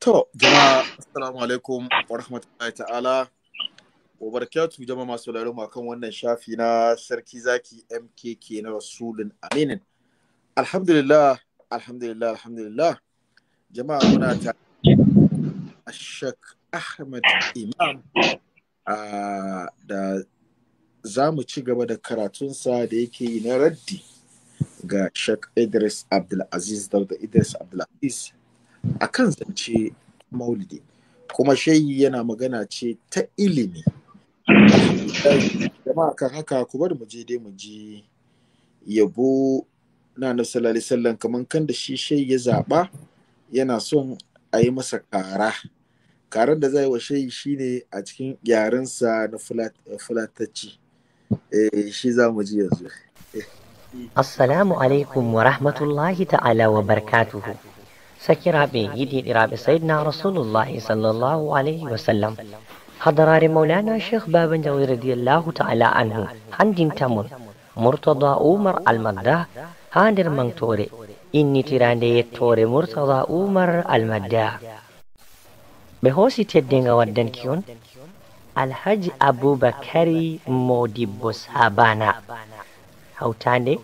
To, jama'a assalamu alaikum wa rahmatullahi ta'ala. Wa barakatu jama'a masu sauraro ma kan wannan shafi na Sarki Zaki MKK na Rasulun Aminin. Alhamdulillah, alhamdulillah, alhamdulillah. Jama'a muna ta Ashak Ahmad Imam ah, da za mu ci gaba da karatunsa da yake yi na raddi ga Shak Idris Abdulaziz Dauda Idris Abdulaziz a kan zance maulidi kuma shayi yana magana ce ta ilimi jama'a kan haka ku bari mu je dai mu ji yabo na na sallallahu wasallam kamar kan da shi shayi ya zaɓa yana son a yi masa kara karar da zai wa shayi shine a cikin yarensa na fulatacci eh, shi za mu ji yanzu eh. assalamu alaikum wa rahmatullahi ta'ala wa barkatuhu سكرابي يدي إراب سيدنا رسول الله صلى الله عليه وسلم حضرار مولانا شيخ بابنجوي رضي الله تعالى عنه عندين تمر مرتضى عمر المده هاندر منتوري إني تيراندي يتوري مرتضى عمر المده بهوسي تدين ودن كيون الحج أبو بكري موديبو سابانا هوتاندي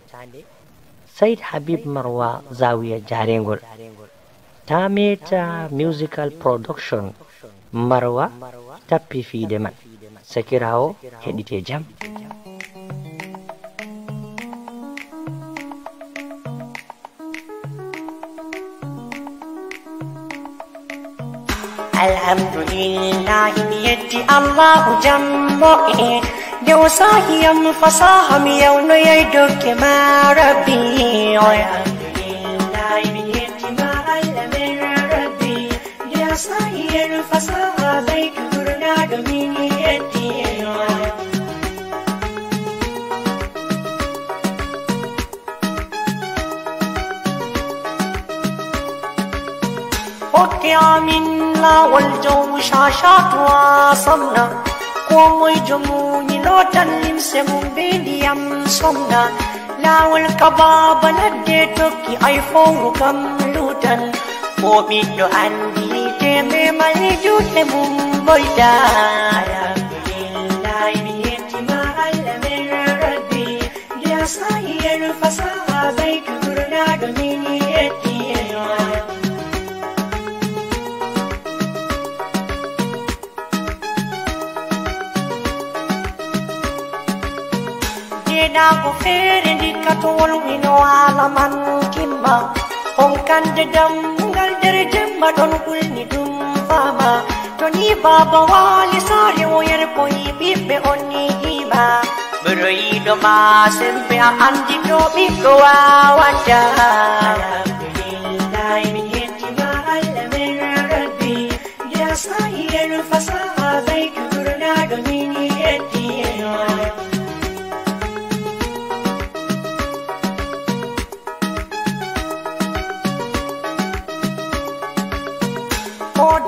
سيد حبيب مروى زاوية جارينغول Tameta musical production marwa tapi fiide man sakirawo heɗite jam Alhamdulillah ini yetti allahu jammo e dow sahiyam fasaham yai dokke marabi rabbi fasaha bai murna da mini yadda Hotya minna wal jau shashatwa samna komai jamu ni lotan lim se mun bediyam somna lawal kababa ladde tokki ai fo kam lutan ko mi do an keme mai juke mun goita Sahiyar fasaha bai kamurna da mini yadda na ko fere di katol wino alaman kimba hong kan de ma don kulni dum baba toni baba wali sare woyar poi bibe onni hiba Beroido ma sempe a andi no mi ko awada Alhamdulillah min yeti ma alamin rabbi Ya sayyir fasaha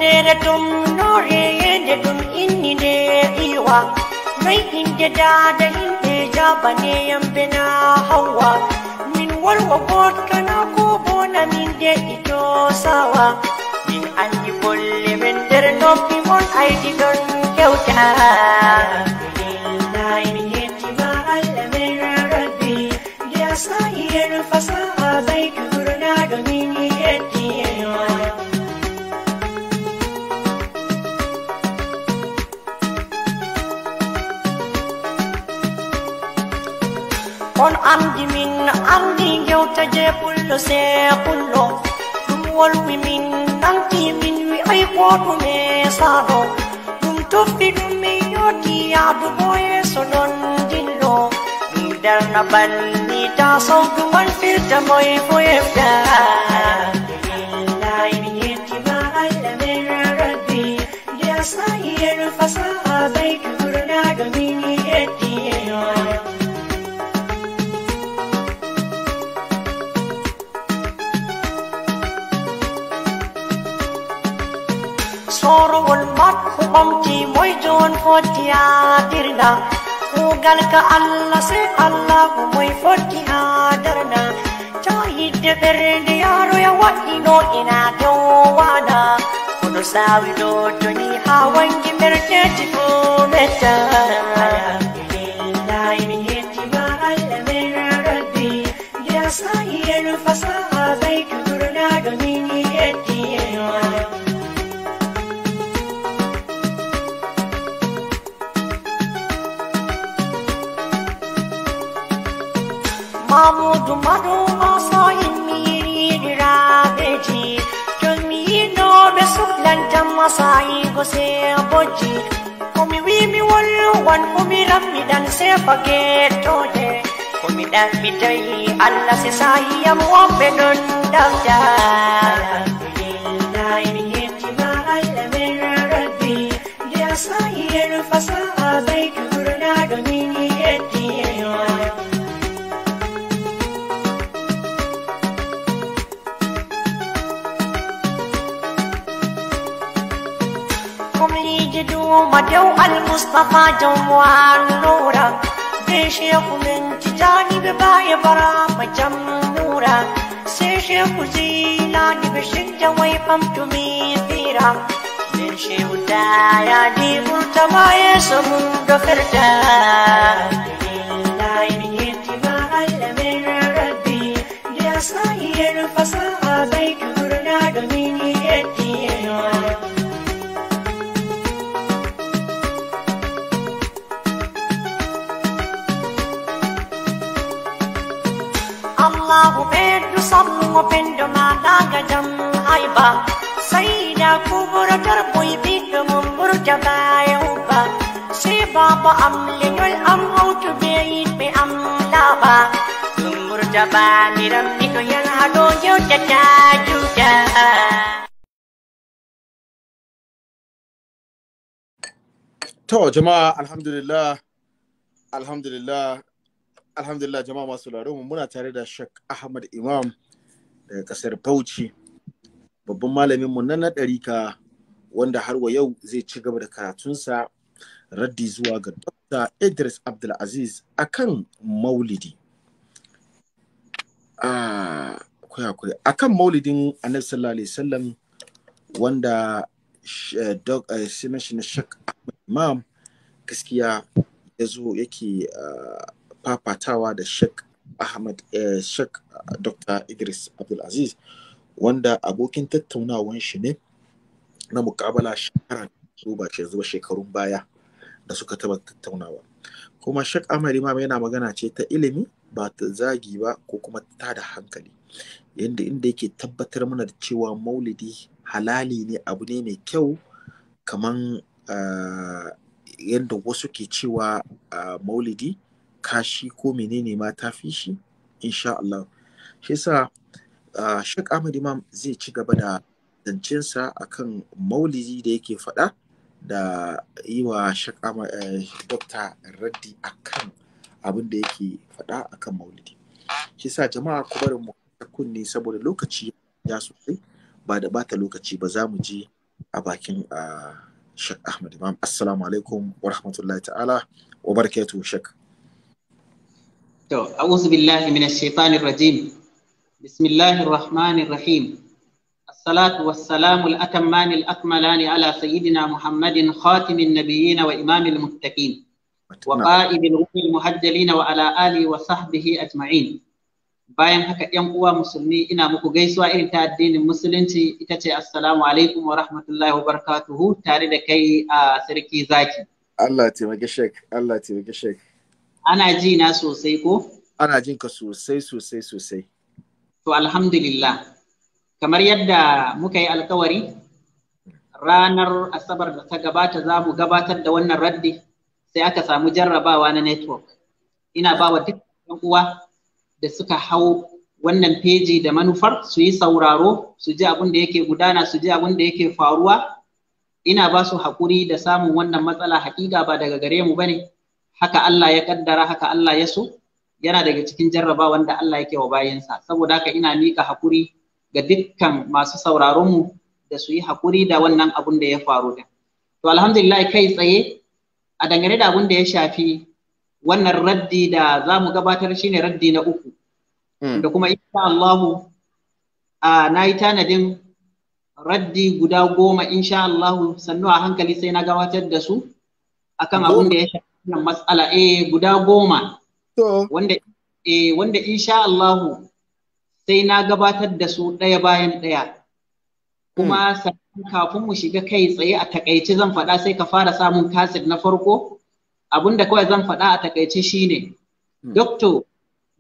deretum nore inni innide iwa mai inde da inde jabane na hawa min warwa god kana ko bona min de ito sawa min andi bolle men der noppi mon di don kewta Lillahi min yeti ma alla rabbi fasaha عمد من عمدي يوتجاب لساق له دم والومن أنتي من وعيقوت ميصار دم تفد من يوتي يعدو يسدن دلو در نبل نيتا صوت من في الدمي فيفتا يا سعير فسابيك hoorugol pat ko ɓamti moyjon fotti hadirna kuugal ka allah sey allah ko moy fotti hadarna to yidde ɓernde yaroya waɗɗino ina dow waɗa koɗo sawi ɗo toni ha wangi merteji ko metta فصاعدا فصاعديك Mahmud Madu Masayim Yiri Rabeji Kami no besuklan Jamasai Gose Boji Kumi wimi walwan Kumi ramidan se pageto ye Kumi dan bidai Allah se saya muabbedun dabda Alhamdulillah ini hikmah Allah min Rabbi Dia sayir fasa abaikum jau al-mustafa jau nura sai shehu min ci janibi baya bara majan nura sai shehu zina ni bi shin jawai famtu mi fira min shehu da ya ni furta ya samu da firta Yes, I hear a fasa, I make a sammo pendo ga jam ayba saida kuɓuratar boy ɓiɗɗo mum ɓurja bayawba se baba am leñol am hawtu be yiɗɓe am laaɓa ɗum ɓurja baniram miɗo yan haɗo yewtata juuta to jama'a alhamdulillah alhamdulillah alhamdulillah jama'a masu mu muna tare da shak ahmad imam daga kasar bauchi babban malaminmu na na ɗarika wanda har wa yau zai ci gaba da karatunsa raddi zuwa ga dr idris abdulaziz a kan maulidi a kan maulidin annabi sallallahu alaihi wasallam wanda eh, eh, shi na shak ahmad imam gaskiya ya zo yake ah, fafatawa da Sheikh Ahmad eh, Sheikh eh, Dr. Idris Abdulaziz wanda abokin tattaunawar shi ne na mukabala shekara ba ce zuba shekarun baya da suka taba tattaunawa kuma Sheikh Ahmad Imam yana magana ce ta ilimi ba ta zagi ba ko kuma ta da hankali yanda inda yake tabbatar mana da cewa maulidi halali ne abu ne mai kyau kaman uh, eh, yadda wasu ke cewa uh, maulidi kashi ko menene ma ta fi shi insha Allah shi yasa Sheikh Ahmad Imam zai ci gaba da zancensa akan maulidi da yake faɗa da yi wa eh, dokta raddi akan abin da yake faɗa akan maulidi shi sa jama'a ku bari mu kunne saboda lokaci ya sosai ba da bata lokaci ba za mu je a bakin Sheikh Ahmad Imam assalamu alaikum wa rahmatullahi ta'ala wa barakatuh Sheikh To, a'udhu billahi minash shaitanir rajim. Bismillahir rahmanir rahim. As-salatu was-salamu al-atammani al-akmalani ala sayyidina Muhammadin khatimin nabiyyin wa imamil muttaqin. Wa qa'idil ruhil muhajjalin wa ala alihi wa sahbihi ajma'in. Bayan haka ‘yan uwa musulmi ina muku gaisuwa irin ta addinin musulunci ita ce assalamu alaikum wa rahmatullahi wa barakatuhu tare da kai a sarki zaki. Allah taimake shek, Allah taimake shek. Ana ji na sosai ko? Ana jin ka sosai sosai sosai. To alhamdulillah. Kamar yadda muka yi alkawari, ranar Asabar da ta gabata za mu gabatar da wannan raddi sai aka samu jarrabawa na network. Ina ba wa dukkan uwa da suka hau wannan feji da manufar su yi sauraro su ji abin da yake gudana su ji abin da yake faruwa ina ba su haƙuri da samun wannan matsala haƙiƙa ba daga gare mu ba ne. haka Allah ya kaddara haka Allah ya so yana daga cikin jarraba wanda Allah yake wa bayansa saboda haka ina mika hakuri ga dukkan masu sauraron mu da su yi hakuri da wannan abun da ya faru da to alhamdulillah kai tsaye a dangane da abun da ya shafi wannan raddi da za mu gabatar shine raddi na uku hmm. da kuma insha Allah a na yi tanadin raddi guda goma insha Allah sannu a hankali sai na gabatar da su akan abun da ya shafi wannan matsala eh guda goma to wanda eh wanda insha Allah sai na gabatar da su ɗaya bayan ɗaya kuma hmm. sannan kafin mu shiga kai tsaye a takaice zan faɗa sai ka fara samun kaset na farko abinda kawai zan faɗa a takaice shine hmm. doctor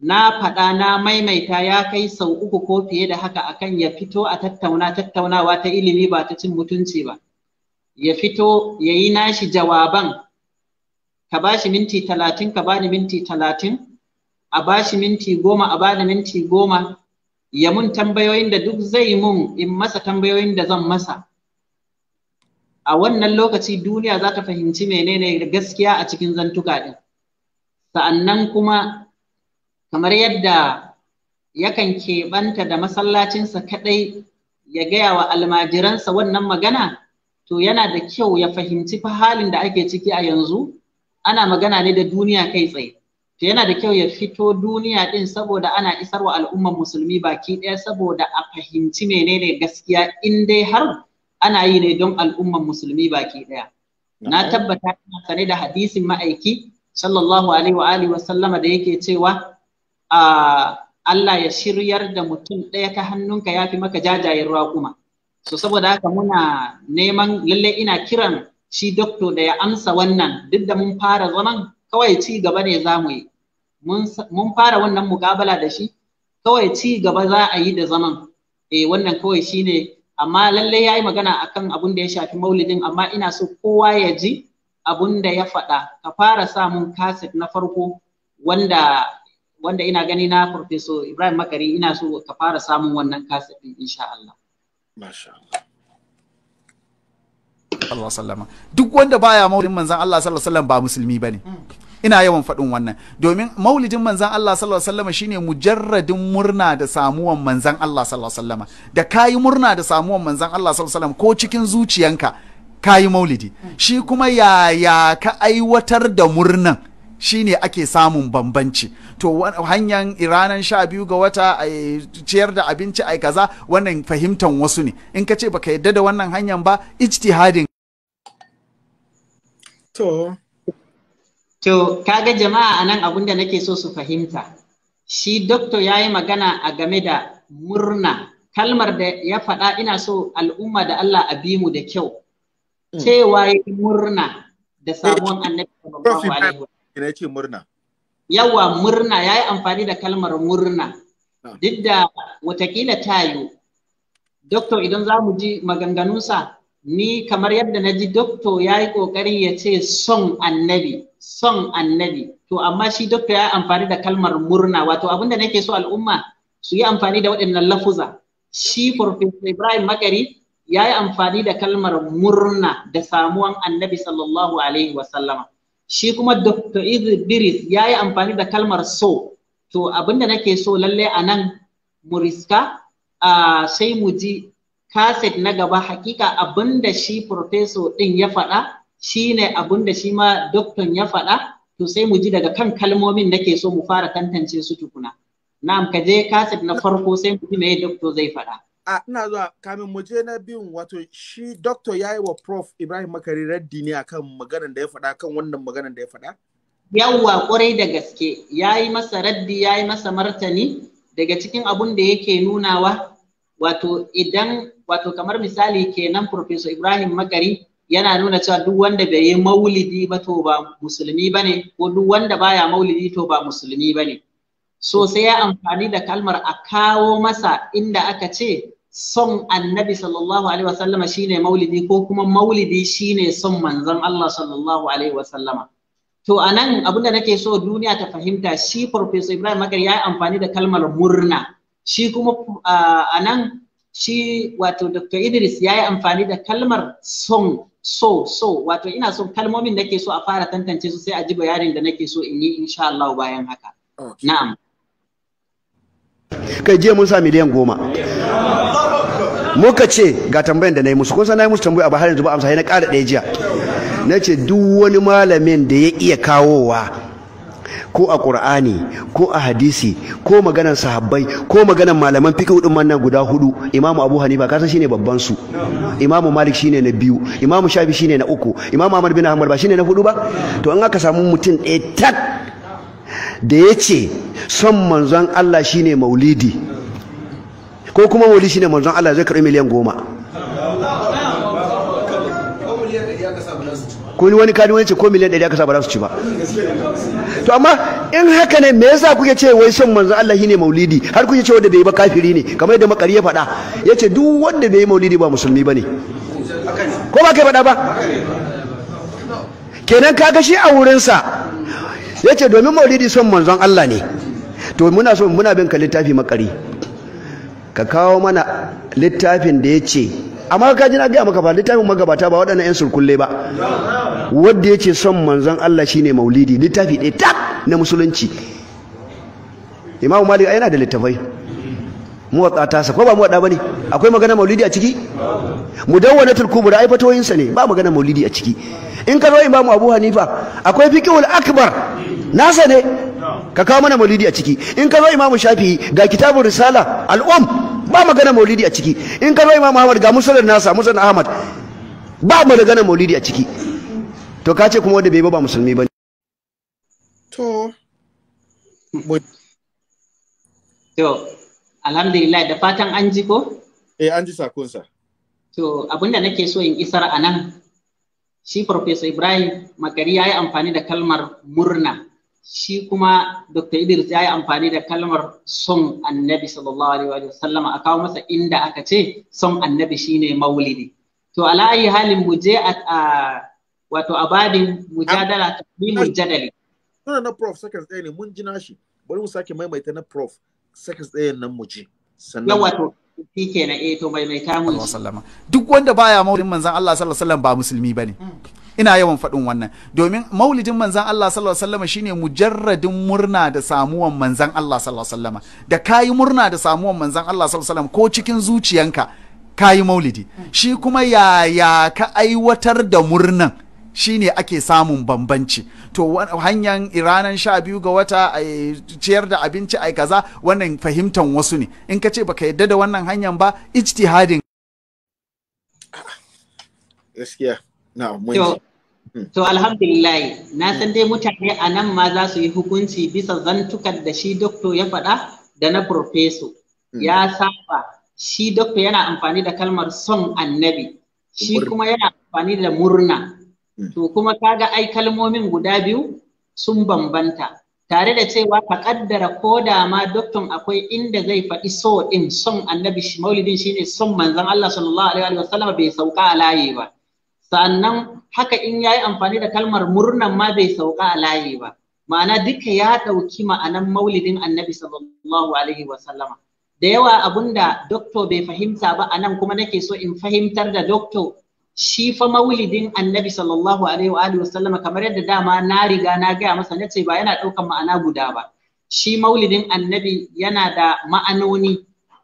na faɗa na maimaita ya kai sau uku ko fiye da haka akan ya fito a tattauna tattaunawa ta ilimi ba ta cin mutunci ba ya fito ya yi nashi jawaban ka ba shi minti talatin ka bani minti talatin a ba shi minti goma a bani minti goma ya mun tambayoyin da duk zai mun in masa tambayoyin da zan masa a wannan lokaci duniya za ta fahimci menene gaskiya a cikin zantuka din sa'annan kuma kamar yadda yakan keɓanta da masallacinsa kaɗai ya gaya wa almajiransa wannan magana to yana da kyau ya fahimci fa halin da ake ciki a yanzu ana magana ne da duniya kai tsaye to yana da kyau ya fito duniya din saboda ana isarwa al'ummar musulmi baki ɗaya saboda a fahimci menene gaskiya in dai har ana yi ne don al'ummar musulmi baki ɗaya na tabbata ina sane da hadisin ma'aiki sallallahu alaihi wa alihi wa sallama da yake cewa a Allah ya shiryar da mutum ɗaya ta hannunka ya fi maka jajayen raƙuma. So saboda haka muna neman lalle ina kiran shi dokto da ya amsa wannan duk da mun fara zaman kawai ci gaba ne za mu yi mun fara wannan mukabala da shi kawai ci gaba za a yi da zaman eh wannan kawai shine amma lalle ya yi magana akan abun da ya shafi maulidin amma ina so kowa ya ji abun da ya faɗa ka fara samun kaset na farko wanda wanda ina gani na Professor Ibrahim Makari ina so ka fara samun wannan kaset din insha Allah. Masha Allah. sallallahu alaihi wasallam duk wanda baya maulidin manzon Allah sallallahu alaihi wasallam ba musulmi bane ina yawan faɗin wannan domin maulidin manzan Allah sallallahu alaihi wasallam shine mujarradin murna da samuwan manzan Allah sallallahu alaihi wasallam da kayi murna da samuwan manzan Allah sallallahu alaihi wasallam ko cikin zuciyanka kayi maulidi shi kuma ya ya ka aiwatar da murnan shine ake samun bambanci to hanyar iranan sha biyu ga wata a ciyar da abinci ai kaza wannan fahimtan wasu ne in ka ce baka yadda da wannan hanyar ba ijtihadin To. To, kaga jama'a anan abin da nake so su fahimta. Shi doktor ya yi magana a game da murna, kalmar da ya faɗa ina so al'umma da Allah a bi mu da kyau. Mm. Cewa ya murna da samuwan eh, annabi da ce murna. Yawa murna, ya yi amfani da kalmar murna. Ah. Duk da watakila tayo, doktor idan za mu ji maganganunsa, ni kamar yadda na ji doktor ya yi ƙoƙari ya ce son annabi son annabi to amma shi doktor ya amfani da kalmar murna wato abinda nake so al'umma su yi amfani da waɗannan lafuza shi Professor Ibrahim Makari ya yi amfani da kalmar murna da samuwan annabi sallallahu alaihi wasallama shi kuma Dr. Idris ya yi amfani da kalmar so to abinda nake so lallai a nan mu riska sai mu ji kaset na gaba hakika abinda shi professor din ya faɗa shine abinda shi ma doctor ya faɗa to sai mu ji daga kan kalmomin nake so mu fara tantance su tukuna na'am ka je kaset na farko sai mu ji me doctor zai faɗa a ina zuwa kamin mu je na biyun wato shi doctor yayi wa prof Ibrahim Makari raddi ne akan maganar da ya faɗa kan wannan maganar da ya faɗa yawwa kwarai da gaske yayi masa raddi yayi masa martani daga cikin abun da yake nunawa wato idan wato kamar misali kenan Professor Ibrahim Magari yana nuna cewa duk wanda bai yi maulidi ba to ba musulmi bane ko duk wanda baya maulidi to ba musulmi bane so sai ya amfani da kalmar a kawo masa inda aka ce son annabi sallallahu alaihi wasallama shine maulidi ko kuma maulidi shine son manzon Allah sallallahu alaihi wasallama to anan abinda nake so duniya ta fahimta shi professor Ibrahim Magari ya amfani da kalmar murna shi kuma a nan shi wato Dr. Idris ya yi amfani da kalmar son so so wato ina son kalmomin ke so a fara tantance su sai a ji bayanin da nake so in yi insha Allah bayan haka. Na'am. Kai jiya mun sa miliyan goma. Muka ce ga tambayan da na yi musu kun san na yi musu tambayi a bahar yanzu ba amsa na ƙara ɗaya jiya. Na ce duk wani malamin da ya iya kawowa ko a ƙur'ani ko a hadisi ko maganar sahabbai ko maganar malaman fiƙi din nan guda hudu imam'u Abu Hanifa kasan shine babban su Imam'u Malik shine na biyu Imam'u Shafi shine na uku Imam'u Ahmad bin Ahmad ba shine na hudu ba to an aka samu mutum ɗaya tak da ce son manzon Allah shine maulidi ko kuma maulidi shine manzon Allah zai karɓi miliyan goma ko wani kani wani ce ko miliyan ɗari aka sa ba za su ci ba to amma in haka ne me yasa kuke ce wai son manzon Allah shine maulidi har kuke ce wanda bai ba kafiri ne kamar yadda makari ya faɗa Ya ce duk wanda bai yi maulidi ba musulmi ba ne? ko ba kai faɗa ba kenan ka shi a wurinsa ce domin maulidi son manzon Allah ne to muna so muna bin ka littafi makari ka kawo mana littafin da ya ce. amma ka ji na gaya maka fa littafin magabata ba waɗannan yan surkulle ba wanda yake son manzon Allah shine maulidi littafi ɗaya tak na musulunci Imam Malik yana da littafai muwatsa ta sa ko ba ba bane akwai magana maulidi a ciki Mu mudawwanatul kubra ai fatoyin sa ne ba magana maulidi a ciki in ka zo imamu abu hanifa akwai fiqhul akbar nasa ne ka kawo mana maulidi a ciki in ka zo imamu shafi'i ga kitabun risala al'um ba magana maulidi a ciki in ka zo imamu ahmad ga musulun nasa musulun ahmad ba magana maulidi a ciki to ka ce kuma wanda bai ba musulmi bane to Alhamdulillah da fatan an ji ko? Eh an ji sakonsa. To abinda nake so in isar a nan shi Professor Ibrahim Makari ya yi amfani da kalmar murna shi kuma Dr. Idris ya yi amfani da kalmar son annabi sallallahu alaihi wa sallama a kawo masa inda aka ce son annabi shine maulidi. To ala ayi halin mu je a wato abadin mujadala ta jadali. Tuna na prof seconds ɗaya ne mun ji nashi bari mu sake maimaita na prof. saka ɗayan nan mu ci. sannan wato ke na eto to bai eh, mai tamu sallama duk wanda baya maulidin manzan Allah sallallahu alaihi wasallam ba musulmi ne. Hmm. ina yawan faɗin wannan domin maulidin manzan Allah sallallahu alaihi wasallam shine mujarradin murna da samuwan manzan Allah sallallahu alaihi wasallam da kayi murna da samuwan manzan Allah sallallahu ko cikin zuciyanka kayi maulidi hmm. shi kuma yaya ka aiwatar da murnan Shi ne ake samun bambanci to hanyar ranar sha biyu ga wata a ciyar da abinci a kaza wannan fahimtar wasu ne in ka ce baka yadda da wannan hanyar ba ijtihadin gaskiya na hmm. to alhamdulillah na san dai mutane a nan ma za su yi hukunci bisa zantukan da shi dokto ya faɗa da na profeso hmm. ya saba shi dokto yana amfani da kalmar son annabi shi kuma yana amfani da murna Hmm. to kuma kaga ai kalmomin guda biyu sun bambanta tare da cewa ka kaddara ko da ma doktor akwai inda zai faɗi so din son annabi shi, maulidin ne son manzan Allah sallallahu alaihi wa sallam bai sauka a layi ba sannan haka in ya yi amfani da kalmar murnan ma bai sauka a layi ba ma'ana duka ya ɗauki ma'anan maulidin annabi sallallahu alaihi wa sallama da yawa abunda doktor bai fahimta ba anan kuma nake so in fahimtar da doktor shi fa maulidin annabi sallallahu alaihi wa alihi kamar yadda dama na riga na gaya masa nace ba yana ɗaukan ma'ana guda ba shi maulidin annabi yana da ma'anoni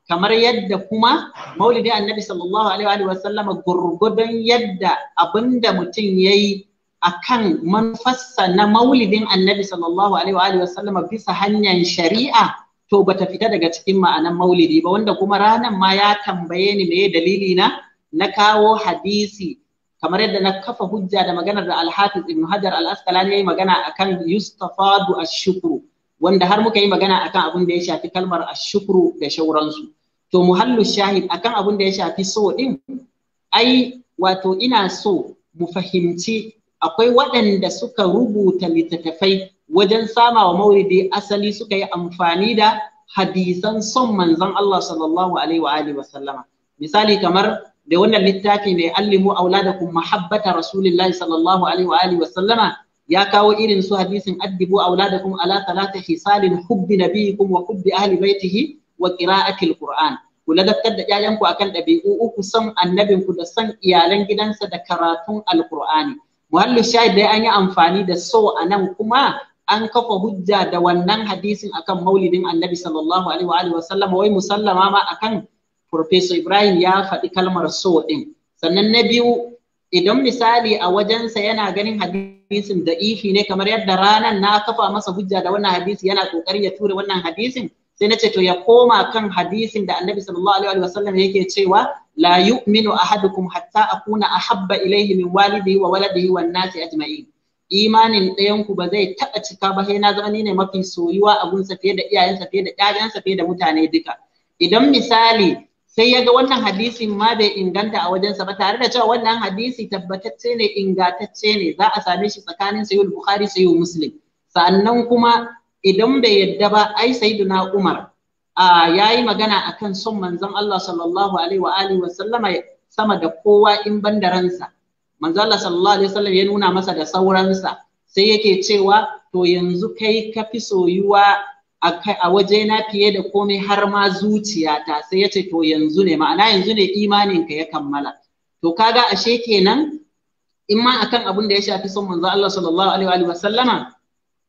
kamar yadda kuma maulidin annabi sallallahu alaihi wa alihi wasallama gurgudun yadda abinda mutum yayi akan manufarsa na maulidin annabi sallallahu alaihi wa alihi bisa hanyar shari'a to bata fita daga cikin ma'anan maulidi ba wanda kuma ranan ma ya tambaye ni me dalili na na kawo hadisi kamar yadda na kafa hujja da maganar da alhafiz Ibn Hajar Al-Asqalani yayi magana akan yustafadu ash-shukru wanda har muka yi magana akan abin da ya shafi kalmar ash-shukru da shauransu to muhallu shahid akan abin da ya shafi so din ai wato ina so mu fahimci akwai waɗanda suka rubuta littattafai wajen sama wa mauridi asali suka yi amfani da hadisan son manzon Allah sallallahu alaihi wa alihi wa sallama misali kamar da wannan littafi mai allimu auladakum mahabbata rasulillahi sallallahu alaihi wa alihi wa sallama ya kawo irin su hadisin addibu auladakum ala talata hisalin hubbi nabiyikum wa hubbi ahli baitihi wa qira'atil qur'an ku ladabtar da ku akan ɗabi'u uku son annabin ku da son iyalan gidansa da karatun alqur'ani muhallu shahid dai an yi amfani da so anan kuma an kafa hujja da wannan hadisin akan maulidin annabi sallallahu alaihi wa alihi wa sallama wai musallama ma akan Professor Ibrahim ya faɗi kalmar so ɗin. Sannan na biyu, idan misali a wajensa yana ganin hadisin da ifi ne kamar yadda ranan na kafa masa hujja da wannan hadisi yana kokari ya ture wannan hadisin sai na ce to ya koma kan hadisin da annabi sallallahu alaihi wasallam yake cewa la yu'minu ahadukum hatta akuna ahabba ilayhi min walidihi wa waladihi wan nasi ajma'in imanin ɗayan ku ba zai taɓa cika ba sai na zama ni ne mafi soyuwa a gunsa fiye da iyayensa fiye da ƴaƴansa fiye da mutane duka idan misali sai ya ga wannan hadisin ma bai inganta a wajensa ba tare da cewa wannan hadisi tabbatacce ne ingantacce ne za a same shi tsakanin sayyid bukhari sayyid muslim sannan kuma idan bai yadda ba ai sayyiduna umar ya yi magana akan son manzon Allah sallallahu alaihi wa alihi wa sallama sama da kowa in bandaransa. manzon Allah sallallahu alaihi wa sallam ya nuna masa da sauransa sai yake cewa to yanzu kai ka fi soyuwa a waje na fiye da komai har ma zuciyata sai yace to yanzu ne ma'ana yanzu ne imaninka ya kammala to kaga ashe kenan in ma akan abin da ya shafi son manzo Allah sallallahu alaihi wa sallama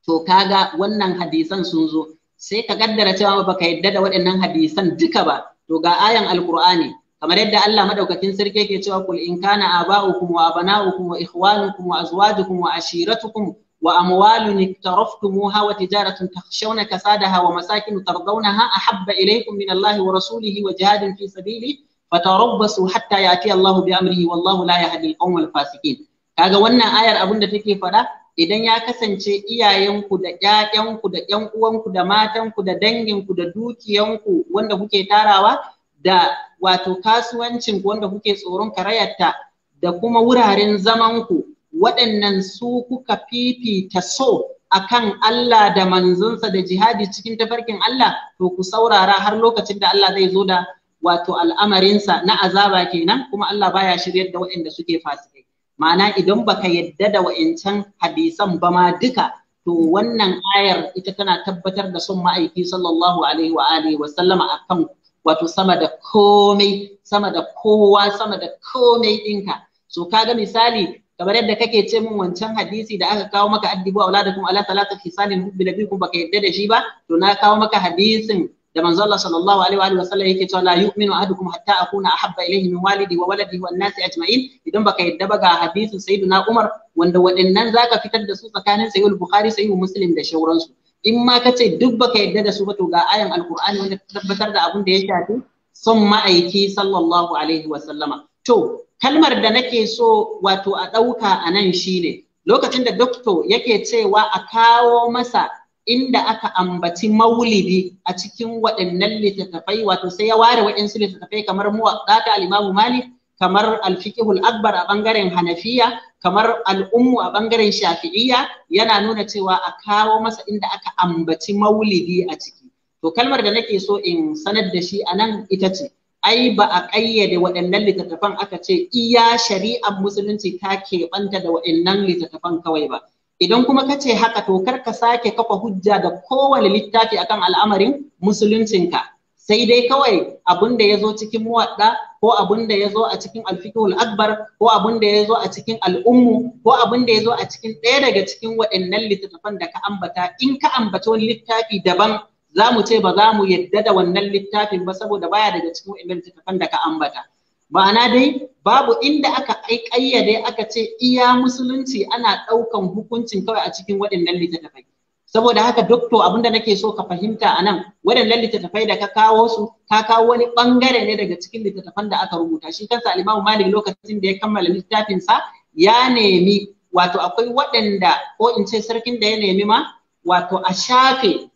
to kaga wannan hadisan sun zo sai ka kaddara cewa baka yadda da waɗannan hadisan duka ba to ga ayan alqur'ani kamar yadda Allah madaukakin sarki yake cewa kul in kana aba'ukum wa abana'ukum wa ikhwanukum wa azwajukum wa ashiratukum Wa وأموال اقترفتموها وتجارة تخشون كسادها ومساكن ترضونها أحب إليكم من الله ورسوله وجهاد في سبيله فتربصوا حتى يأتي الله بأمره والله لا يهدي القوم الفاسقين kaga wannan ayar abun da take faɗa idan ya kasance iyayenku da ƴaƴanku da ƴan uwanku da matanku da danginku da dukiyanku wanda kuke tarawa da wato kasuwancinku wanda kuke tsoron karayarta da kuma wuraren zamanku waɗannan su kuka fifita so akan Allah da manzonsa da jihadi cikin tafarkin Allah to ku saurara har lokacin da Allah zai zo da wato al'amarinsa na azaba kenan kuma Allah baya shiryar da waɗanda suke fasikai ma'ana idan baka yadda da wa'incan hadisan ba ma duka to wannan ayar ita tana tabbatar da son ma'aiki sallallahu alaihi wa alihi wa sallama akan wato sama da komai sama da kowa sama da komai ɗinka so kaga misali kamar yadda kake ce min wancan hadisi da aka kawo maka addibu auladakum ala salatu khisalin hubbi nabikum baka yadda da shi ba to na kawo maka hadisin da manzo Allah sallallahu alaihi wa alihi wasallam yake cewa la yu'minu ahadukum hatta akuna ahabba ilayhi min walidi wa wa wan nasi ajma'in idan baka yadda ba ga hadisin sayyidina Umar wanda waɗannan zaka fitar da su tsakanin sahih bukhari sahih muslim da shauransu in ma ka ce duk baka yadda da su ba to ga ayan alqur'ani wanda tabbatar da abin da ya shafi son ma'aiki sallallahu alaihi wa sallama to kalmar da nake so wato a ɗauka a nan shine lokacin da doktor yake cewa a kawo masa inda aka ambaci maulidi a cikin waɗannan littattafai wato sai ya ware waɗansu littattafai kamar muwaɗa ta alimamu malik kamar alfikihul akbar a ɓangaren hanafiya kamar al'ummu a ɓangaren shafi'iyya yana nuna cewa a kawo masa inda aka ambaci maulidi a ciki to kalmar da nake so in sanar da shi a nan ita ce ai ba a ƙayyade waɗannan littattafan aka ce iya shari'ar musulunci ta keɓanta da waɗannan littattafan kawai ba idan kuma ka ce haka to kar ka sake kafa hujja da kowane littafi akan al'amarin musuluncinka sai dai kawai abun da ya zo cikin muwaɗa ko abun da ya zo a cikin alfikihul akbar ko abun da ya zo a cikin al'ummu ko abun da ya zo a cikin ɗaya daga cikin waɗannan littattafan da ka ambata in ka ambaci wani littafi daban za mu ce ba za mu yadda da wannan littafin ba saboda baya daga cikin wa'annan littattafan da ka ambata ma'ana dai babu inda aka ƙayyade aka ce iya musulunci ana ɗaukan hukuncin kawai a cikin waɗannan littattafai saboda haka dokto abinda nake so ka fahimta a nan waɗannan littattafai da ka kawo su ka kawo wani ɓangare ne daga cikin littattafan da aka rubuta shi kansa alimamu malik lokacin da ya kammala littafinsa ya nemi wato akwai waɗanda ko in ce sarkin da ya nemi ma wato a shafe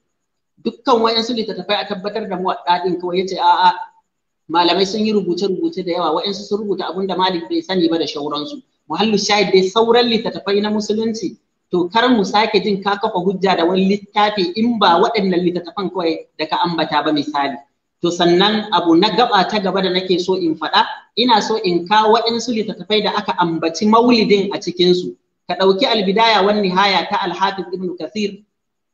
dukkan wayansu littattafai a tabbatar da muwadda daɗin kawai yace a'a malamai sun yi rubuce-rubuce da yawa wayansu sun rubuta abin da malik bai sani ba da shauransu muhallu shahid dai sauran littattafai na musulunci to kar mu sake jin ka kafa hujja da wani littafi in ba waɗannan littattafan kawai da ka ambata ba misali to sannan abu na gaba ta gaba da nake so in faɗa ina so in kawo waɗansu littattafai da aka ambaci maulidin a cikinsu ka ɗauki albidaya wani nihaya ta alhafiz ibn kathir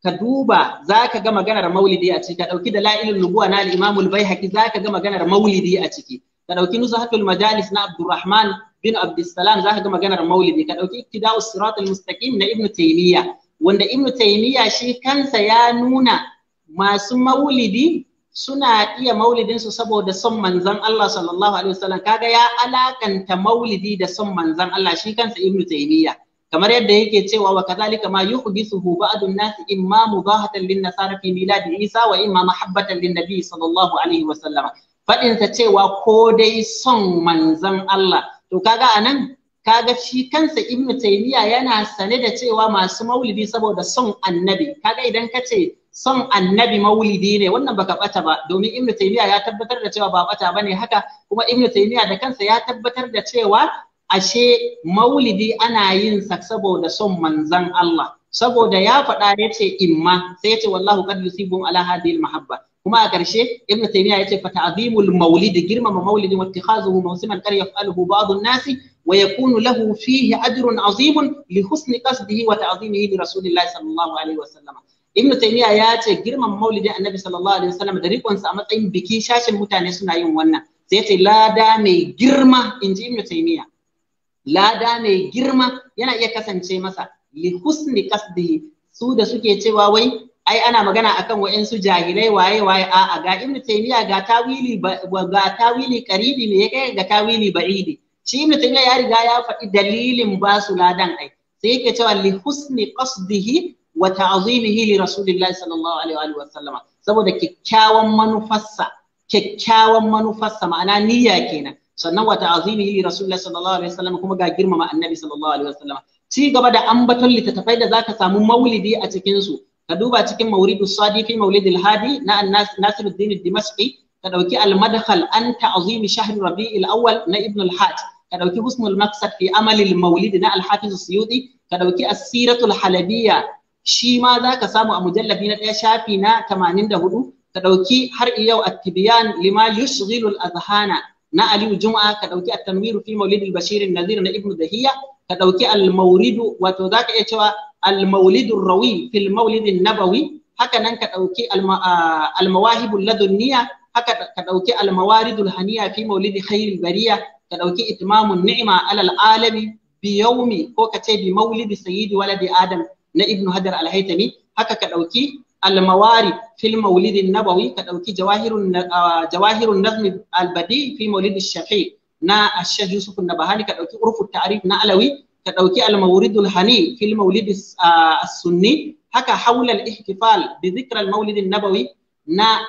ka duba za ka ga maganar maulidi a ciki ka ɗauki da la'ilin nubuwa na al'imamul bai haƙi za ka ga maganar maulidi a ciki ka ɗauki nusahatul majalis na abdurrahman bin abdussalam za ka ga maganar maulidi ka ɗauki iktida'us siratul mustaqim na ibnu taymiya wanda ibnu taymiya shi kansa ya nuna masu maulidi suna iya maulidinsu saboda son manzan Allah sallallahu alaihi wasallam kaga ya alakanta maulidi da son manzon Allah shi kansa ibnu taymiya kamar yadda yake cewa wa kazalika ma yuhdithuhu ba'd an nasi, imma mubahatan lin-nasara fi milad Isa wa imma mahabbatan lin-nabi sallallahu alaihi wa sallam fadin ta cewa ko dai son manzan Allah to kaga anan kaga shi kansa ibnu taymiya yana sane da cewa masu maulidi saboda son annabi kaga idan ka ce son annabi maulidi ne wannan baka bata ba domin ibnu taymiya ya tabbatar da cewa ba bata bane haka kuma ibnu taymiya da kansa ya tabbatar da cewa ashe maulidi ana yin sa saboda son manzan Allah saboda ya faɗa ya ce imma sai ya ce wallahu qad yusibum ala hadhihi mahabba kuma a ƙarshe ibnu taymiya ya ce fa ta'zimul maulid girmama maulidi wa ittikhazuhu mawsiman qad yaf'aluhu ba'd an-nas wa yakunu lahu fihi ajrun azimun li husni qasdihi wa ta'zimihi li rasulillahi sallallahu alaihi wa sallam ibnu taymiya ya ce girmama maulidin annabi sallallahu alaihi wa sallam da rikonsa a matsayin biki shashin mutane suna yin wannan sai ya ce lada mai girma inji ibnu taymiya lada mai girma yana iya kasance masa li husni qasdihi su da suke cewa wai ai ana magana akan wa'insu jahilai waye waye a'a ga ibn taymiya ga tawili ga tawili qaribi me yake ga tawili ba'idi shi ibn taymiya ya riga ya faɗi dalilin ba su ladan ai sai yake cewa li husni qasdihi wa ta'zimihi li rasulillahi sallallahu alaihi wa sallama saboda kyakkyawan manufarsa kyakkyawan manufarsa ma'ana niyya kenan sannan wata azimi li sallallahu alaihi wasallam kuma ga girmama annabi sallallahu alaihi wasallam ci gaba da ambaton littattafai da zaka samu maulidi a cikin su ka duba cikin mauridu sadi fi maulidil hadi na nasiruddin dimashqi ka dauki al-madkhal an ta'zimi shahr rabi'il awwal na ibn al ka dauki husnul maqsad fi amalil maulid na al-hafiz suyuti ka dauki as-siratul halabiyya shi ma zaka samu a mujallabi na daya shafi na 84 ka dauki har yau at-tibyan lima yushghilu al-adhana na aliyu juma'a ka dauki at-tanwiru fi maulid al-bashir an na ibnu dahiya ka dauki al-maulidu wato zaka iya cewa al rawi filmaulidin maulid an-nabawi haka nan ka dauki al-mawahib ladunniya haka ka dauki al-mawarid haniya fi maulid khair bariya ka dauki itmamun ni'ma alal alami bi ko ka ce bi maulidi sayyidi waladi adam na ibnu hadar al-haytami haka ka dauki الموارد في المولد النبوي كدوكي جواهر جواهر النظم البديع في مولد الشفيع نا الشيخ يوسف النبهاني كدوكي عرف التعريف نا علوي كدوكي المورد الهني في المولد السني هكا حول الاحتفال بذكرى المولد النبوي نا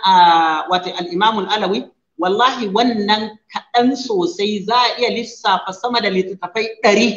واتي الامام العلوي والله wannan kaɗan sosai za a iya lissafa sama da littattafai ɗari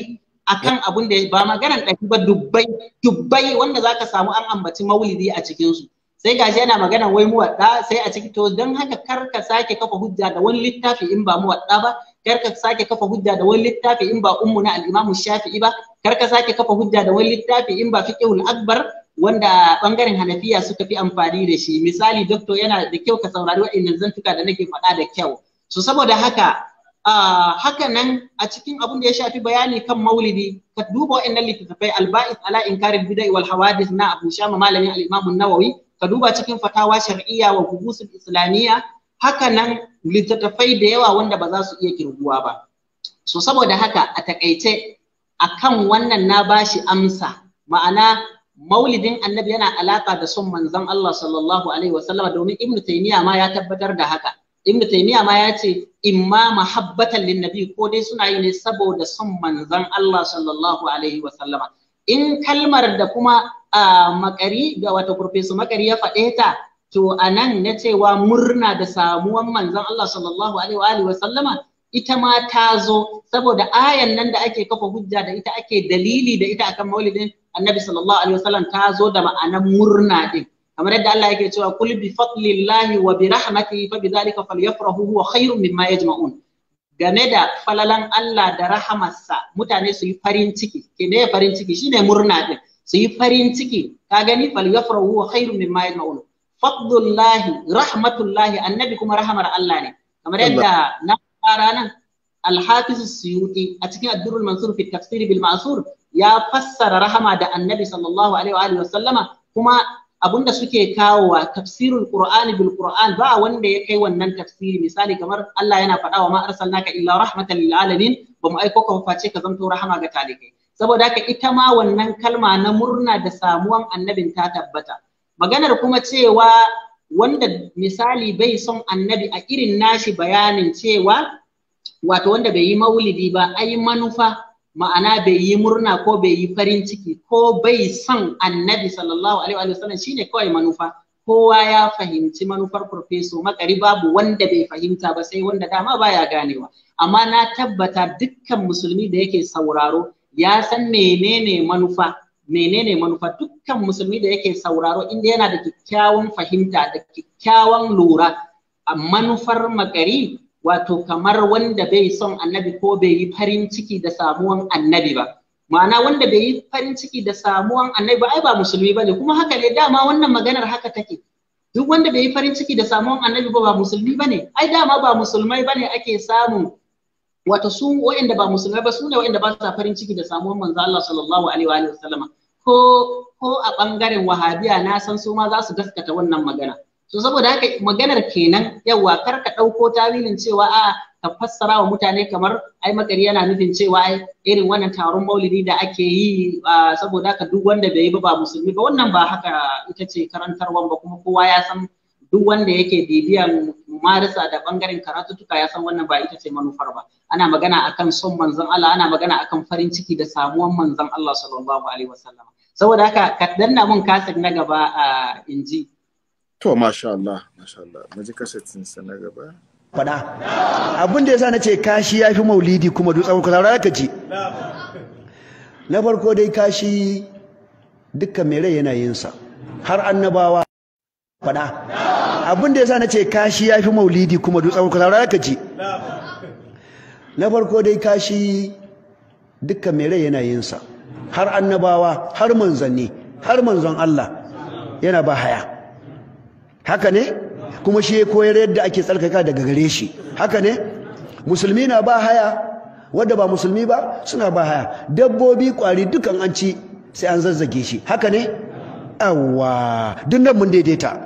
akan abun da ba maganan ɗari ba dubbai dubbai wanda zaka samu an ambaci maulidi a cikinsu. sai gashi yana maganan wai muwadda sai a ciki to don haka kar ka sake kafa hujja da wani littafi in ba muwadda ba kar ka sake kafa hujja da wani littafi in ba ummu na al-imam shafi'i ba kar ka sake kafa hujja da wani littafi in ba fiqhul akbar wanda bangaren hanafiya suka fi amfani da shi misali doctor yana da kyau ka saurari waɗannan zantuka da nake faɗa da kyau so saboda haka Ah, haka nan a cikin abin da ya shafi bayani kan maulidi ka duba wa'annan littattafai alba'is ala inkarin bida'i wal hawadis na abu shama malamin al-imam nawawi ka duba cikin fatawa shar'iyya wa gugusul islamiyya haka nan littattafai da yawa wanda ba za su iya kirguwa ba so saboda haka a takaice kan wannan na bashi amsa ma'ana maulidin annabi yana alaka da son manzon Allah sallallahu alaihi wasallama domin ibnu taymiya ma ya tabbatar da haka ibnu taymiya ma ya ce imma mahabbatan linnabi ko dai suna yi ne saboda son manzon Allah sallallahu alaihi wa sallama in kalmar da kuma makari ga wata kurfesu makari ya faɗe ta to anan na cewa murna da samuwan manzon Allah sallallahu alaihi wa sallama ita ma ta zo saboda ayan nan da ake kafa hujja da ita ake dalili da ita akan maulidin annabi sallallahu alaihi wasallam ta zo da ma'anan murna din kamar yadda Allah yake cewa kul bi fadlillahi wa bi rahmatihi fa bidhalika falyafrahu huwa khayrun mimma yajma'un game da falalan Allah da rahamarsa mutane su yi farin ciki ke ne farin ciki shine murna din su yi farin ciki ka gani falyafrahu huwa khayrun mimma yajma'un fadlullahi rahmatullahi annabi kuma rahamar Allah ne kamar yadda na fara nan الحافظ السيوطي أتكين الدر المنصور في التفسير بالمعصور يا فسر رحمة النبي صلى الله عليه وآله وسلم كما abinda suke kawowa tafsirul qur'ani bil qur'an ba wanda ya kai wannan tafsiri misali kamar Allah yana faɗa wa ma arsalnaka illa rahmatan lil alamin bamu aiko ka face ka zanto rahama ga talikai saboda haka ita ma wannan kalma na murna da samuwan annabin ta tabbata maganar kuma cewa wanda misali bai son annabi a irin nashi bayanin cewa wato wanda bai yi maulidi ba ai manufa ma'ana bai yi murna ko bai yi farin ciki ko bai son annabi sallallahu alaihi wa sallam shine kawai manufa kowa ya fahimci manufar profeso makari babu wanda bai fahimta ba sai wanda dama baya ganewa amma na tabbata dukkan musulmi da yake sauraro ya san menene manufa menene manufa dukkan musulmi da yake sauraro inda yana da kyakkyawan fahimta da kyakkyawan lura a manufar makari wato kamar wanda bai son annabi ko bai yi farin ciki da samuwan annabi ba ma'ana wanda bai yi farin ciki da samuwan annabi ba ai ba musulmi ba ne kuma haka ne dama wannan maganar haka take duk wanda bai yi farin ciki da samuwan annabi ba ba musulmi ba ne ai dama ba musulmai ba ne ake samu wato su wa'anda ba musulmai ba su ne wa'anda ba sa farin ciki da samuwan manzo Allah sallallahu alaihi wa sallama ko ko a bangaren wahabiya na san su ma za su gaskata wannan magana to saboda haka maganar kenan yawa kar ka ɗauko tawilin cewa a ka fassara wa mutane kamar ai makari yana nufin cewa ai irin wannan taron maulidi da ake yi saboda haka duk wanda bai yi ba ba musulmi ba wannan ba haka ita ce karantarwan ba kuma kowa ya san duk wanda yake bibiyan marisa da bangaren karatuttuka ya san wannan ba ita ce manufar ba ana magana akan son manzon Allah ana magana akan farin ciki da samuwan manzon Allah sallallahu alaihi wasallam saboda haka ka danna mun kasik na gaba a inji To, masha Allah, masha Allah, maji sa na gaba. Fada, Abin da ya sa na ce kashi ya fi maulidi kuma dutsen kuka saurara ka ji. Na farko dai kashi dukkan mere rai sa. Har annabawa. Faɗa. Abin da ya sa na ce kashi ya fi maulidi kuma dutsen kuka saurara ka ji. Na farko dai kashi dukkan mere rai yana yin sa. Har annabawa, har manzanni, har manzon Allah yana ba haya. haka ne kuma shi ya koyar yadda ake tsarkaka daga gare shi haka ne musulmi na ba haya wadda ba musulmi ba suna ba haya dabbobi kwari dukan an ci sai an zazzage shi haka ne awa duk nan mun daidaita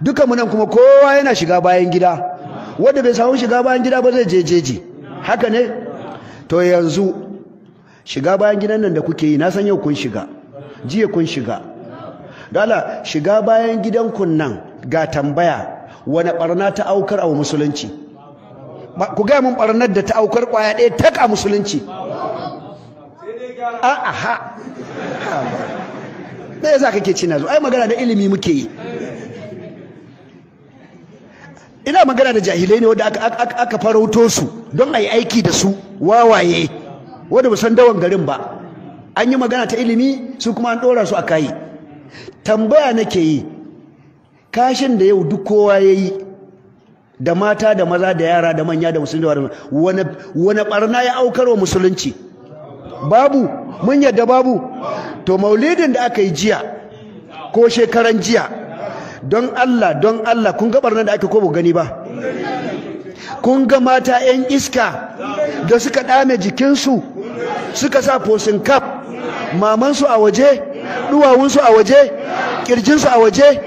dukan mu nan kuma kowa yana shiga bayan gida wadda bai samu shiga bayan gida ba zai je jeji haka ne to yanzu shiga bayan gidan nan da kuke yi na san yau kun shiga jiya kun shiga dala shiga bayan gidan kun nan ga tambaya wani barna ta aukar a musulunci ku gaya mun barnar da ta aukar kwaya ɗaya ta a musulunci a ya za ka ke cina zo ai magana da ilimi muke yi ina magana da jahilai ne wadda aka farauto su don a yi aiki da su wawaye wadda ba san dawan garin ba an yi magana ta ilimi su kuma an ɗora su a kayi tambaya nake yi kashin da yau duk kowa ya yi da mata da maza da yara da manya da musulmi da wani barna ya wa musulunci babu mun yadda babu to maulidin da aka yi jiya ko shekaran jiya don Allah don Allah kun ga barna da aka ko gani ba kun ga mata 'yan iska da suka dame jikinsu suka sa fosin kaf mamansu a waje duwawunsu a waje ƙirjinsu a waje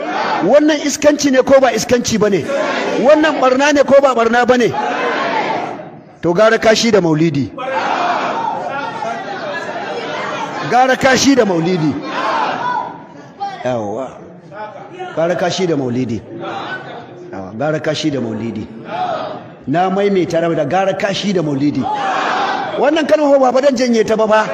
wannan iskanci ne ko ba iskanci ba ne wannan barna ne ko ba barna ba ne to gara kashi da maulidi gara kashi da maulidi yawa gara kashi da maulidi gara kashi da maulidi na maimaita rabu da gara kashi da maulidi wannan kan ba ba dan janye ta ba ba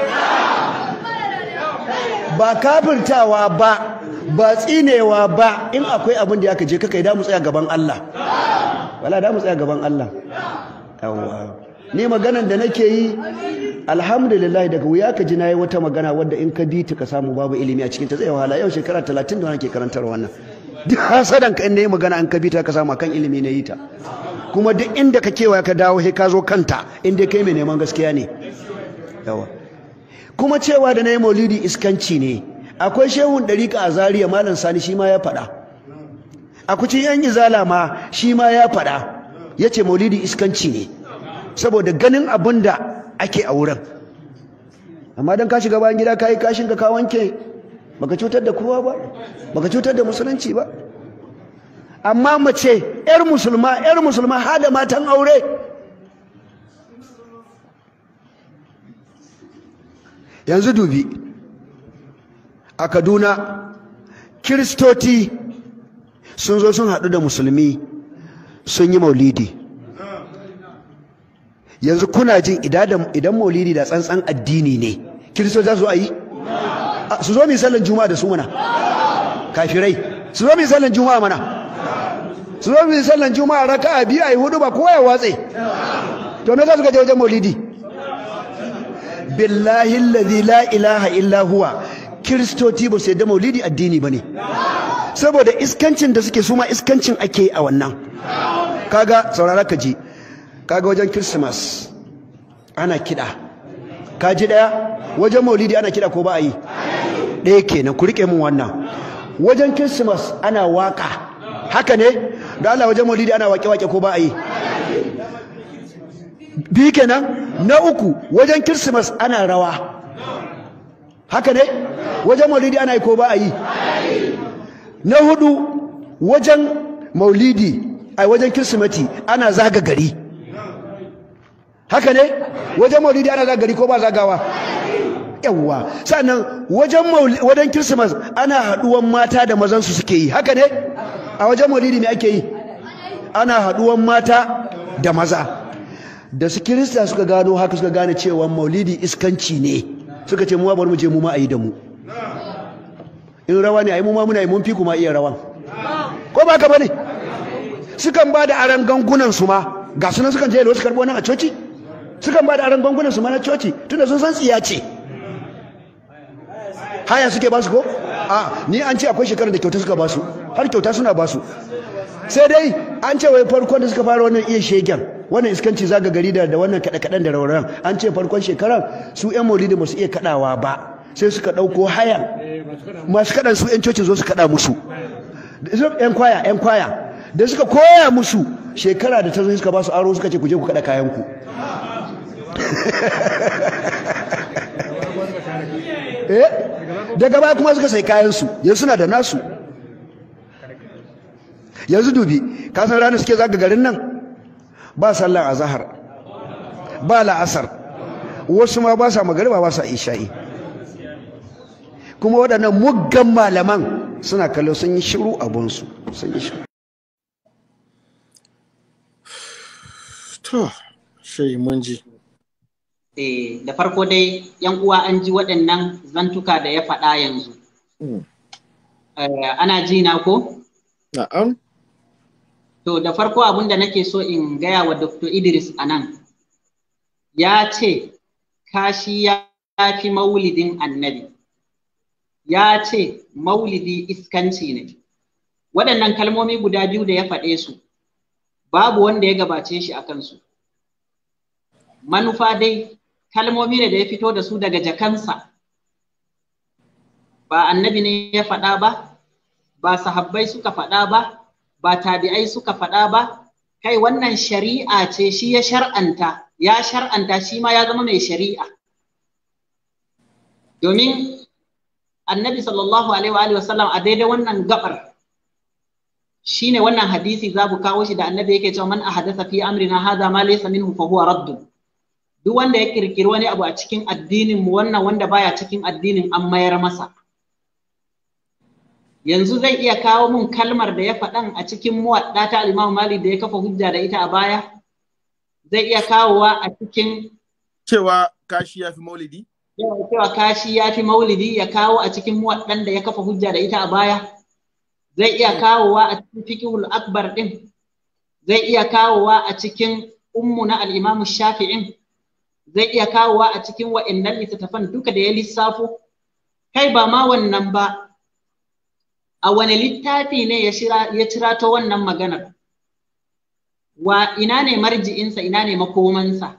ba kafirtawa ba ba tsinewa ba in akwai abin da ya kaje kakai da mu tsaya gaban Allah wala da mu tsaya gaban Allah yawa ni maganan da nake yi alhamdulillah daga wuya ka ji nayi wata magana wadda in ka bita ka samu babu ilimi a cikin ta tsaye wahala yau shekara 30 da nake karantar wannan duk hasadan ka in nayi magana an ka bita ka samu kan ilimi na yi ta kuma duk inda ka kewa ka dawo he ka zo kanta inda kai mai neman gaskiya ne yawa kuma cewa da nayi maulidi iskanci ne akwai shehun ɗariƙa a zariya malam sani shi ma ya faɗa a kucin yan izala ma shi ma ya faɗa ya ce maulidi iskanci ne saboda ganin abin da ake a wurin amma don ka shiga bayan gida ka yi kashin ka wanke baka cutar da kowa ba baka cutar da musulunci ba amma mace yar musulma yar musulma hada matan aure yanzu dubi a kaduna kiristoti sun zo sun haɗu da musulmi sun yi maulidi yanzu kuna jin idan maulidi da tsantsan addini ne kiristoti za su a yi su zo mai sallan juma'a da su mana kafirai su zo mai sallan juma'a mana su zo mai sallan juma'a a biyu a yi hudu ba kowa ya watse to me za su gaje wajen maulidi billahi la ilaha illa huwa kiristoci ba su yadda maulidi addini ba ne saboda iskancin da suke suma iskancin ake yi a wannan kaga saurara ka ji kaga wajen christmas ana kiɗa ka ji ɗaya wajen maulidi ana kiɗa ko ba a yi ɗaya kenan ku riƙe mun wannan wajen christmas ana waka haka ne da Allah wajen maulidi ana wake-wake ko ba a yi biyu kenan na uku wajen christmas ana rawa haka ne wajen maulidi ana yi ko ba a yi na hudu wajen maulidi a wajen kirsimati ana zaga gari haka ne wajen maulidi ana zaga gari ko ba zagawa yawwa sannan wajen wajen kirsimas ana haduwan mata da mazan su suke yi haka ne a wajen maulidi me ake yi ana haduwan mata da maza da su kirista suka gano haka suka gane cewa maulidi iskanci ne suka ce muwa bari mu je mu ma a yi da mu in rawa ne a yi mu ma muna yi mun fi kuma iya rawan ko ba ka bane sukan ba da aran gangunan su ma ga sunan sukan je su karbo nan a coci sukan ba da aran gangunan su ma na coci tunda sun san tsiya ce haya suke ba su ko a ni an ce akwai shekarar da kyauta suka ba su har kyauta suna ba su sai dai an ce wai farkon da suka fara wannan iya shegen wannan iskanci zaga gari da wannan kaɗe-kaɗen da rauran an ce farkon shekaran su 'yan maulidi ba su iya kaɗawa ba sai suka ɗauko hayan masu kaɗan su 'yan cocin zo su kaɗa musu 'yan kwaya 'yan kwaya da suka koya musu shekara da ta zo suka ba su aro suka ce ku je ku kaɗa kayanku eh? daga baya kuma suka sai kayansu yanzu suna da nasu yanzu dubi kasan san ranar suke zaga garin nan ba sallan zahar ba la'asar wasu ma ba sa magariba ba sa isha'i kuma waɗannan muggan malaman suna kallo sun yi shiru abunsu sun yi shiru to shi munji eh, da farko dai yan uwa an ji waɗannan zantuka da ya faɗa yanzu hmm. eh, ana ji na ko na'am To da farko abin da nake so in gaya wa Dr. Idris a nan, ya ce, kashi ya fi maulidin annabi, ya ce maulidi iskanci ne. Waɗannan kalmomi guda biyu da ya faɗe su, babu wanda ya gabace shi a kansu. Manufa dai, kalmomi ne da ya fito da su daga jakansa, ba annabi ne ya faɗa ba, ba sahabbai suka faɗa ba, ba tabi'ai suka faɗa ba kai wannan shari'a ce shi ya shar'anta ya shar'anta shi ma ya zama mai shari'a domin annabi sallallahu alaihi wa sallam a daidai wannan gabar shine wannan hadisi za ku kawo shi da annabi yake cewa man ahadatha fi amrina hadha ma laysa minhu fa huwa radd duk wanda ya kirkiri wani abu a cikin addinin mu wannan wanda baya cikin addinin an mayar masa yanzu zai iya kawo mun kalmar da ya faɗan a cikin muwadda ta Imam Malik da ya kafa hujja da ita a baya zai iya kawowa a cikin cewa kashi ya fi maulidi cewa kashi ya fi maulidi ya kawo a cikin muwaddan da ya kafa hujja da ita a baya zai iya kawowa a cikin fiqhul akbar din zai iya kawowa a cikin ummu na al-Imam Shafi'in zai iya kawowa a cikin wa'annan litattafan duka da ya lissafo kai ba ma wannan ba a wane littafi ne ya cira ta wannan maganar wa ina ne marji'insa ina ne makomansa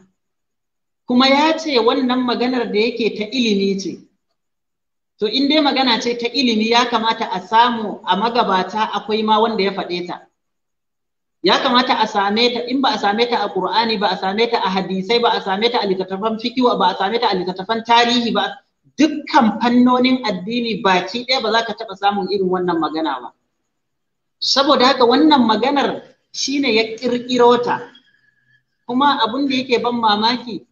kuma ya ce wannan maganar da yake ta ilimi ce to in dai magana ce ta ilimi ya kamata a samu a magabata akwai ma wanda ya faɗe ta ya kamata a same ta in ba a same ta a Qur'ani ba a same ta a hadisai ba a same ta a littattafan fikiwa ba a same ta a littattafan tarihi ba dukkan fannonin addini baki ɗaya ba za ka taɓa samun irin wannan magana ba saboda haka wannan maganar shine ya ƙirƙiro ta kuma abin da yake ban mamaki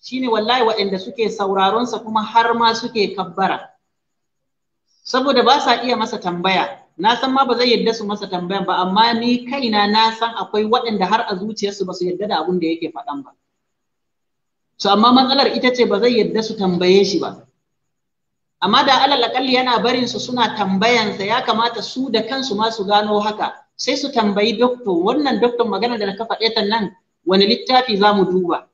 shine wallahi waɗanda suke sauraronsa kuma har ma suke kabbara saboda ba sa iya masa tambaya na san ma ba zai yarda su masa tambaya ba amma ni kaina na san akwai waɗanda har a zuciyarsu ba su yadda da abin da yake faɗan ba so amma matsalar ita ce ba zai yadda su tambaye shi ba amma da alal akalli yana barin su suna tambayansa ya kamata su da kansu ma su gano haka sai su tambayi doktor wannan doktor magana da ka faɗe nan wani littafi za mu duba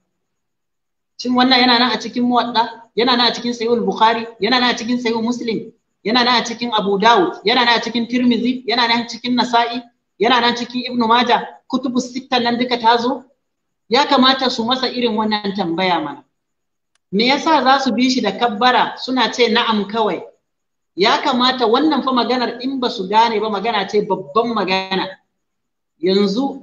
shin wannan yana nan a cikin muwadda yana nan a cikin sayyid bukhari yana nan a cikin sayyid muslim yana nan a cikin abu dawud yana nan a cikin tirmizi yana nan cikin nasa'i yana nan cikin ibnu maja kutubus sittan nan duka ta zo ya kamata su masa irin wannan tambaya mana me yasa za su bi shi da kabbara suna ce na'am kawai ya kamata wannan fa maganar in ba su gane ba magana ce babban magana yanzu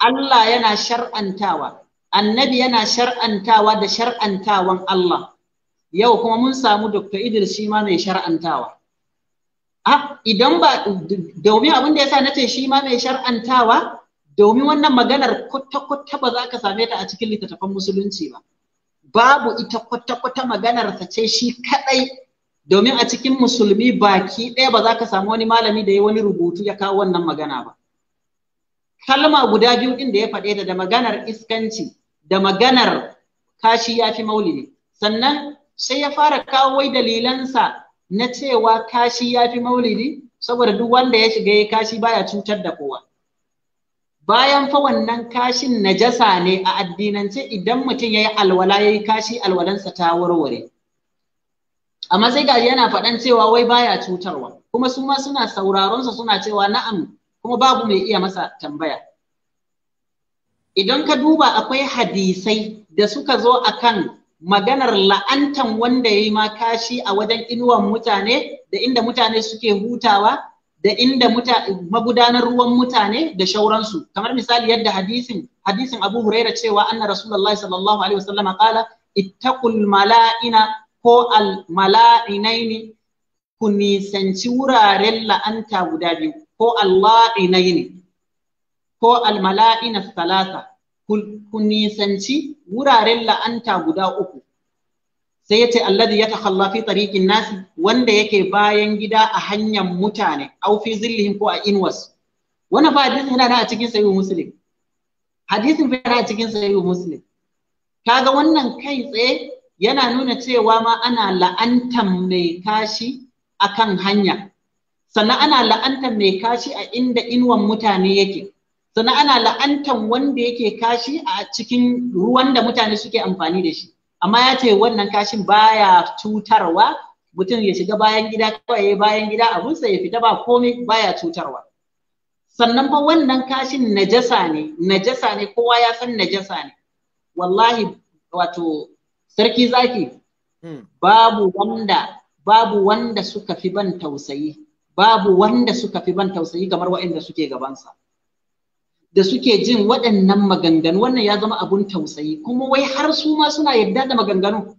Allah yana shar'antawa annabi yana shar'antawa da shar'antawan Allah yau kuma mun samu Dr. Idris shi ma mai shar'antawa ah idan ba domin abin da yasa nace shi ma mai shar'antawa domin wannan maganar kwata-kwata ba za ka same ta a cikin littattafan musulunci ba babu ita kwata-kwata maganar ta ce shi kadai domin a cikin musulmi baki ɗaya ba za ka samu wani malami da ya wani rubutu ya kawo wannan magana ba kalma guda biyu din da ya faɗe ta da maganar iskanci da maganar kashi ya fi maulidi sannan sai ya fara kawo wai dalilansa na cewa kashi ya fi maulidi saboda duk wanda ya shiga ya kashi baya cutar da kowa bayan fa wannan kashin najasa ne a addinance idan mutum ya yi alwala ya yi kashi alwalansa ta warware amma sai gaji yana faɗan cewa wai baya cutarwa kuma su ma suna sauraron suna cewa na'am kuma babu mai iya masa tambaya idan ka duba akwai hadisai da suka zo a kan maganar la'antan wanda ya yi ma kashi a wajen inuwan mutane da inda mutane suke hutawa da inda magudanar ruwan mutane da shauransu kamar misali yadda hadisin hadisin Abu Huraira cewa anna Rasulullahi sallallahu alaihi wasallam qala ittaqul mala'ina ko al mala'inaini ku nisanci wuraren la'anta guda biyu ko al-la'inaini ko al mala'ina salasa ku nisanci wuraren la'anta guda uku sai ya ce alladhi ya fi tariqin nas wanda yake bayan gida a hanyar mutane au fi zillihim ko a inwas wannan fa hadisin yana a cikin sahih muslim hadisin fa yana a cikin muslim kaga wannan kai tsaye yana nuna cewa ma ana la'antan mai kashi akan hanya sannan ana la'antan mai kashi a inda inuwan mutane yake sannan ana la'antan wanda yake kashi a cikin ruwan da mutane suke amfani da shi amma ya ce wannan kashin baya cutarwa mutum ya shiga bayan gida kawai bayan gida abunsa ya fita ba komai baya cutarwa sannan fa wannan kashin najasa ne najasa ne kowa ya san najasa ne wallahi wato sarki zaki hmm. babu wanda babu wanda suka fi ban tausayi babu wanda suka fi ban tausayi kamar waɗanda suke gabansa da suke jin waɗannan maganganu wannan ya zama abun tausayi kuma wai har su ma suna yarda da maganganu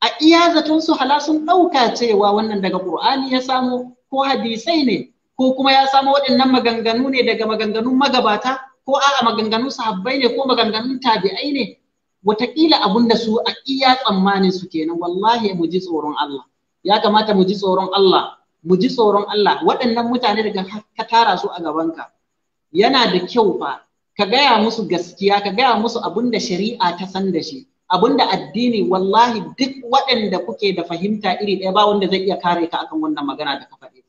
a iya zaton su hala sun ɗauka cewa wannan daga Al-ƙur'ani ya samo ko hadisai ne ko kuma ya samo waɗannan maganganu ne daga maganganun magabata ko a'a maganganun sahabbai ne ko maganganun tabi'ai ne wataƙila abun da su a iya tsammanin su kenan wallahi mu ji tsoron Allah ya kamata mu ji tsoron Allah mu ji tsoron Allah waɗannan mutane daga ka tara su a gabanka yana da kyau fa ka gaya musu gaskiya ka gaya musu abin da shari'a ta san da shi abin da addini wallahi duk waɗanda kuke da fahimta iri ɗaya ba wanda zai iya kare ka akan wannan magana da ka faɗi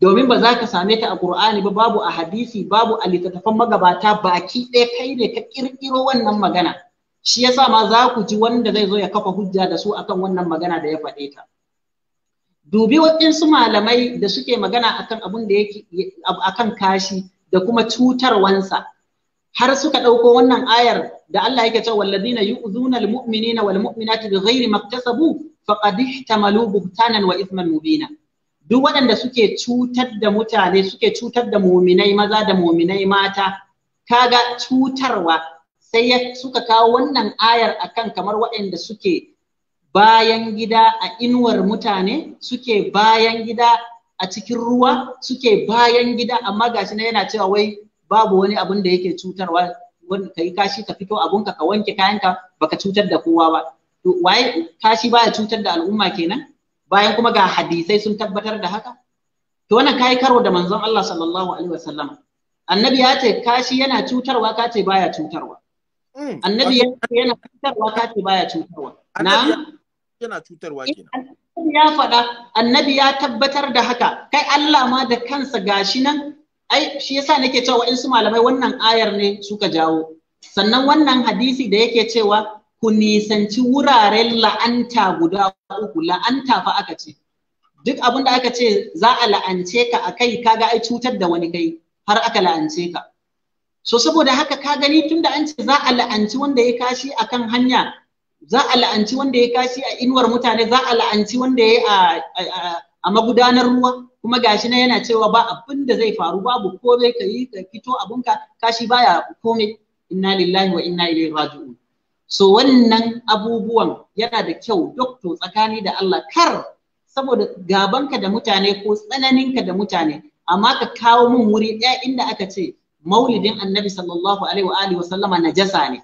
domin ba za ka same ta a Qur'ani ba babu a hadisi babu a littattafan magabata baki ɗaya kai ne ka ƙirƙiro wannan magana shi yasa ma za ku ji wanda zai zo ya kafa hujja da su akan wannan magana da ya faɗe ta dubi waɗansu malamai da suke magana akan abun da yake akan kashi da kuma cutarwansa har suka ɗauko wannan ayar da Allah yake cewa walladina yu'zuna almu'minina walmuminati mu'minati bighairi maktasabu faqad ihtamalu buhtanan wa ithman mubina duk waɗanda suke cutar da mutane suke cutar da muminai maza da muminai mata kaga cutarwa sai suka kawo wannan ayar akan kamar waɗanda suke bayan gida a inuwar mutane suke bayan gida a cikin ruwa suke bayan gida amma gashi na yana cewa wai babu wani abun da yake cutarwa wani kai kashi ka fito abunka ka wanke kayanka baka cutar da kowa ba to waye kashi baya cutar da al'umma kenan bayan kuma ga hadisai sun tabbatar da haka to wannan kai karo da manzon Allah sallallahu alaihi wasallam annabi ya ce kashi yana cutarwa ka ce baya cutarwa hmm, annabi ya ce yana cutarwa ka ce baya cutarwa na yana cutarwa kenan ya faɗa annabi ya tabbatar da haka kai Allah ma da kansa gashi nan ai shi yasa nake cewa in su malamai wannan ayar ne suka jawo sannan wannan hadisi da yake cewa ku nisanci wuraren la'anta guda uku la'anta fa aka ce duk abin da aka ce za a la'ance ka a kai kaga ai cutar da wani kai har aka la'ance ka so saboda haka ka gani tunda an ce za a la'anci wanda ya kashi akan hanya za a la'anci wanda ya kashi a inuwar mutane za a la'anci wanda ya a magudanar ruwa kuma gashi nan yana cewa ba abin da zai faru babu komai ka yi ka fito abunka kashi baya komai inna lillahi wa inna ilaihi raji'un so wannan abubuwan yana da kyau to tsakani da Allah kar saboda gabanka da mutane ko tsananinka da mutane amma ka kawo mun wuri ɗaya inda aka ce maulidin annabi sallallahu alaihi wa alihi wa sallama najasa ne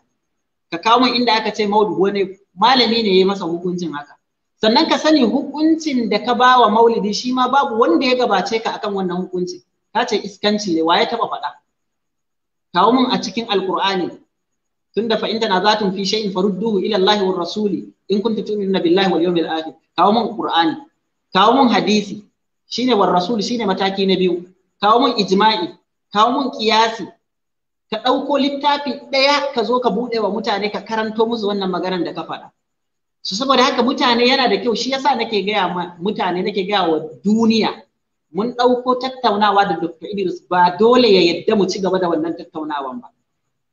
ka kawo min inda aka ce maudu wani malami ne ya masa hukuncin haka sannan ka sani hukuncin da ka ba wa maulidi shi ma babu wanda ya gabace ka akan wannan hukuncin ka ce iskanci ne waye taba faɗa kawo min a cikin alqur'ani tunda fa na zatun fi shay'in farudduhu ila Allahi wa rasuli in kuntum tu'minuna billahi wal yawmil akhir kawo min qur'ani kawo min hadisi shine war rasuli shine mataki na biyu kawo min ijma'i kawo min qiyasi ka ɗauko littafi ɗaya ka zo ka buɗe wa mutane ka karanto musu wannan maganar da ka faɗa su saboda haka mutane yana da kyau shi yasa nake gaya ma mutane nake gaya wa duniya mun ɗauko tattaunawa da Dr. Idris ba dole ya yadda mu ci gaba da wannan tattaunawan ba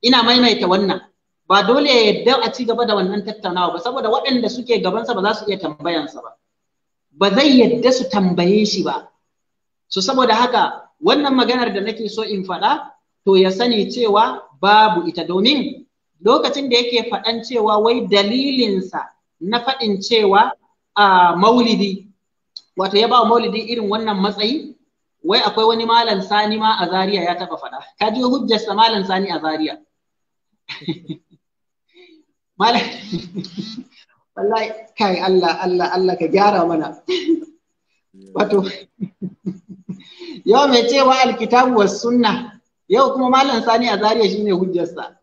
ina maimaita wannan ba dole ya yadda a ci gaba da wannan tattaunawa ba saboda waɗanda suke gabansa ba za su iya tambayansa ba ba zai yadda su tambaye shi ba su saboda haka wannan maganar da nake so in faɗa to ya sani cewa babu ita domin lokacin da yake faɗan cewa wai dalilinsa na faɗin cewa a maulidi wato ya ba maulidi irin wannan matsayi wai akwai wani malam sani ma a Zariya ya taɓa faɗa ka ji hujjarsa malam sani a Zariya. malam wallahi kai Allah Allah Allah ka gyara mana wato yau mai cewa alkitabu was sunna yau kuma malam sani a shi shine hujjarsa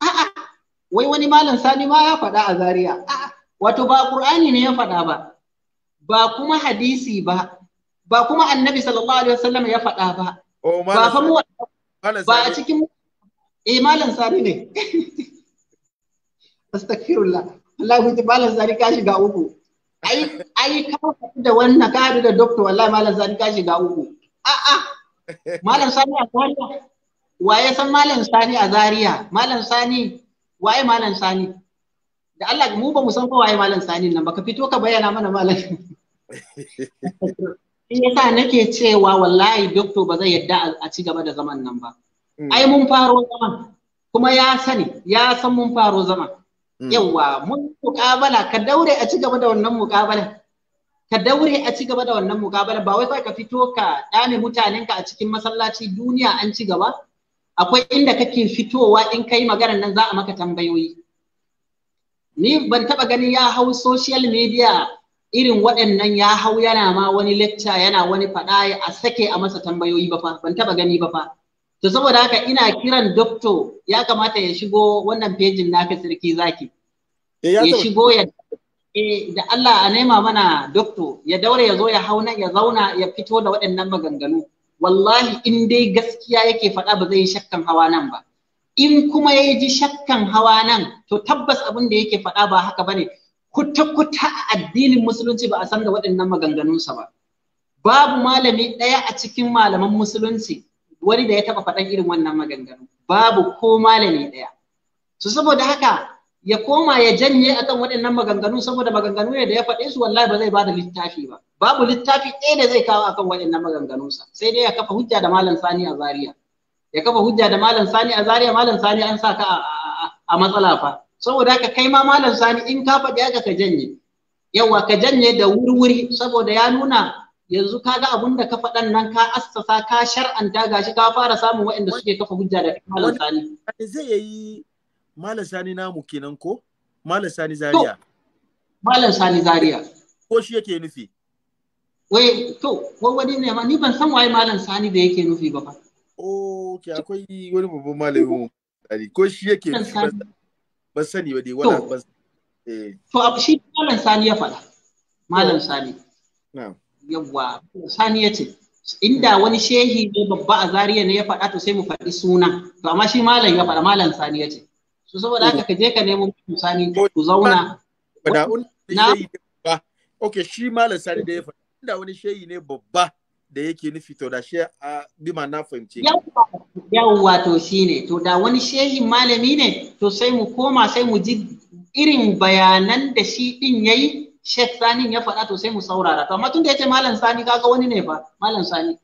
a'a wai wani malam sani ma ya faɗa a Zariya. a'a wato ba qur'ani ne ya faɗa ba ba kuma hadisi ba ba kuma annabi sallallahu alaihi wasallam ya faɗa ba oh, ba fa mu ba a cikin eh malam sani ne astaghfirullah Allah mutum malam sani ka shiga uku ai ai ka da wannan ka da doctor wallahi malam sani ka shiga uku a'a malam sani a kwalla waye san malam sani a zaria malam sani waye malam sani da Allah mu ba mu san ko waye malam sani nan ba ka fito ka bayyana mana malam in yasa nake cewa wallahi doctor ba zai yadda a ci gaba da zaman nan ba hmm. ai mun faro zaman kuma ya sani ya san mun faro zaman hmm. yawa mun mukabala ka daure a ci gaba da wannan mukabala ka daure a ci gaba da wannan mukabala ba wai kai ka fito ka dane mutanen ka a cikin masallaci duniya an ci gaba akwai inda kake fitowa in kai maganar nan za a maka tambayoyi ni ban taba gani ya hau social media irin waɗannan ya hau yana ma wani lecture yana wani faɗa a sake a masa tambayoyi ba fa ban taba gani ba fa to saboda haka ina kiran doctor ya kamata ya shigo wannan pejin naka sarki zaki eh, ya shigo ya eh, da Allah a nema mana doctor ya daure ya zo ya hau ya zauna ya fito da waɗannan maganganu wallahi in dai gaskiya yake faɗa ba zai yi shakkan hawa nan ba in kuma ya ji shakkan hawa nan to tabbas abin da yake faɗa ba haka bane kuta-kuta a addinin musulunci ba a san da waɗannan maganganunsa ba babu malami ɗaya a cikin malaman musulunci wani da ya taɓa faɗan irin wannan maganganu babu ko malami ɗaya To saboda haka ya koma ya janye akan waɗannan maganganu saboda maganganu ne da ya faɗe su wallahi ba zai bada littafi ba babu littafi ɗaya da zai kawo akan waɗannan maganganunsa sai dai ya kafa hujja da malam sani a Zariya. ya kafa hujja da malam sani a Zariya malam sani an sa ka a matsala fa saboda haka kai ma malam sani in ka faɗi haka ka janye yawa ka janye da wurwuri saboda ya nuna yanzu ka ga abun da ka faɗan nan ka assasa ka shar'anta gashi ka fara samun waɗanda suke kafa hujja da malam sani zai yi malam sani namu kenan ko malam sani Zariya. malam sani Zariya. ko shi yake nufi wai to wani ne ma ni ban san waye malam sani da yake nufi ba fa okay akwai wani babban malami dari ko shi yake ban sani ba dai wannan ban eh to shi malam sani ya faɗa malam oh. sani na'am yawwa sani yace inda hmm. wani shehi ne babba a zariya ne ya faɗa to sai mu faɗi suna to amma shi malam ya faɗa malam sani yace So saboda haka oh. ka je ka nemo sani oh, ku zauna na okay shi malam sani da ya faɗa da wani shehi ne babba da yake nufi to da shi a bima na fahimce. Yawwa to shi ne, to da wani shehin malami ne, to sai mu koma sai mu ji irin bayanan da shi ɗin ya yi, Sheikh Sani ya faɗa to sai mu saurara. To amma tun da ya ce Malam Sani kaga wani ne ba, Malam Sani.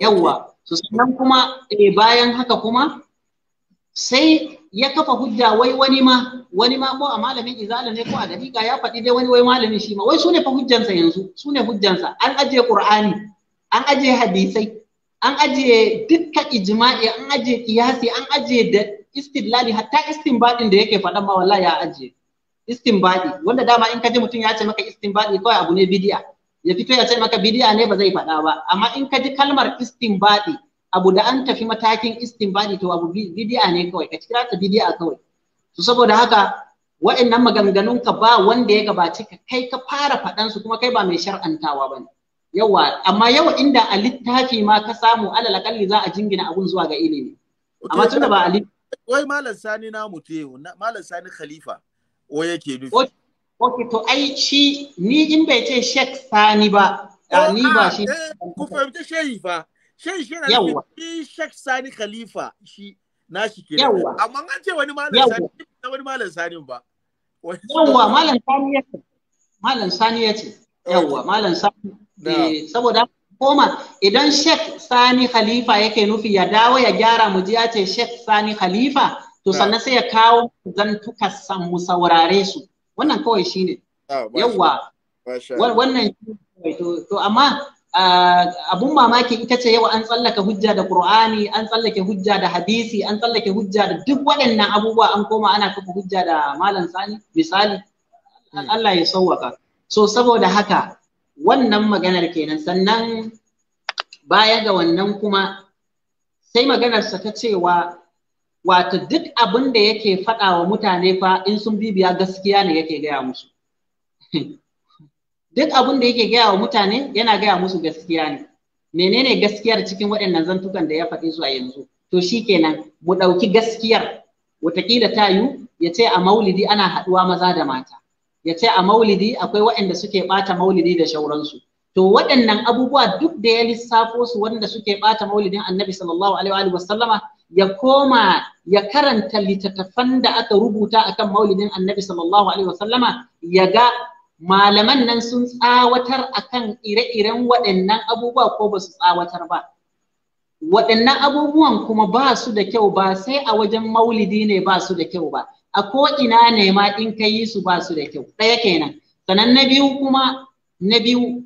Yawwa, so sannan kuma eh, bayan haka kuma sai ya kafa hujja wai wani ma wani ma ko a malamin izala ne ko a dariƙa ya faɗi dai wani wai malamin shi ma wai sune fa hujjansa yanzu sune hujjansa an ajiye qur'ani an ajiye hadisai an ajiye dukkan ijma'i an ajiye kiyasi an ajiye da istidlali hatta istinbadin da yake faɗan ma wallahi ya ajiye istinbadi wanda dama in ka ji mutum ya ce maka istinbadi kawai abu ne bidiya ya fito ya ce maka bidiya ne ba zai faɗa ba amma in ka ji kalmar istinbadi abu da an tafi matakin istinbadi to abu bidi'a ne kawai ka kira ta bidi'a kawai to saboda haka wa'annan maganganun ka ba wanda ya gabaci ka kai ka fara faɗan su kuma kai ba mai shar'antawa ba ne yawa amma yau inda a littafi ma ka samu alal akalli za a jingina abun zuwa ga ilimi amma tunda ba a wai malam sani na mutu malam sani khalifa o yake nufi Ok, to ai shi ni in bai ce Sheikh Sani ba, ni ba shi. Eh, ku fahimci shehi ba shin shi na sani khalifa shi na shi ke amma an ce wani malam sani wani malam sani ba yawwa malam sani ya ce malam sani ya ce yawwa malam sani eh, saboda koma idan shek sani khalifa yake nufi ya dawo ya gyara mu ji ya ce shek sani khalifa to sannan sai ya kawo zantuka san ah, yawwa abun mamaki ita ce yawa an tsallaka hujja da Qur'ani an tsallake hujja da hadisi an tsallake hujja da duk waɗannan abubuwa an koma ana kafa hujja da malam sani misali hmm. Allah ya sauwaka so saboda haka wannan maganar kenan sannan baya ga wannan kuma sai maganar sa ta cewa wato duk abin da yake faɗa wa mutane fa in sun bibiya gaskiya ne yake gaya musu duk abin da yake gaya wa mutane yana gaya musu gaskiya ne menene gaskiyar cikin waɗannan zantukan da ya faɗi zuwa yanzu to shi kenan mu ɗauki gaskiyar watakila ta yu ya ce a maulidi ana haɗuwa maza da mata ya ce a maulidi akwai waɗanda suke ɓata maulidi da shauransu to waɗannan abubuwa duk da ya lissafo su wanda suke ɓata maulidin annabi sallallahu alaihi wa sallama ya koma ya karanta littattafan da aka rubuta akan maulidin annabi sallallahu alaihi wa sallama ya ga malaman nan sun tsawatar akan ire-iren waɗannan abubuwa ko ba su tsawatar ba waɗannan abubuwan kuma ba su da kyau ba sai a wajen maulidi ne ba su da kyau ba a ko ina ne ma in ka yi su ba su da kyau ɗaya kenan sannan na biyu kuma na biyu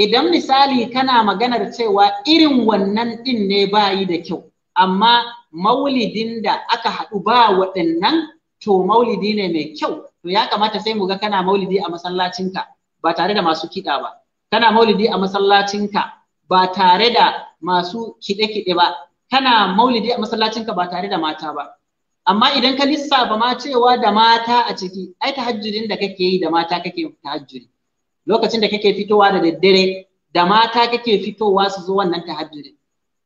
idan misali kana maganar cewa irin wannan ɗin ne ba yi da kyau amma maulidin da aka haɗu ba waɗannan to maulidi ne mai kyau to ya kamata sai mu ga kana maulidi a masallacinka ba tare da masu kiɗa ba kana maulidi a masallacinka ba tare da masu kiɗe-kiɗe ba kana maulidi a masallacinka ba tare da mata ba amma idan ka lissafa ma cewa da mata a ciki ai tahajjudin da kake yi da mata kake tahajjudi lokacin da kake fitowa da daddare da mata kake fitowa su zo wannan tahajjudi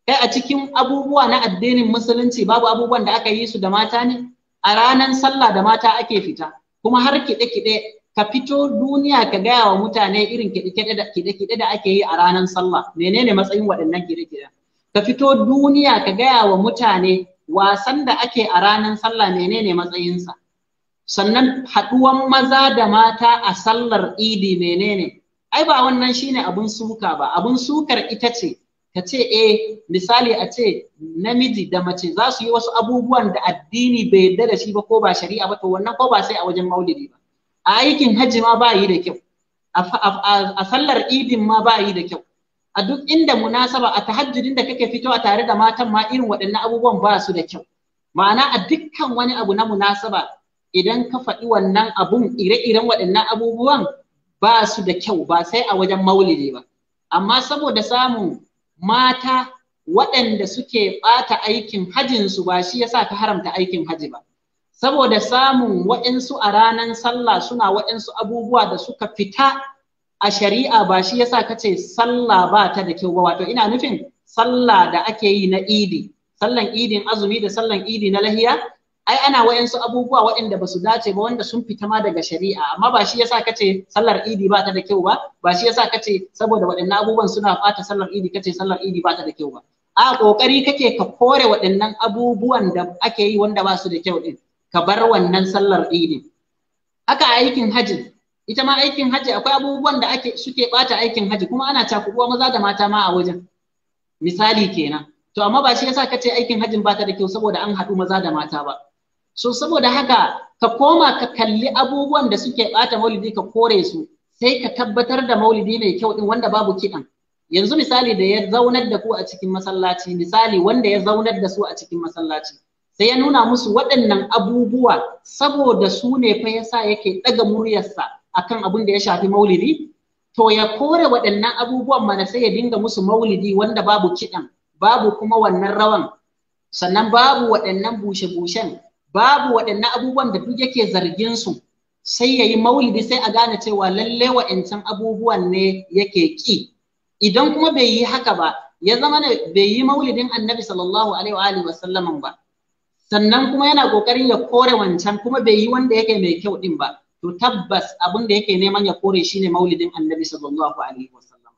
kai a cikin abubuwa na addinin musulunci babu abubuwan da aka yi su da mata ne a ranan sallah da mata ake fita kuma har kiɗe-kiɗe ka fito duniya ka gaya wa mutane irin kiɗe-kiɗe da ake yi a ranar sallah menene matsayin waɗannan kiɗe-kiɗe ka fito duniya ka gaya wa mutane wasan da ake a ranar sallah menene matsayinsa sannan haɗuwan maza da mata a sallar idi menene ai ba wannan shine abun suka ba abun sukar ita ce ka ce eh misali a ce namiji da mace za su yi wasu abubuwan da addini bai yarda da shi ba ko ba shari'a ba to wannan ko ba sai a wajen maulidi ba a aikin hajji ma ba yi da kyau a sallar idin ma ba yi da kyau a duk inda munasaba a tahajjudin da kake fito a tare da matan ma irin waɗannan abubuwan ba su da kyau ma'ana a dukkan wani abu na munasaba idan ka faɗi wannan abun ire-iren waɗannan abubuwan ba su da kyau ba sai a wajen maulidi ba amma saboda samun mata waɗanda suke ɓata aikin hajinsu ba shi yasa ka haramta aikin haji ba saboda samun waɗansu a ranar sallah suna waɗansu abubuwa da suka fita a shari'a ba shi yasa ka ce sallah ba ta da kyau ba wato ina nufin sallah da ake yi na idi sallan idin azumi da sallan idi na lahiya ai ana wayansu abubuwa waɗanda ba su dace ba wanda sun fita ma daga shari'a amma ba shi yasa kace sallar idi ba ta da kyau ba ba shi yasa kace saboda waɗannan abubuwan suna fata sallar idi kace sallar idi ba ta da kyau ba a kokari kake ka kore waɗannan abubuwan da ake yi wanda ba su da kyau din ka bar wannan sallar idi haka aikin haji ita ma aikin haji akwai abubuwan da ake suke bata aikin haji kuma ana cakuɗuwa maza da mata ma a wajen misali kenan to amma ba shi yasa kace aikin hajin ba ta da kyau saboda an haɗu maza da mata ba so saboda haka ka koma ka kalli abubuwan da suke bata maulidi ka kore su sai ka tabbatar da maulidi mai kyau din wanda babu kiɗan yanzu misali da ya zaunar da ku a cikin masallaci misali wanda ya zaunar da su a cikin masallaci sai ya nuna musu waɗannan abubuwa saboda su ne fa yasa yake ɗaga muryarsa akan abin da ya shafi maulidi to ya kore waɗannan abubuwan mana sai ya dinga musu maulidi wanda babu kiɗan babu kuma wannan rawan sannan babu waɗannan bushe-bushen babu waɗannan abubuwan da duk yake zargin su sai yayi maulidi sai a gane cewa lalle wa'ancan abubuwan ne yake ki idan kuma bai yi haka ba ya zama ne bai yi maulidin annabi sallallahu alaihi wa alihi ba sannan kuma yana kokarin ya kore wancan kuma bai yi wanda yake mai kyau din ba to tabbas abin da yake neman ya kore shine maulidin annabi sallallahu alaihi wasallam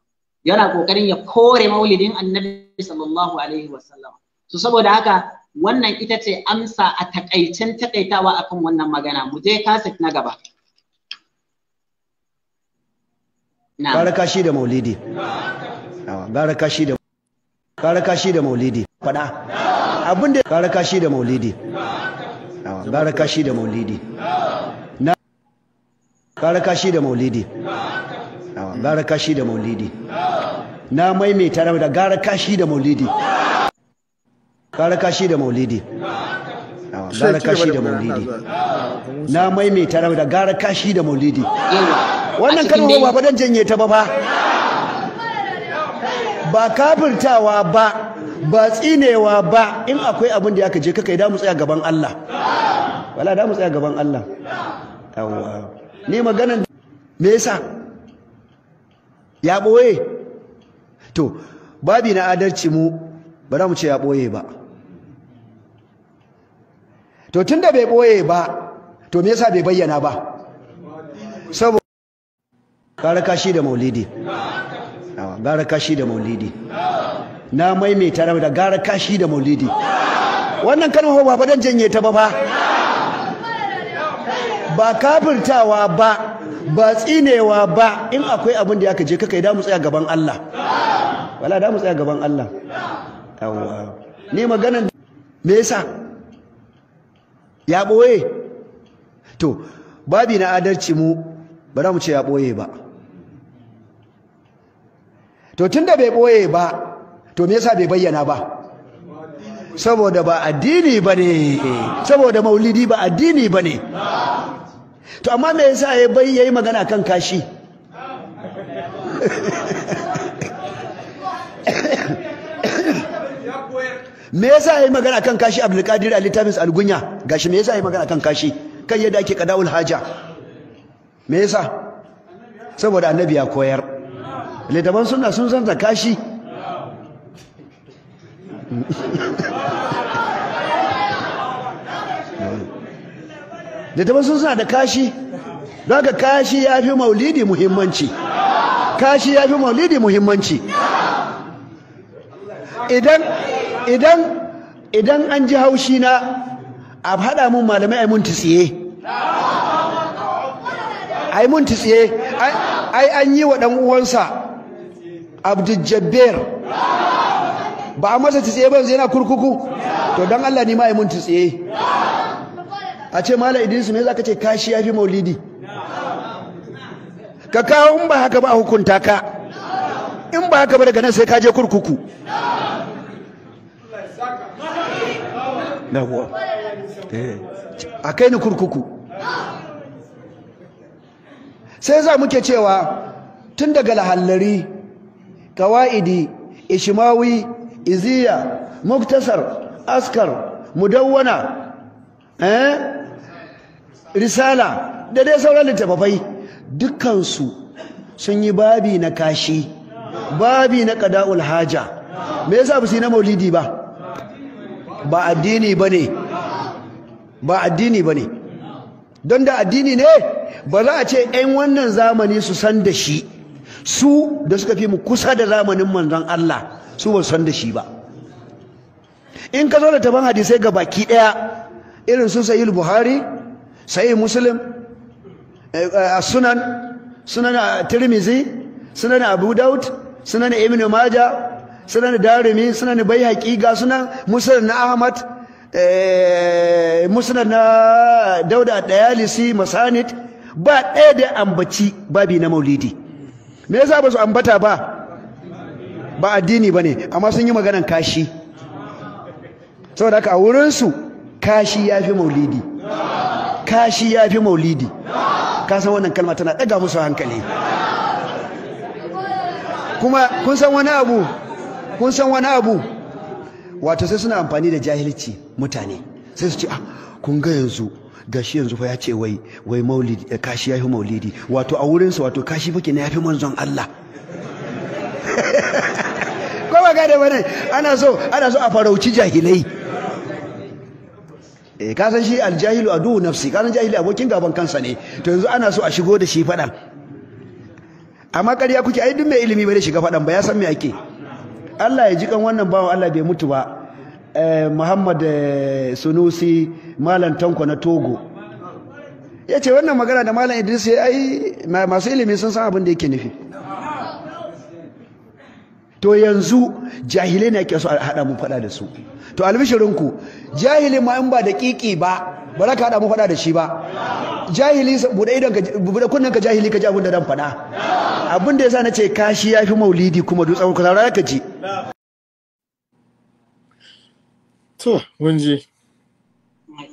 yana kokarin ya kore maulidin annabi sallallahu alaihi wasallam so saboda haka wannan ita ce amsa a takaicen takaitawa akan wannan magana mu je kaset na gaba gara kashi da maulidi gara kashi da gara kashi da maulidi fada abin da gara kashi da maulidi gara kashi da maulidi na gara kashi da maulidi gara kashi da maulidi na maimaita da gara kashi da maulidi gara kashi da maulidi gara kashi da maulidi na maimaita da gara kashi da maulidi wannan kalmar ba fadan janye ta ba fa ba kafirtawa ba ba tsinewa ba in akwai abin da ya kaje kakai da mu tsaya gaban Allah wala da mu tsaya gaban Allah yawa ne maganan me yasa ya boye to babi na adalci mu ba za mu ce ya boye ba to tun da bai boye ba to me yasa bai bayyana ba saboda gara kashi da maulidi gara kashi da maulidi na maimaita da gara kashi da maulidi wannan kalma ba dan janye ta ba ba ba kafirtawa ba ba tsinewa ba in akwai abin da ya kaje kaka yi damu tsaya gaban Allah wala damu tsaya gaban Allah ni maganan me yasa ya ɓoye to babi na adalci mu ba za mu ce ya ɓoye ba to tun da bai ɓoye ba to me yasa bai bayyana ba saboda ba addini ba ne saboda maulidi ba addini ba ne to amma me yasa ya bai yayi magana kan kashi me yasa yayi magana kan kashi Abdul Qadir Ali Tamis Algunya gashi me yasa yayi magana kan kashi kan yadda ake qada'ul haja me yasa saboda annabi ya koyar littafan sunna sun san kashi littafan sun suna da kashi daga kashi ya fi maulidi muhimmanci kashi ya fi maulidi muhimmanci idan idan idan an ji haushi na a haɗa mun malamai ai mun tsiye ai mun tsiye ai an yi wa ɗan uwansa abdul ba a masa tsiye ba yanzu yana kurkuku to don Allah ni ma ai mun tsiye a ce mala idris za zaka ce kashi ya fi maulidi ka kawo in ba haka ba hukunta ka in ba haka ba daga nan sai ka je kurkuku Eh, a kai ni kurkuku sai za muke cewa tun daga lahallari kawa'idi ishimawi iziya muktasar askar mudawwana eh, risala da dai sauran littafafai dukansu sun yi babi na kashi babi na ƙada'ul haja me yasa ba su yi na maulidi ba ba addini bane ba addini bane don da addini ne ba za a ce 'yan wannan zamani su san da shi su da suka fi mu kusa da zamanin manzon Allah su ba san da shi ba in ka zo da taban hadisai ga baki ɗaya, irin su sayi buhari sahih muslim eh, eh, sunan sunan tirmizi sunan abu daud sunan ibn majah sunan darimi sunan bai haƙiƙa sunan musulun na ahmad eh, musulun na dauda dayalisi masanit ba ɗaya da ambaci babi na maulidi me yasa ba su ambata ba ba addini ba ne amma sun yi maganan kashi saboda haka a wurinsu kashi ya fi maulidi kashi ya fi maulidi ka san wannan kalma tana ɗaga musu hankali kuma kun san wani abu kun san wani abu wato sai suna amfani da jahilci mutane sai su ce ah kun ga yanzu gashi yanzu fa ya ce wai wai maulidi eh, kashi maulidi wato a wurinsa wato kashi fa ya fi manzon Allah ko ba ga da bane ana so ana so a farauci jahilai eh ka san shi aljahilu adu nafsi ka san jahili abokin gaban kansa ne to yanzu ana so a shigo da shi fadan amma ƙarya kuke ai duk mai ilimi bai shiga fadan ba ya san me ake Allah ya ji kan wannan bawan Allah bai mutu ba eh, Muhammad eh, Sunusi Malam Tanko na Togo ya ce wannan magana da Malam Idris ya yi masu ilimi sun san abin da yake nufi to yanzu jahilai ne yake so a haɗa mu faɗa da su to albishirinku jahilin ma in ba da ƙiƙi ba ba za ka haɗa mu faɗa da shi ba jahili buɗe idon ka buɗe kunnen ka jahili ka ji abin da dan faɗa abin da yasa nace kashi yafi maulidi kuma dutsen ku saurara ka ji To, mun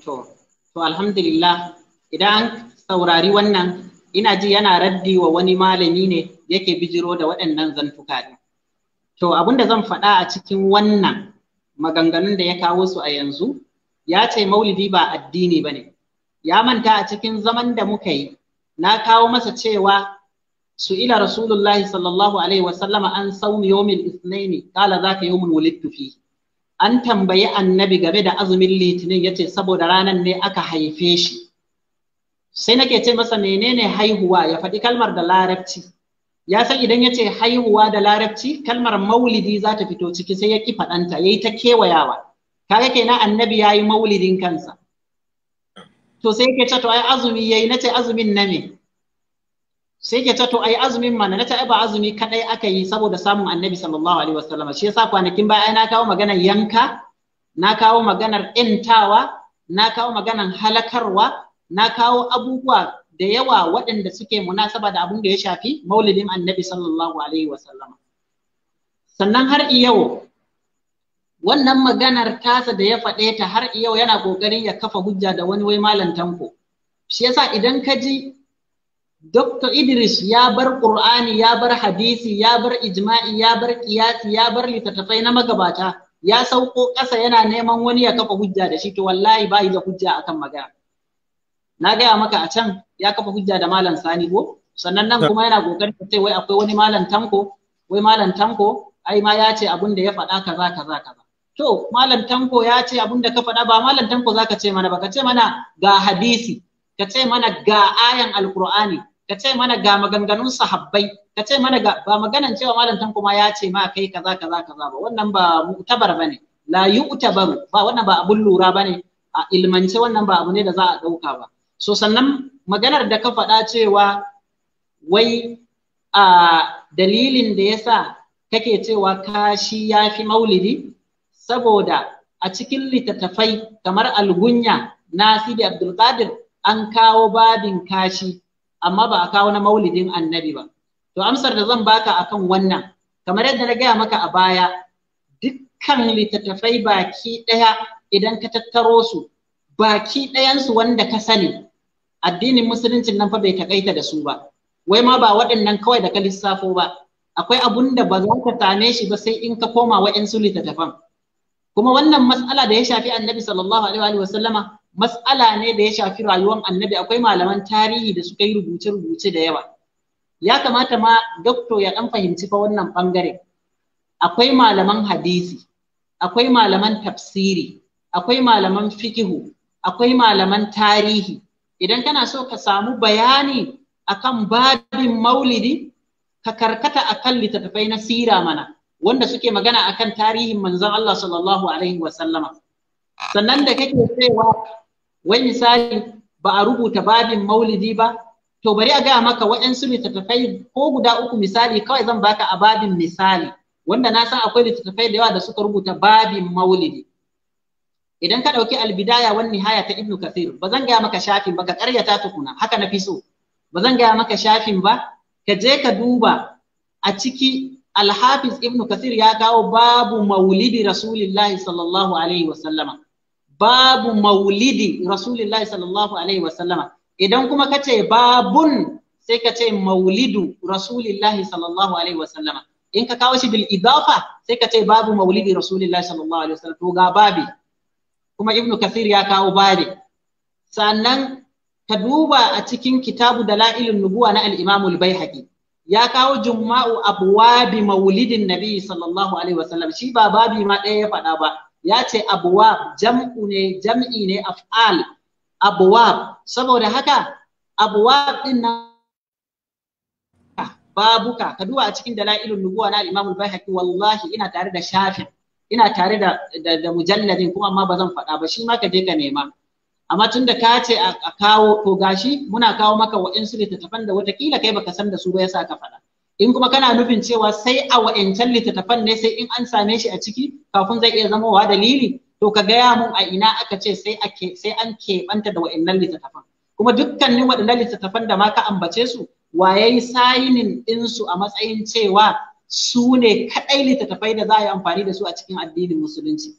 To, to alhamdulillah idan an saurari wannan ina ji yana raddi wa wani malami ne yake bijiro da waɗannan zantuka ne. To, abin da zan faɗa a cikin wannan maganganun da ya kawo su a yanzu, ya ce maulidi ba addini ba ne. Ya manta a cikin zaman da muka yi, na kawo masa cewa Su ila الله صلى الله عليه وسلم عن صوم يوم الاثنين قال ذاك يوم ولدت فيه an tambayi annabi game da azumin litinin ya ce saboda ranar ne aka haife shi sai nake ce masa menene haihuwa ya faɗi kalmar da larabci ya san idan ya ce haihuwa da larabci kalmar maulidi za ta fito ciki sai ya ƙi faɗanta ya yi ta kewayawa kaga kenan annabi ya yi maulidin kansa to sai yake ce to ai azumi ya yi na ce azumin na me sai ke tato ai azumin mana na ta ba azumi kadai aka yi saboda samun annabi sallallahu alaihi wasallam shi yasa kwanakin baya na kawo maganar yanka na kawo maganar intawa na kawo maganar halakarwa na kawo abubuwa da yawa waɗanda suke munasaba da abun da ya shafi maulidin annabi sallallahu alaihi wasallam sannan har yau wannan maganar tasa da ya faɗe ta har yau yana ƙoƙarin ya kafa hujja da wani wai malam tanko shi yasa idan ka ji Dr. Idris ya bar Ƙur'ani, ya bar hadisi, ya bar ijma'i, ya bar ƙiyasi, ya bar littattafai na magabata, ya sauko ƙasa yana neman wani ya kafa hujja da shi, to wallahi ba da hujja akan magana. Na gaya maka a can ya kafa hujja da Malam Sani ko, sannan nan kuma yana ƙoƙarin ta ce wai akwai wani Malam Tanko, wai Malam Tanko, ai ma ya ce abin da ya faɗa kaza kaza kaza. To, Malam Tanko ya ce abin da ka faɗa ba Malam Tanko za ka ce mana ba, ka ce mana ga hadisi, ka ce mana ga ayan Alkur'ani? ka ce mana ga maganganun sahabbai ka ce mana ga ba maganan cewa malam kuma ma ya ce ma kai kaza kaza kaza ba wannan ba mu'tabar bane la yu'tabaru ba wannan ba abun lura bane a ilmance wannan ba abu ne da za a dauka ba so sannan maganar da ka faɗa cewa wai a dalilin da yasa kake cewa kashi ya fi maulidi saboda a cikin littattafai kamar algunya Sidi abdulkadir an kawo babin kashi amma ba a kawo na maulidin annabi ba to amsar da zan baka akan wannan kamar yadda na gaya maka a baya dukkan littattafai baki ɗaya idan ka tattaro su baki ɗayansu wanda ka sani addinin musuluncin nan fa bai takaita da su ba wai ma ba waɗannan kawai da ka lissafo ba akwai abun da ba za ka same shi ba sai in ka koma waɗansu littattafan kuma wannan matsala da ya shafi annabi sallallahu alaihi wa sallama matsala ne da ya shafi rayuwar annabi akwai malaman tarihi da suka yi rubuce-rubuce da yawa ya kamata ma dokto ya ɗan fahimci fa wannan bangare akwai malaman hadisi akwai malaman tafsiri akwai malaman fikihu akwai malaman tarihi idan kana so ka samu bayani akan babin maulidi ka karkata akan littattafai na sira mana wanda suke magana akan tarihin manzon Allah sallallahu alaihi wa sallama sannan da kake cewa wai misali ba a rubuta babin maulidi ba to bari a gaya maka waɗansu littattafai ko guda uku misali kawai zan baka a babin misali wanda na san akwai littattafai da yawa da suka rubuta babin maulidi idan ka ɗauki albidaya wan nihaya ta ibnu kathir ba zan gaya maka shafin ba ka ƙaryata tukuna haka na fi so ba zan gaya maka shafin ba ka je ka duba a ciki alhafiz ibnu kathir ya kawo babu maulidi rasulillahi sallallahu alaihi wasallama babu maulidi rasulillahi sallallahu alaihi wasallama idan kuma ka ce babun sai ka ce maulidu rasulillahi sallallahu alaihi wasallama in ka kawo shi bil idafa sai ka ce babu maulidi rasulillahi sallallahu alaihi wasallam to ga babi kuma ibnu kathir ya kawo babi sannan ka duba a cikin kitabu dalailun nubuwa na al-imam al-baihaqi ya kawo jumma'u abwabi maulidin nabi sallallahu alaihi wasallam shi ba babi ma ɗaya ya faɗa ba ya ce abwab jam'u ne jam'i ne af'al abwab saboda haka abwab din nan babuka ka duba a cikin dalailun nubuwa na al-Imam wallahi ina tare da shafi ina tare da da, mujalladin kuma amma zan faɗa ba shi ma ka je ka nema amma tun da ka ce a kawo to gashi muna kawo maka wa'insu littattafan da watakila kai baka san da su ba yasa ka faɗa in kuma kana nufin cewa sai a wa'ancan littattafan ne sai in an same shi a ciki kafin zai iya zamowa dalili to ka gaya mun a ina aka ce sai sai an keɓanta da wa'annan littattafan kuma dukkanin waɗannan littattafan da ma ka ambace su waye sayinin ɗinsu a matsayin cewa su ne kaɗai littattafai da za a yi amfani da su a cikin addinin musulunci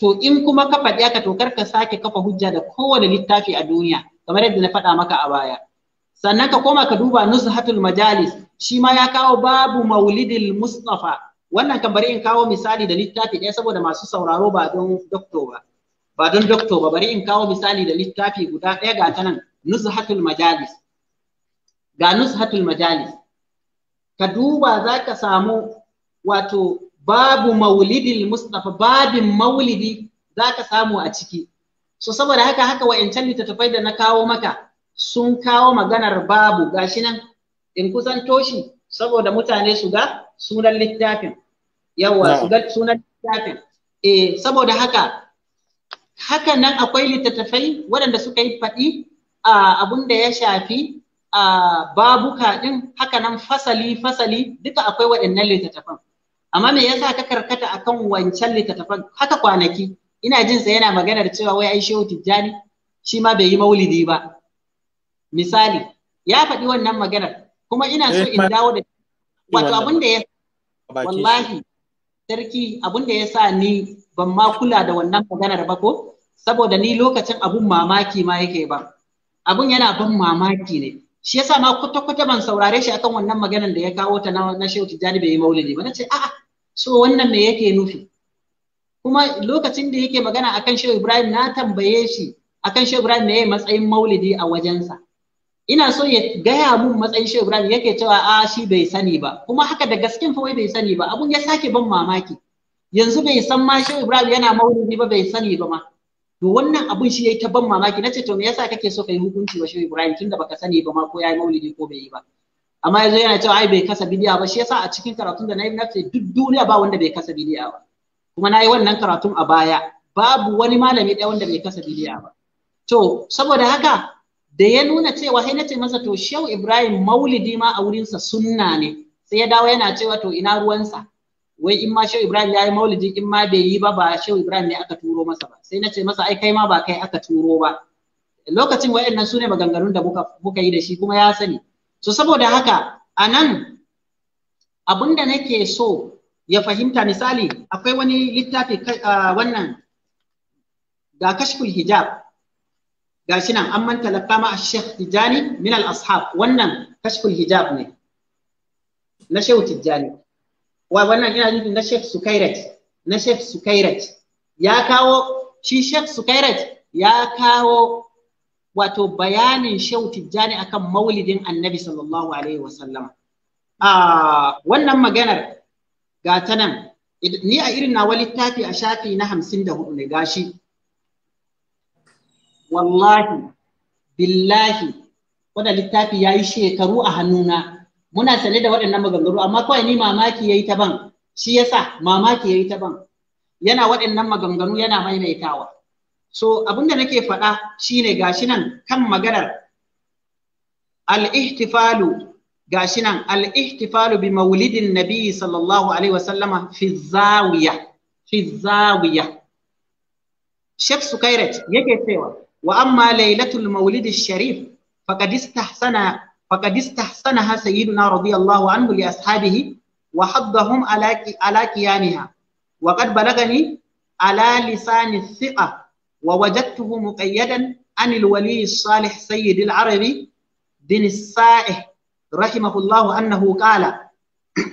to in kuma ka faɗi aka tokar ka sake kafa hujja da kowane littafi a duniya kamar yadda na faɗa maka a baya sannan ka koma ka duba nuzhatul majalis shi ma ya kawo babu maulidil mustafa wannan kan bari in kawo misali da littafi ɗaya saboda masu sauraro ba don dokto ba ba don dokto ba bari in kawo misali da littafi guda ɗaya ga ta nan nuzhatul majalis ga nuzhatul majalis ka duba za ka samu wato babu maulidil mustafa babin maulidi za ka samu a ciki so saboda haka haka wa'incan littattafai da na kawo maka sun kawo maganar babu gashi nan in kusan toshi saboda mutane su ga sunan littafin yawa su ga sunan littafin eh saboda haka haka nan akwai littattafai waɗanda suka yi faɗi a abun da ya shafi a babuka hakanan haka nan fasali fasali duka akwai waɗannan littattafan amma me yasa ka karkata akan wancan littattafan haka kwanaki ina jin sa yana maganar cewa wai ai shehu tijjani shi ma bai yi maulidi ba misali ya faɗi wannan maganar kuma ina so eh, in dawo da wato abin da ya wallahi sarki abin da ya sa ni ban ma kula da wannan maganar ba ko saboda ni lokacin abun mamaki ma yake ba abun yana ban mamaki ne shi yasa ma kwata kwata ban saurare shi akan wannan maganar da ya kawo ta na, na shehu tijani bai yi maulidi ba nace a'a so wannan me yake nufi kuma lokacin da yake magana akan shehu ibrahim na tambaye shi akan shehu ibrahim yayi matsayin maulidi a wajensa ina so ya gaya mun matsayin shehu ibrahim yake cewa a shi bai sani ba kuma haka da gaskin fa wai bai sani ba abun ya sake ban mamaki yanzu bai san ma shehu ibrahim yana maulidi ba bai sani ba ma to wannan abun shi yayi ta ban mamaki nace to me yasa kake so kai hukunci wa shehu ibrahim tunda baka sani ba ma ko yayi maulidi ko bai yi ba amma yanzu yana cewa ai bai kasa bidiya ba shi yasa a cikin karatun da nayi nace duk duniya ba wanda bai kasa bidiya ba kuma nayi wannan karatun a baya babu wani malami ɗaya wanda bai kasa bidiya ba to saboda haka da ya nuna cewa sai nace masa to Shehu ibrahim maulidi ma a wurinsa sunna ne sai ya dawo yana cewa to ina ruwansa wai in ma Shehu ibrahim ya yi maulidi in ma bai yi ba ba Shehu ibrahim ne aka turo masa ba sai nace masa ai kai ma ba kai aka turo ba lokacin wayannan su ne maganganun da muka yi da shi kuma ya sani so saboda haka a nan da nake so ya fahimta misali akwai wani littafi wannan ga kashful hijab gashi nan an manta lafama Sheikh Tijani min al-ashab wannan kashful hijab ne na Sheikh Tijani wa wannan ina nufin na Sheikh Sukairat na Sheikh Sukairat ya kawo shi Sheikh Sukairat ya kawo wato bayanin Sheikh Tijani akan maulidin Annabi sallallahu alaihi wasallam a wannan maganar ga ta nan ni a irin nawa littafi a shafi na hamsin da hudu ne gashi wallahi billahi wannan littafi ya yi shekaru a hannuna muna sane da waɗannan maganganu amma kawai ni mamaki ya yi ta ban shi yasa mamaki ya yi ta ban yana waɗannan maganganu yana maimaitawa so abinda nake faɗa shine gashi nan kan maganar al-ihtifalu gashi nan al-ihtifalu bi maulidin nabi sallallahu alaihi wasallama fi zawiya fi zawiya Sheikh Sukairat yake cewa wa amma lailatul maulidi sharif faqad istahsana faqad istahsanaha sayyiduna radiyallahu anhu li ashabihi wa haddahum ala ala qiyamiha wa qad balagani ala lisan thiqa wa wajadtuhu muƙayyadan an al salih sayyid al bin as-sa'ih rahimahullahu annahu qala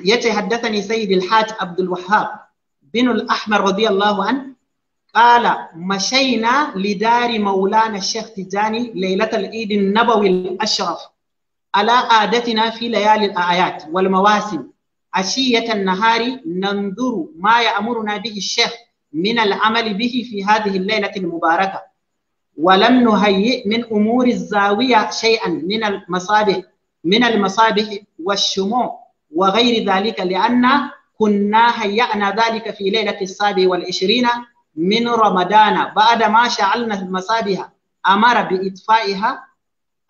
yace haddathani sayyid al-hajj abdul wahhab bin al-ahmar قال مشينا لدار مولانا الشيخ تجاني ليلة العيد النبوي الأشرف على عادتنا في ليالي الآيات والمواسم عشية النهار ننظر ما يأمرنا به الشيخ من العمل به في هذه الليلة المباركة ولم نهيئ من أمور الزاوية شيئا من المصابيح من المصابيح والشموع وغير ذلك لأن كنا هيأنا ذلك في ليلة السابع والعشرين min ramadana ba'da ma sha'alna masadiha amara bi itfa'iha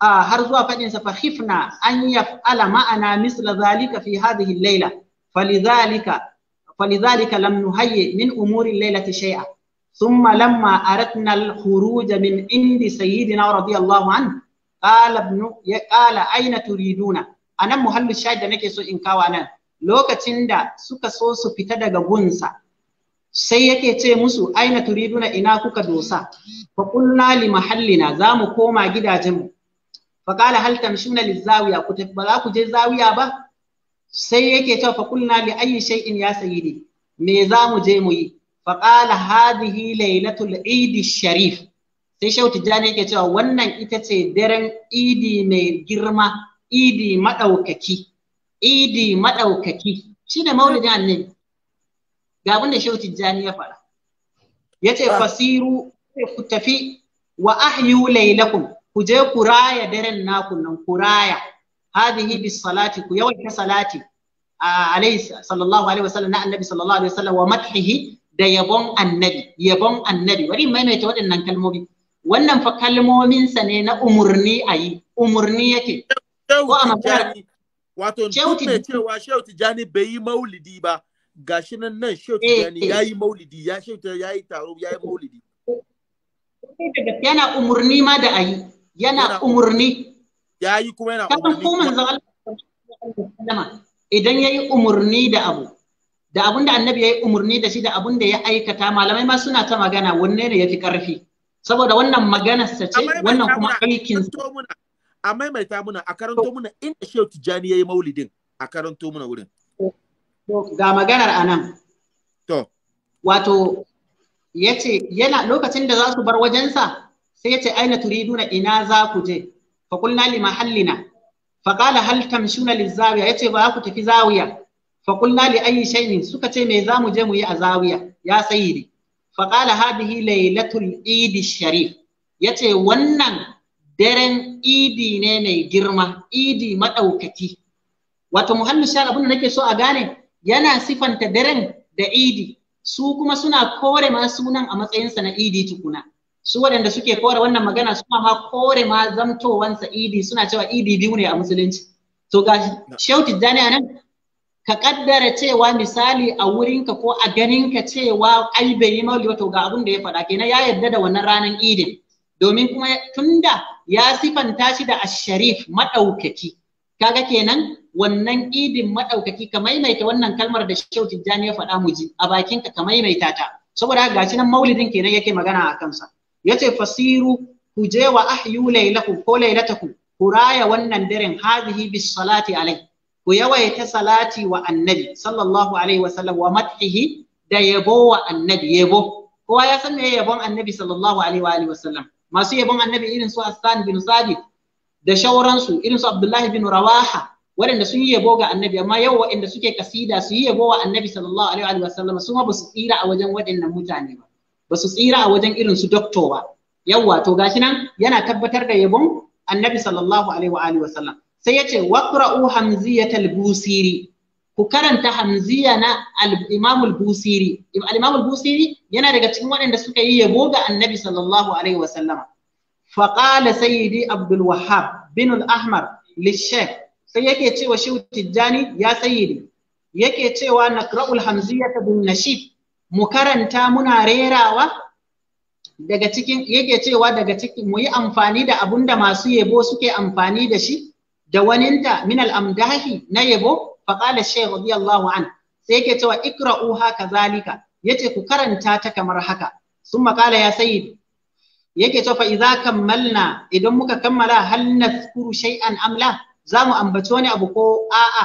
har zuwa fadin sa fa khifna an yaf'ala ma'ana misla zalika fi hadhihi al-laila falidhalika lamnu lam min umurin al-lailati shay'a thumma lamma aratna al-khuruj min indi sayyidina radiyallahu anhu qala ibn ya qala aina turiduna nan muhallu shahid da nake so in kawa nan lokacin da suka so su fita daga gunsa sai yake ce musu aina turiduna ina kuka dosa fa qulna li mahallina za mu koma gidajenmu fa qala hal tamshuna lizawiya ku tafi ba za ku je zawiya ba sai yake cewa fa qulna li ayyi shay'in ya sayyidi me za mu je mu yi fa qala hadhihi laylatul eid sharif sai shau tijani yake cewa wannan ita ce daren idi mai girma idi madaukaki idi madaukaki shine maulidin annabi ga abin da shehu tijjani ya faɗa ya ce ah. fasiru ku tafi wa ahyu laylakum ku je ku raya daren naku nan ku raya hadhihi bis salati ku yawaita salati alayhi sallallahu alaihi wasallam na annabi sallallahu alaihi wasallam wa madhihi da yabon annabi yabon annabi wani maimaita waɗannan kalmomi wannan fa kalmominsa ne na umurni a yi umurni yake ko a wato cewa shehu tijjani bai yi maulidi ba gashi nan nan Shehu eh, Tijjani eh. ya yi maulidi ya Shehu ya yi taro ya yi maulidi. Yana umurni ma da ayi yana umurni. Ya yi kuma yana umurni. Kafin ko manzo Allah idan ya yi umurni da abu da abun da annabi ya yi umurni da shi da abun da ya aikata malamai ma suna ta magana wanne ne ya fi ƙarfi saboda wannan maganarsa ce wannan kuma aikin a maimaita muna a karanto muna inda shehu tijjani ya yi maulidin a karanto muna wurin ga maganar anan to wato yace yana lokacin da za su bar wajensa sai yace aina turiduna ina za ku je fa li mahallina fa hal tamshuna lizawiya yace ba ku tafi zawiya fa li ayi shay'in suka ce me za mu je mu yi a zawiya ya sayyidi ne. Faƙala hadihi laylatul eid sharif yace wannan daren idi ne mai girma idi madaukaki wato muhallin shi abin da nake so a gane yana sifanta daren da idi su kuma suna kore ma sunan a matsayinsa na idi tukuna su waɗanda suke kore wannan magana suna ma kore ma zamtowansa idi suna cewa idi biyu ne a musulunci to ga shauti jani nan ka kaddara cewa misali a wurinka ko a ganinka cewa ai bai yi mawuyi, wato ga abin da ya faɗa kenan ya yarda da wannan ranan idin domin kuma tunda ya sifanta shi da asharif madaukaki kaga kenan wannan idin madaukaki ka maimaita wannan kalmar da Shehu Tijjani ya faɗa mu ji a bakin ka ka maimaita ta saboda haka gashi nan maulidin kenan yake magana a kansa yace fasiru ku je wa ahyu Lailaku ko Lailataku ku raya wannan daren hadhihi bis salati alai ku yawaita salati wa annabi sallallahu alaihi wa sallam wa madhihi da yabo wa annabi yabo kowa ya san me yabon annabi sallallahu alaihi wa sallam masu yabon annabi irin su Hassan bin Sabit da shauransu irin su Abdullahi bin Rawaha waɗanda sun yi yabo ga annabi amma yau waɗanda suke kasida su yi yabo wa annabi sallallahu alaihi wa sallam su ma ba su tsira a wajen waɗannan mutane ba ba su tsira a wajen irin su doctor ba yawwa to gashi nan yana tabbatar da yabon annabi sallallahu alaihi wa sallam sai yace waqra'u hamziyatal busiri ku karanta hamziya na al-imam al-busiri al-imam al-busiri yana daga cikin waɗanda suka yi yabo ga annabi sallallahu alaihi wa sallama faƙala sayyidi abdul wahab bin al-ahmar sai yake cewa shi tijjani ya sayyidi yake cewa nakra'ul hamziyata bin nashid mu karanta muna rerawa daga cikin yake cewa daga cikin mu yi amfani da abun da masu yebo suke amfani da shi da waninta min al-amdahi na yebo faqala shaykh radiyallahu an sai yake cewa ikra'uha kazalika yace ku karanta ta kamar haka summa qala ya sayyid yake cewa idza kammalna idan muka kammala hal nazkuru shay'an amla za mu ambaci wani abu ko a'a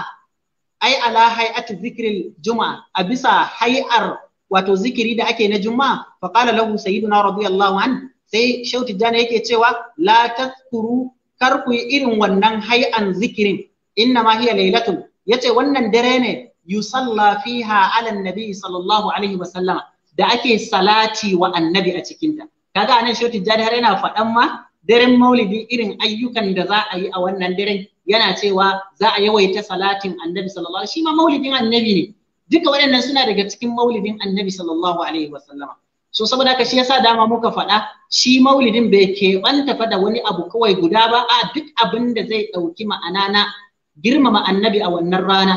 ai ala hay'ati zikril juma'a a bisa hay'ar wato zikiri da ake na juma'a fa qala lahu sayyiduna radiyallahu an sai shauti jana yake cewa la tazkuru kar ku yi irin wannan hay'an zikirin inna ma hiya lailatun yace wannan dare ne yusalla fiha ala nabi sallallahu alaihi wa sallama da ake salati wa annabi a cikinta kaga anan shehu tijjani har yana faɗan ma daren maulidi irin ayyukan da za a yi a wannan daren yana cewa za a yawaita salatin annabi sallallahu alaihi shi ma maulidin annabi ne duka waɗannan suna daga cikin maulidin annabi sallallahu alaihi wasallama so saboda haka shi yasa dama muka faɗa shi maulidin bai keɓanta fa da wani abu kawai guda ba a duk abin da zai ɗauki ma'ana na girmama annabi a wannan rana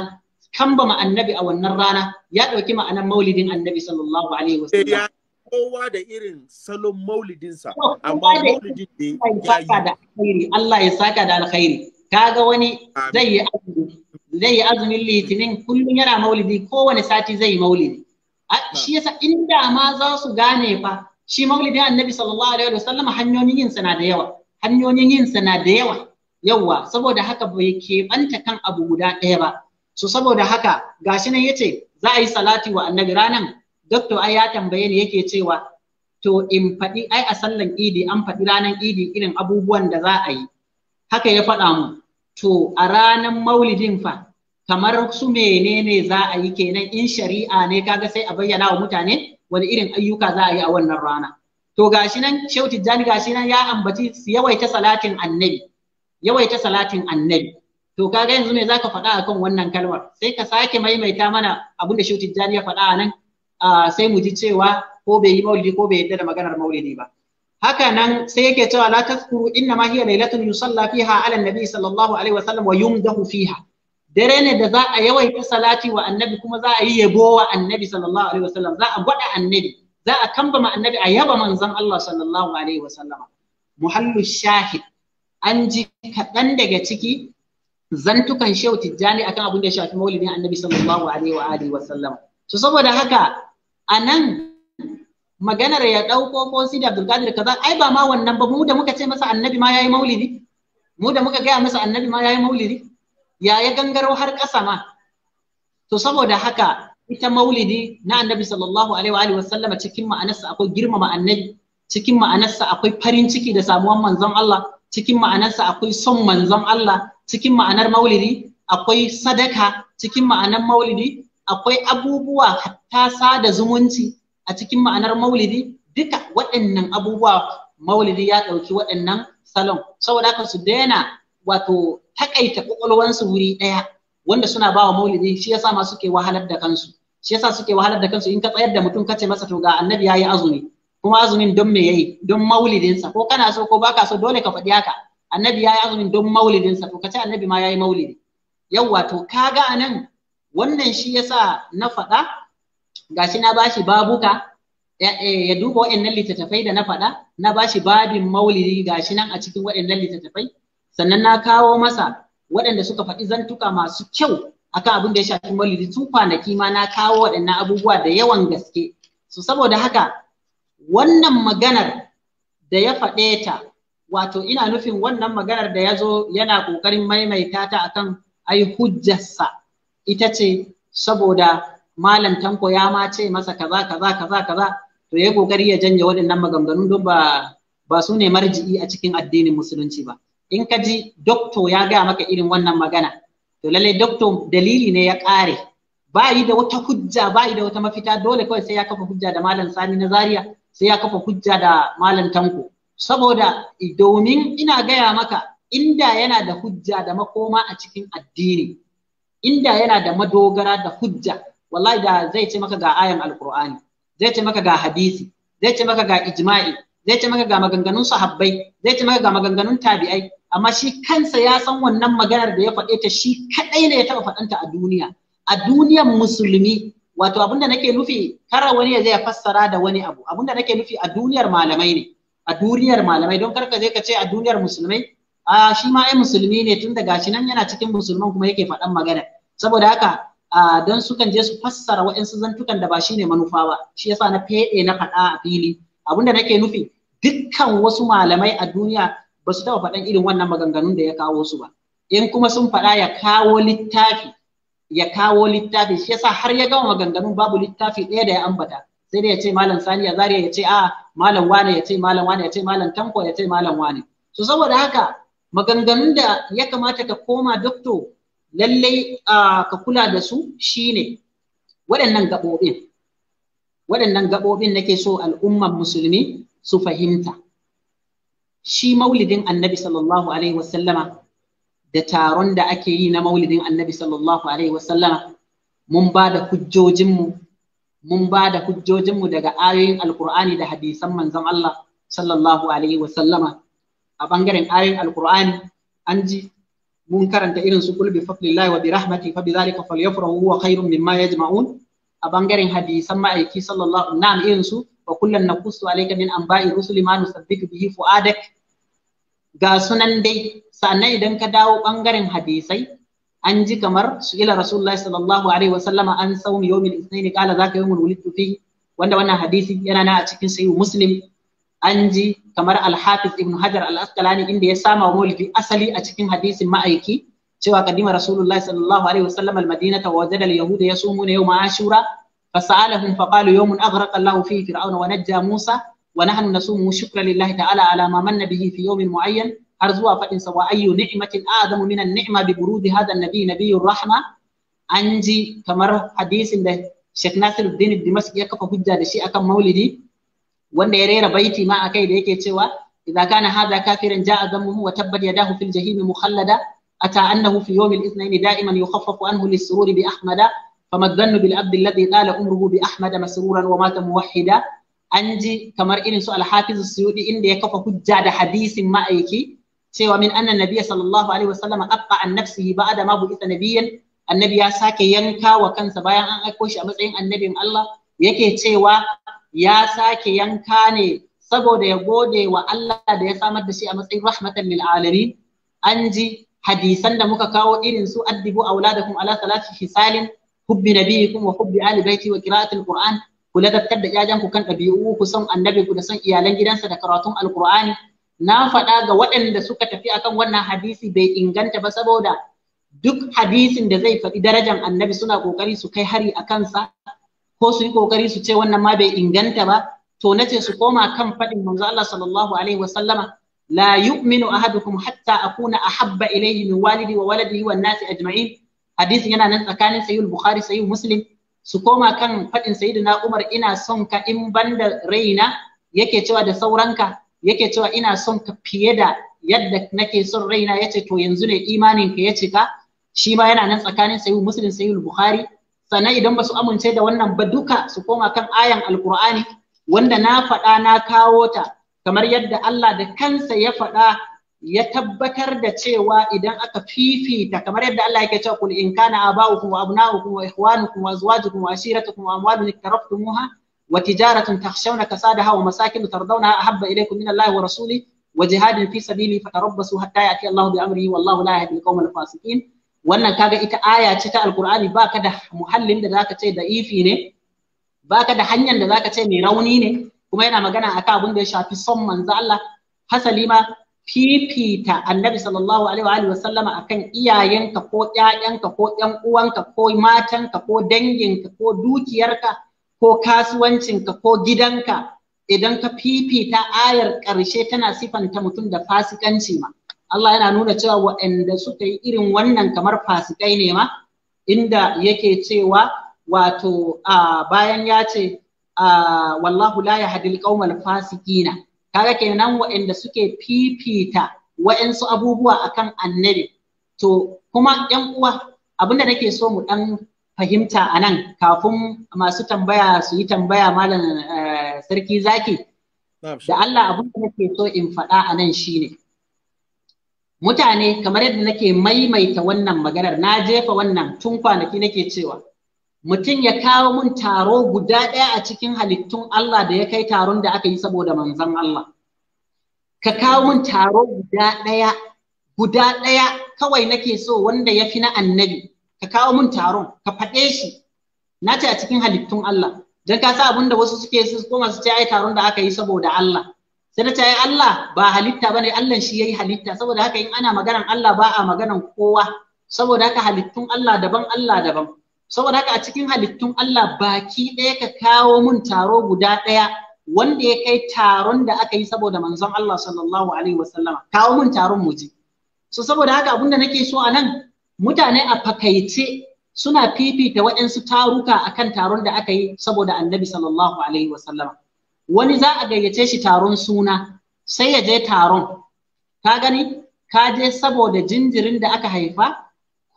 kamba annabi a wannan rana ya ɗauki ma'anar maulidin annabi sallallahu alaihi wasallam kowa da irin salon maulidinsa amma maulidin ne ya yi Allah ya saka da alkhairi kaga wani zai yi azumi zai yi azumin litinin kullum yana maulidi kowane sati zai yi maulidi shi yasa inda ma za su gane fa shi maulidin annabi sallallahu alaihi wasallam hanyoyin yin sana da yawa hanyoyin yin sana da yawa yawa saboda haka bai keɓanta kan abu guda ɗaya ba so saboda haka gashi nan yace za a yi salati wa annabi ranan doctor ai ya tambaye ni yake cewa to in faɗi ai a sallan idi an faɗi ranan idi irin abubuwan da za a yi haka ya faɗa mu to a ranar maulidin fa kamar su menene za a yi kenan in shari'a ne kaga sai a bayyana wa mutane wani irin ayyuka za a yi a wannan rana to gashi nan Shehu Tijjani gashi nan ya ambaci yawaita salatin annabi yawaita salatin annabi to kaga yanzu me zaka faɗa akan wannan kalmar sai ka sake maimaita mana abin da Shehu Tijjani ya faɗa a nan sai mu ji cewa ko bai yi maulidi ko bai yadda da maganar maulidi ba haka nan sai yake cewa la tazkuru inna ma hiya lailatun yusalla fiha ala nabi sallallahu alaihi wasallam wa yumdahu fiha dare ne da za a yawaita salati wa annabi kuma za a yi yabo wa annabi sallallahu alaihi wasallam za a gwada annabi za a kambama annabi a yaba manzon Allah sallallahu alaihi wasallam muhallu shahid an ji kaɗan daga ciki zantukan shehu tijjani akan abin da ya shafi maulidin annabi sallallahu alaihi wa alihi to saboda haka a nan maganar ya ɗauko ko si da qadir kaza ai ba ma wannan ba mu da muka ce masa annabi ma yayi maulidi mu da muka gaya masa annabi ma yayi maulidi ya ya gangaro har ƙasa ma to saboda haka ita maulidi na annabi sallallahu alaihi wa alihi wasallama cikin ma'anarsa akwai girmama annabi cikin ma'anarsa akwai farin ciki da samuwan manzon Allah cikin ma'anarsa akwai son manzon Allah cikin ma'anar maulidi akwai sadaka cikin ma'anar maulidi akwai abubuwa hatta sada zumunci a cikin ma'anar maulidi duka waɗannan abubuwa maulidi ya ɗauki waɗannan salon saboda haka su daina wato takaita ƙwaƙwalwansu wuri ɗaya wanda suna bawa maulidi shi yasa ma suke wahalar da kansu shi yasa suke wahalar da kansu in ka tsayar da mutum ka ce masa to ga annabi yayi azumi kuma azumin don me yayi don maulidinsa ko kana so ko baka so dole ka faɗi haka annabi yayi azumin don maulidinsa to kace annabi ma yayi maulidi yau wato kaga anan wannan shi yasa na faɗa gashi na bashi babuka eh, ya duba waɗannan littattafai da na faɗa na bashi babin maulidi gashi nan a cikin waɗannan littattafai sannan na kawo masa waɗanda suka faɗi zantuka masu kyau akan abin da ya shafi maulidi tun kwanaki ma na kawo waɗannan abubuwa da yawan gaske so saboda haka wannan maganar da ya faɗe ta wato ina nufin wannan maganar da ya zo yana ƙoƙarin maimaita ta akan ai hujjarsa ita ce saboda malam tanko ya ma ce masa kaza kaza kaza kaza to ya kokari ya janye waɗannan maganganun don ba ba su ne marji'i a cikin addinin musulunci ba in ka ji dokto ya ga maka irin wannan magana to lalle dokto dalili ne ya ƙare ba yi da wata hujja ba yi da wata mafita dole kawai sai ya kafa hujja da malam sani na Zariya, sai ya kafa hujja da malam tanko saboda domin ina gaya maka inda yana da hujja da makoma a cikin addini inda yana da madogara da hujja wallahi da zai ce maka ga ayan alqur'ani zai ce maka ga hadisi zai ce maka ga ijma'i zai ce maka ga maganganun sahabbai zai ce maka ga maganganun tabi'ai amma shi kansa ya san wannan maganar da ya faɗe ta shi kaɗai ne ya taɓa faɗanta a duniya a duniyar musulmi wato abinda nake nufi kara wani ya zai fassara da wani abu abinda nake nufi a duniyar malamai ne a duniyar malamai don karka zai ka ce a duniyar musulmai a shi ma ai musulmi ne tun da gashi nan yana cikin musulman kuma yake faɗan magana saboda haka don sukan je su fassara waɗansu zantukan da ba shi ne manufa ba shi yasa na feɗe na faɗa a fili abinda nake nufi dukkan wasu malamai a duniya ba su taɓa faɗan irin wannan maganganun da ya kawo su ba in kuma sun faɗa ya kawo littafi ya kawo littafi shi yasa har ya gama maganganun babu littafi ɗaya da ya ambata sai dai ya ce malam saniya zaria ya ce a malam wane ya ce malam wane ya ce malam tanko ya ce malam wane so saboda haka maganganun da ya kamata ka koma dokto lallai ka kula da su shine waɗannan gaɓoɓin waɗannan gaɓoɓin nake so al'umman musulmi su fahimta shi maulidin annabi sallallahu alaihi wasallama da taron da ake yi na maulidin annabi sallallahu alaihi wasallama mun ba da hujjojinmu mun ba da hujjojinmu daga ayoyin alkur'ani da hadisan manzon Allah sallallahu alaihi wasallama a bangaren ayoyin alkur'ani an ji mun karanta irin su kulbi fadlillahi wa bi rahmati fa bidhalika falyafrahu huwa khairun mimma yajma'un a bangaren hadisan ma'aiki sallallahu na'am irin su wa kullan naqussu alayka min anba'i rusuli ma nusabbitu bihi fu'adak ga sunan dai sannan idan ka dawo bangaren hadisai an ji kamar su ila rasulullahi sallallahu alaihi wa an sawmi yawmil ithnain qala zaka yawmul wulidtu fihi wanda wannan hadisi yana na a cikin sahih muslim an ji kamar alhafiz ibn hajar al-asqalani inda ya sama maulidi asali a cikin hadisin ma'aiki cewa kadima rasulullahi sallallahu alaihi wasallam al-madina ta wajada da yahud yasumuna yawm ashura fa sa'alahum fa qalu yawm aghraqa Allahu fihi fir'auna wa Musa wa nahnu sumu shukra lillahi ta'ala ala ma manna bihi fi yawmin mu'ayyan har zuwa faɗin sa wa ayyu ni'matin a'zamu min an-ni'ma bi burudi hadha an-nabi nabiyur rahma an kamar hadisin da Sheikh Nasiruddin Dimaski ya kafa hujja da shi akan Maulidi wanda ya rera baiti ma akai da yake cewa idza kana hadha kafiran jaa zammuhu wa tabbat yadahu fil jahimi mukhallada ata annahu fi yawmil ithnain da'iman yukhaffafu anhu lis-sururi bi ahmada fama dhannu bil abd alladhi qala umruhu bi ahmada masruran wa mata muwahhida anji kamar irin su al-hafiz suyudi inda ya kafa hujja da hadisin ma'aiki cewa min anna nabiyya sallallahu alaihi wasallam qatta an nafsihi ba'da ma bu'itha nabiyyan annabi ya sake yanka wa kansa bayan an aiko shi a matsayin annabin Allah yake cewa ya sake yanka ne saboda ya gode wa Allah da ya samar da shi a matsayin rahmatan lil alamin an ji hadisan da muka kawo irin su addibu auladakum ala salati hisalin hubbi nabiyikum wa hubbi ali baiti wa qira'atul qur'an kula ladabtar da yayan ku kan dabi'u ku san annabi ku da san iyalan gidansa da karatun alqur'ani na faɗa ga waɗanda suka tafi akan wannan hadisi bai inganta ba saboda duk hadisin da zai faɗi darajan annabi suna kokari su kai hari a kansa ko su yi kokari su ce wannan ma bai inganta ba to nace su koma kan faɗin manzo Allah sallallahu alaihi wa sallama la yu'minu ahadukum hatta akuna ahabba ilayhi min walidi wa waladihi wan nasi ajma'in hadisin yana nan tsakanin sayyid bukhari sayyid muslim su koma kan faɗin sayyidina umar ina son ka in banda raina yake cewa da sauranka yake cewa ina son ka fiye da yadda nake son raina yace to yanzu ne imanin ka ya cika shi ma yana nan tsakanin sayyid muslim sayyid bukhari sannan idan ba su amince da wannan ba duka su koma kan ayan alkur'ani wanda na faɗa na kawo ta kamar yadda Allah da kansa ya faɗa ya tabbatar da cewa idan aka fifita kamar yadda Allah yake cewa kul in kana aba'ukum wa abna'ukum wa ikhwanukum wa azwajukum wa ashiratukum wa amwalun iktaraftumuha wa tijaratun takhshawna kasadaha wa masakin tardawnaha ahabba ilaykum min Allah wa rasuli wa jihadin fi sabili fatarabbasu hatta ya'ti Allah bi amrihi wallahu la yahdi al-qawma al-fasiqin wannan kaga ita aya ce ta alkur'ani baka da muhallin da zaka ce da'ifi ne baka da hanyar da zaka ce mai rauni ne kuma yana magana akan abin da ya shafi son manzo Allah hasali ma fifita annabi sallallahu alaihi wa sallama akan iyayenka ko ƴaƴanka ko ƴan uwanka ko matanka ko danginka ko dukiyarka ko kasuwancinka ko gidanka idan ka fifita ayar ƙarshe tana sifanta mutum da fasikanci ma Allah yana nuna cewa waɗanda suka yi irin wannan kamar fasikai ne ma inda yake cewa wato bayan ya ce wallahu la yahdil qaumal fasikina kaga kenan waɗanda suke fifita waɗansu abubuwa akan annabi to kuma yan uwa abinda nake so mu dan fahimta a nan kafin masu tambaya su yi tambaya malam eh, sarki zaki da Allah abin da nake so in faɗa a nan shine mutane kamar yadda nake maimaita wannan maganar na jefa wannan tun kwanaki nake cewa mutum ya kawo mun taro guda ɗaya a cikin halittun Allah da ya kai taron da aka yi saboda manzon Allah ka kawo mun taro guda ɗaya guda ɗaya kawai nake so wanda ya fi na annabi ka kawo mun taron ka faɗe shi na ce a cikin halittun Allah don ka sa abin da wasu suke su koma su ce ai taron da aka yi saboda Allah sai ta ce Allah ba halitta bane Allah shi yayi halitta saboda haka in ana maganan Allah ba a maganan kowa saboda haka halittun Allah daban Allah daban saboda haka a cikin halittun Allah baki ɗaya ka kawo mun taro guda ɗaya wanda ya kai taron da aka yi saboda manzon Allah sallallahu alaihi wasallama kawo mun taron mu je. so saboda haka abinda nake so a nan mutane a fakaice suna fifita waɗansu taruka akan taron da aka yi saboda annabi sallallahu alaihi wasallama wani za a gayyace shi taron suna sai ya je taron ka gani ka je saboda jinjirin da aka haifa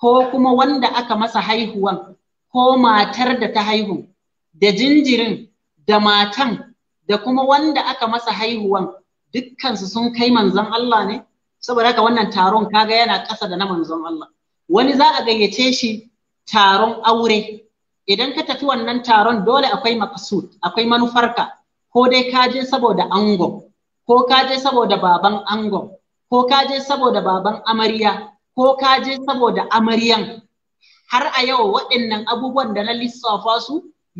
ko kuma wanda aka masa haihuwan ko matar da ta haihu da jinjirin da matan da kuma wanda aka masa haihuwan dukkansu sun kai manzon Allah ne saboda haka wannan taron kaga yana ƙasa da na manzon Allah wani za a gayyace shi taron aure idan ka tafi wannan taron dole akwai maqsud akwai manufarka ko dai ka je saboda angon ko ka je saboda baban angon ko ka je saboda baban amarya ko ka je saboda amaryan har a yau waɗannan abubuwan da na lissafa su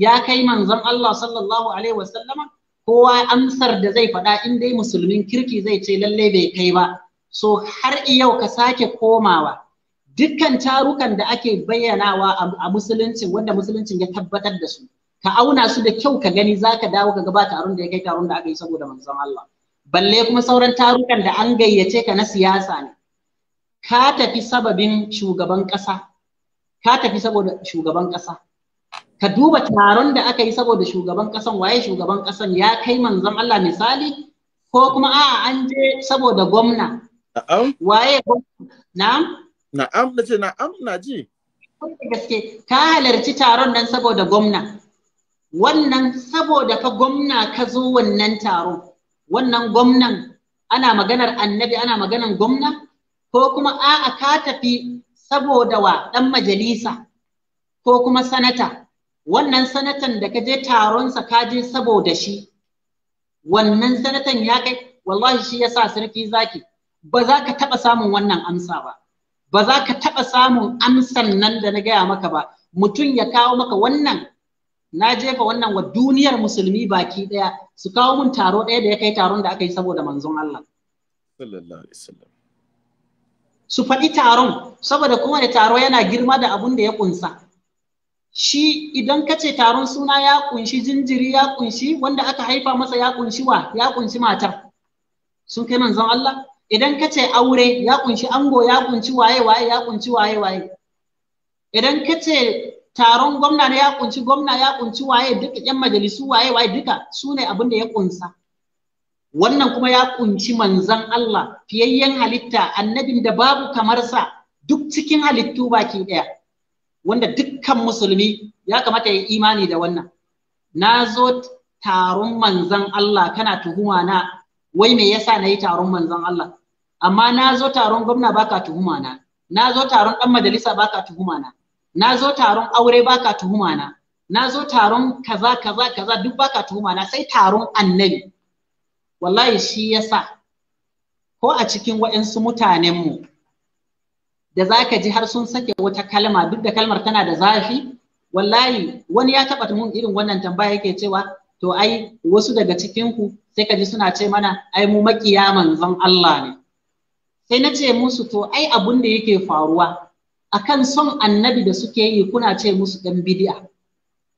ya kai manzon Allah sallallahu alaihi wasallama kowa amsar da zai faɗa in dai musulmin kirki zai ce lalle bai kai ba so har yau ka sake komawa dukkan tarukan da ake bayyanawa a musulunci wanda musulunci ya tabbatar da su ka auna su da kyau ka gani za ka dawo ka gaba taron da ya kai taron da aka yi saboda manzon Allah balle kuma sauran tarukan da an gayyace ka na siyasa ne ka tafi sababin shugaban ƙasa? ka tafi saboda shugaban ƙasa? ka duba taron da aka yi saboda shugaban ƙasan? waye shugaban ƙasan ya kai manzon Allah misali ko kuma a'a an je saboda gwamna na'am waye na'am na'am nace na'am na ji gaske ka halarci taron nan saboda gwamna wannan saboda fa gwamna ka zo wannan taro wannan gwamnan ana maganar annabi ana maganar gwamna ko kuma a'a ka tafi saboda wa ɗan majalisa ko kuma sanata wannan sanatan da ka je taronsa ka je saboda shi wannan sanatan ya kai wallahi shi yasa sarki zaki ba za ka taɓa samun wannan amsa ba ba za ka taɓa samun amsan nan da na gaya maka ba mutum ya kawo maka wannan na jefa wannan wa duniyar musulmi baki daya su kawo mun taro daya da ya kai taron da aka yi saboda manzon Allah sallallahu alaihi wasallam su faɗi taron saboda kuma da taro yana girma da abun da ya kunsa shi idan ka ce taron suna ya kunshi jinjiri ya kunshi wanda aka haifa masa ya kunshi wa ya kunshi matar sun kai manzon Allah idan ka ce aure ya kunshi ango ya kunshi waye waye ya kunshi waye waye idan ka ce taron gwamna na ya kunci gwamna ya kunci waye duka yan majalisu waye waye duka su ne abin da ya kunsa wannan kuma ya kunci manzan Allah fiyayyen halitta annabin da babu kamar sa duk cikin halittu baki daya wanda dukkan musulmi ya kamata ya imani da wannan na zo taron manzan Allah kana tuhuma na wai me yasa na yi taron manzan Allah amma na zo taron gwamna baka tuhuma na na zo taron dan majalisa baka tuhuma na na zo taron aure baka tuhuma na na zo taron kaza kaza kaza duk baka tuhuma na sai taron annabi wallahi shi yasa ko a cikin waɗansu mutanenmu da za ka ji har sun sake wata kalma duk da kalmar tana da zafi wallahi wani ya taɓa mun irin wannan tambaya yake cewa to ai wasu daga cikinku sai ka ji suna ce mana ai mu makiya manzon Allah ne sai na ce musu to ai abun da yake faruwa akan son annabi da suke yi kuna ce musu dan bidi'a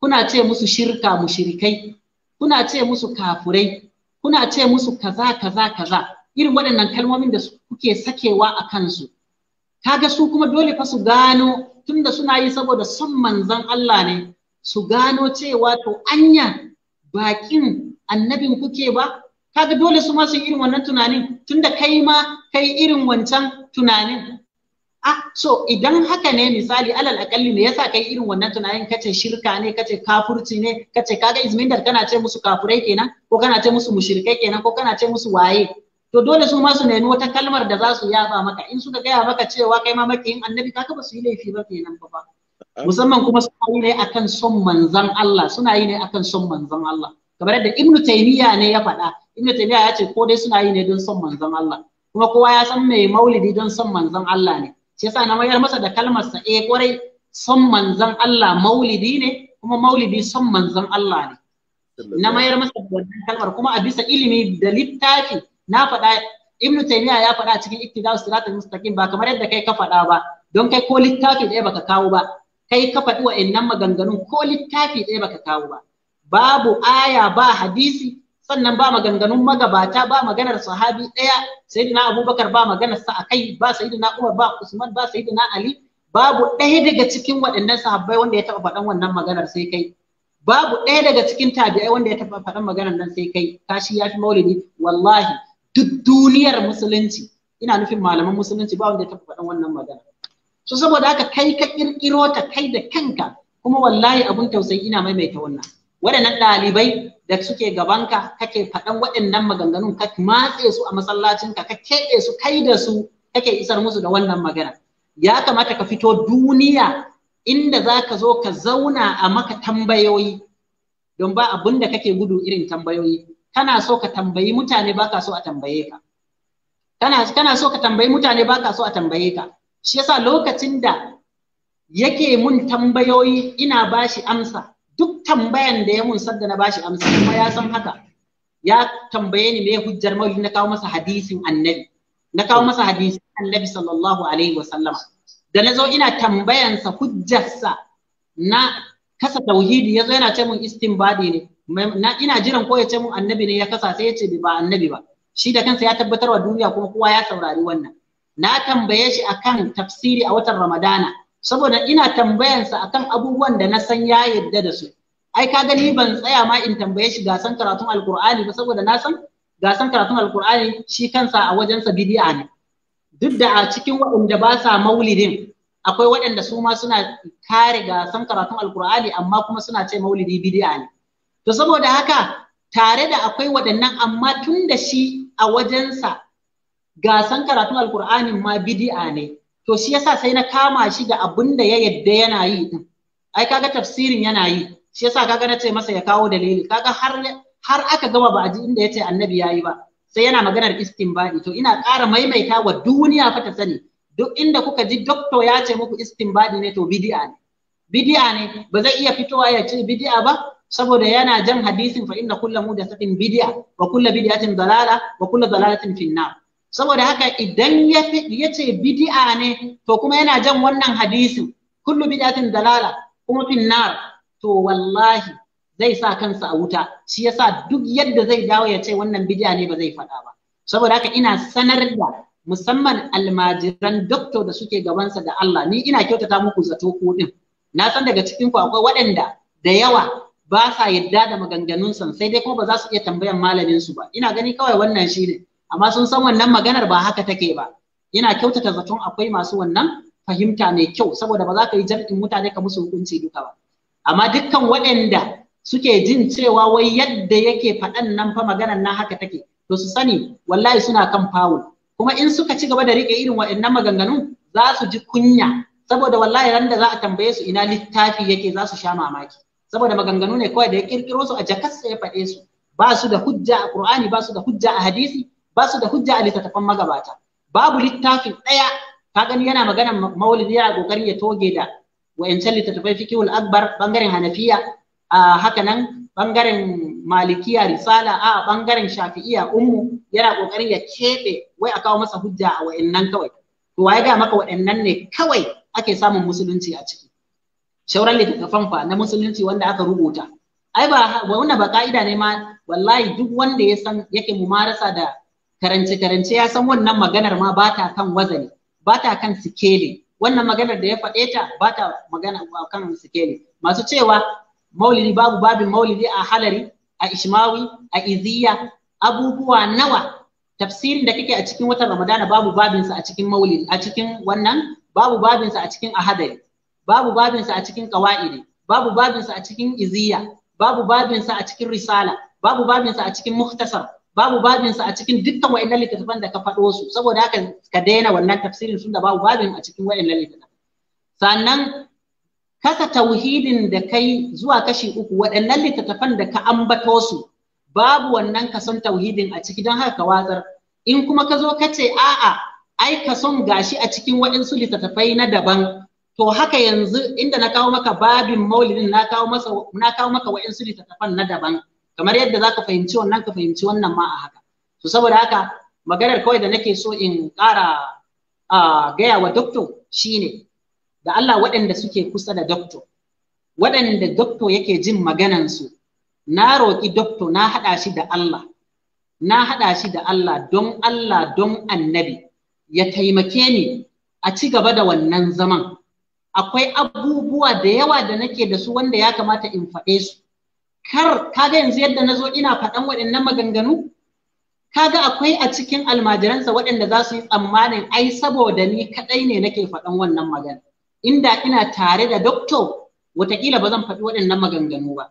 kuna ce musu shirka mushrikai kuna ce musu kafurai kuna ce musu kaza kaza kaza irin waɗannan kalmomin da kuke sakewa a kansu kaga su kuma dole fa su gano tunda suna yi saboda son manzon Allah ne su gano cewa to anya bakin annabin kuke ba kaga dole su ma su irin wannan tunanin tunda kai ma kai irin wancan tunanin Ah, so idan haka ne misali alal akalli me yasa kai irin wannan tunanin kace shirka ne kace kafurci ne kace kaga izmindar kana ce musu kafurai kenan ko kana ce musu mushrikai kenan ko kana ce musu waye to dole su ma su nemi wata kalmar da za su yaba maka in suka gaya maka cewa kai ma makiyin annabi kaga ba su yi laifi ba kenan ba ba musamman kuma suna yi ne akan son manzon Allah suna yi ne akan son manzon Allah kamar yadda Ibn Taymiyyah ne ya faɗa Ibn Taymiyyah ya ce ko dai suna yi ne don son manzon Allah kuma kowa ya san mai maulidi don son manzon Allah ne shi yasa na mayar masa da kalmar sa eh kwarai son manzon Allah maulidi ne kuma maulidi son manzon Allah ne na mayar masa da kalmar kuma a bisa ilimi da littafi na faɗa ibnu taymiya ya faɗa cikin iktidal siratul mustaqim ba kamar yadda kai ka faɗa ba don kai ko littafi ɗaya baka kawo ba kai ka faɗi wa'annan maganganun ko littafi ɗaya baka kawo ba babu aya ba hadisi sannan ba maganganun magabata ba maganar sahabi ɗaya sayyidina abubakar ba maganar sa akai ba sayyidina umar ba usman ba sayyidina ali babu ɗaya daga cikin waɗannan sahabbai wanda ya taɓa faɗan wannan maganar sai kai babu ɗaya daga cikin tabi'ai wanda ya taɓa faɗan maganar nan sai kai kashi ya fi maulidi wallahi duk duniyar musulunci ina nufin malaman musulunci ba wanda ya taɓa faɗan wannan maganar. so saboda haka kai ka ƙirƙiro ta kai da kanka kuma wallahi abun tausayi ina maimaita wannan waɗannan ɗalibai da suke gabanka kake faɗan waɗannan maganganun ka matse su a masallacin ka keɓe su kai da su kake isar musu da wannan magana ya kamata ka fito duniya inda za ka zo ka zauna a maka tambayoyi don ba abin da kake gudu irin tambayoyi kana so ka tambayi mutane baka so a tambaye ka kana kana so ka tambayi mutane baka so a tambaye ka shi yasa lokacin da yake mun tambayoyi ina bashi amsa duk tambayan da ya mun sadda na bashi amsa kuma ya san haka ya tambaye ni me hujjar maulidi na kawo masa hadisin annabi na kawo masa hadisin annabi sallallahu alaihi wa sallama da na zo ina tambayansa hujjarsa na kasa tauhidi yazo yana ce mun istinbadi ne na ina jiran ko ya ce mun annabi ne ya kasa sai ya ce ba annabi ba shi da kansa ya tabbatar wa duniya kuma kowa ya saurari wannan na tambaye shi akan tafsiri a watan ramadana saboda ina tambayansa akan abubuwan da na san ya yarda da su ai ka gani ban tsaya ma in tambaye shi gasan karatun alkur'ani ba saboda na san gasan karatun alkur'ani shi kansa a wajensa bidi'a ne duk da a cikin waɗanda ba sa maulidin akwai waɗanda su ma suna kare gasan karatun alkur'ani amma kuma suna ce maulidi bidi'a ne to saboda haka tare da akwai waɗannan amma tun da shi a wajensa gasan karatun alkur'ani ma bidi'a ne to shi yasa sai na kama shi da abin da ya yadda yana yi din ai kaga tafsirin yana yi shi yasa kaga na ce masa ya kawo dalili kaga har har aka gama ba a ji inda yace annabi yayi ba sai yana maganar istinbadi to ina ƙara maimaita wa duniya fa ta sani duk inda kuka ji doctor ya ce muku istinbadi ne to bid'a ne bid'a ne ba zai iya fitowa ya ce bid'a ba saboda yana jan hadisin fa inna kullu mudathatin bid'a wa kullu bid'atin dalala wa kullu dalalatin finna. saboda haka idan ya ce bid'a ne to kuma yana jan wannan hadisin kullu bid'atin dalala kuma finnar to wallahi zai sa kansa a wuta shi yasa duk yadda zai dawo ya ce wannan bid'a ne ba zai faɗa ba saboda haka ina sanar da musamman almajiran doctor da suke gabansa da Allah ni ina kyautata muku zato ko din na san daga cikin ku akwai waɗanda da yawa ba sa yadda da maganganun san sai dai kuma ba za su iya tambayan malamin su ba ina gani kawai wannan shine amma sun san wannan maganar ba haka take ba yana kyautata zaton akwai masu wannan fahimta mai kyau saboda ba za ka yi jam'in mutane ka musu hukunci duka ba amma dukkan waɗanda suke jin cewa wai yadda yake faɗan nan fa maganar nan haka take to su sani wallahi suna kan fawul kuma in suka ci gaba da rike irin waɗannan maganganun za su ji kunya saboda wallahi ran da za a tambaye su ina littafi yake za su sha mamaki saboda maganganu ne kawai da ya kirkiro su a jakarsa ya faɗe su ba su da hujja a Qur'ani ba su da hujja a hadisi ba su da hujja a littattafan magabata babu littafin ɗaya ka gani yana magana maulidi yana kokarin ya toge da wa'ancan littattafai fikihul akbar bangaren hanafiya a haka nan bangaren malikiya risala a bangaren shafi'iya ummu yana kokarin ya keɓe wai a kawo masa hujja a wa'annan kawai to waye ga maka wa'annan ne kawai ake samun musulunci a ciki shauran littattafan fa na musulunci wanda aka rubuta ai ba wannan ba ka'ida ne ma wallahi duk wanda ya san yake mumarasa da karance karance ya san wannan maganar ma ba ta kan wazani ba ta kan sikeli wannan maganar da ya faɗe ta ba ta magana kan sikeli masu cewa maulidi babu babin maulidi a halari a ishmawi a iziya abubuwa nawa tafsirin da kake a cikin watan ramadana babu babinsa a cikin maulidi a cikin wannan babu babinsa a cikin ahadari babu babinsa a cikin kawa'idi babu babinsa a cikin iziya babu babinsa a cikin risala babu babinsa a cikin muhtasar babu babin sa a cikin dukkan wayannan littattafan da ka faɗo su saboda haka ka daina wannan tafsirin sun da babu babin a cikin wayannan littattafan sannan kasa tauhidin da kai zuwa kashi uku waɗannan littattafan da ka ambato su babu wannan kason tauhidin a ciki don haka ka watsar in kuma ka zo ka ce a'a ai kason gashi a cikin waɗansu littattafai na daban to haka yanzu inda na kawo maka babin maulidin na kawo na kawo maka waɗansu littattafan na daban kamar yadda zaka fahimci wannan ka fahimci wannan ma a haka to saboda haka maganar kawai da nake so in ƙara a gaya wa dokto shine da Allah waɗanda suke kusa da dokto waɗanda dokto yake jin maganansu na roƙi dokto na haɗa shi da Allah na haɗa shi da Allah don Allah don annabi ya taimake ni a ci gaba da wannan zaman akwai abubuwa da yawa da nake da su wanda ya kamata in faɗe su kar ka ga yanzu yadda na zo ina faɗan waɗannan maganganu ga akwai a cikin almajiransa waɗanda za su yi tsammanin ai saboda ni kaɗai ne nake faɗan wannan magana inda ina tare da doktor wataƙila ba zan faɗi waɗannan maganganu ba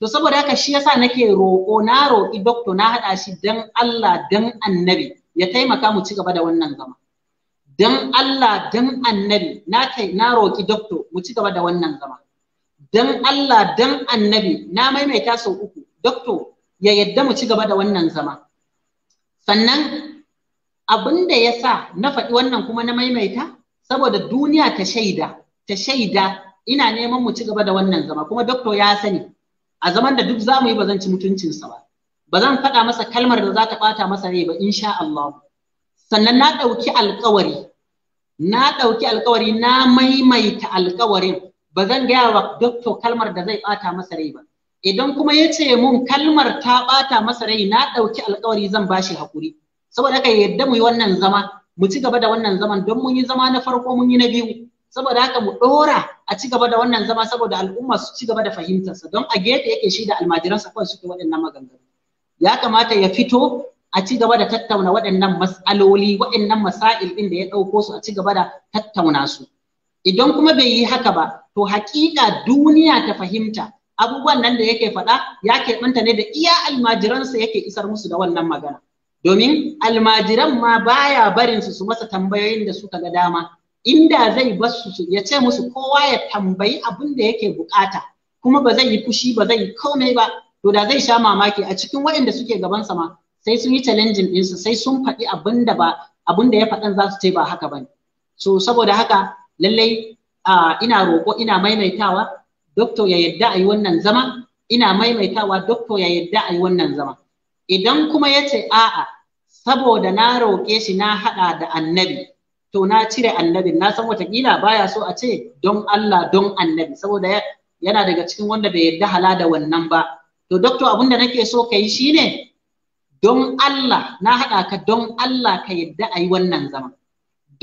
to saboda haka shi yasa nake roƙo na roƙi doktor na haɗa shi dan Allah dan annabi ya taimaka mu ci gaba da wannan zama dan Allah dan annabi na kai na roƙi doktor mu ci gaba da wannan zama dan Allah dan annabi na maimaita sau uku dokto ya yadda mu ci gaba da wannan zama sannan abin da ya sa na faɗi wannan kuma na maimaita saboda duniya ta shaida ta shaida ina neman mu ci gaba da wannan zama kuma dokto ya sani a zaman da duk za mu yi ba zan ci mutuncinsa ba ba zan faɗa masa kalmar da za ta ɓata masa rai ba insha Allah sannan na ɗauki alƙawari na ɗauki alƙawari na maimaita alƙawarin ba zan gaya wa dokto kalmar da zai bata masa rai ba idan kuma ya ce mun kalmar ta bata masa rai na ɗauki alkawari zan bashi hakuri saboda haka yadda mu yi wannan zama mu ci gaba da wannan zaman don mun yi zama na farko mun yi na biyu saboda haka mu ɗora a ci gaba da wannan zama saboda al'umma su ci gaba da fahimtarsa don a gefe yake shi da almajiransa kawai suke waɗannan maganganu ya kamata ya fito a ci gaba da tattauna waɗannan mas'aloli waɗannan masail ɗin da ya ɗauko su a ci gaba da tattauna su idan kuma bai yi haka ba to haƙiƙa duniya ta fahimta abubuwan nan da yake faɗa ya keɓanta ne da iya almajiransa yake isar musu da wannan magana domin almajiran ma baya barin su su masa tambayoyin da suka ga dama inda zai basu su ya ce musu kowa ya tambayi abin da yake bukata kuma ba zai yi fushi ba zai yi komai ba to da zai sha mamaki a cikin waɗanda suke gaban sa ma sai sun yi challenging ɗinsu sai sun faɗi abin da ba abin ya faɗan za su ce ba haka ba so saboda haka lallai ina roƙo ina maimaitawa doctor ya yadda a wannan zama ina maimaitawa doctor ya yadda a wannan zama idan kuma yace a'a saboda na roƙe shi na haɗa da annabi to na cire annabin na san watakila baya so a ce don Allah don annabi saboda yana daga cikin wanda bai yadda hala da wannan ba to doctor abin da nake so ka yi shine don Allah na haɗa ka don Allah ka yadda ayi wannan zama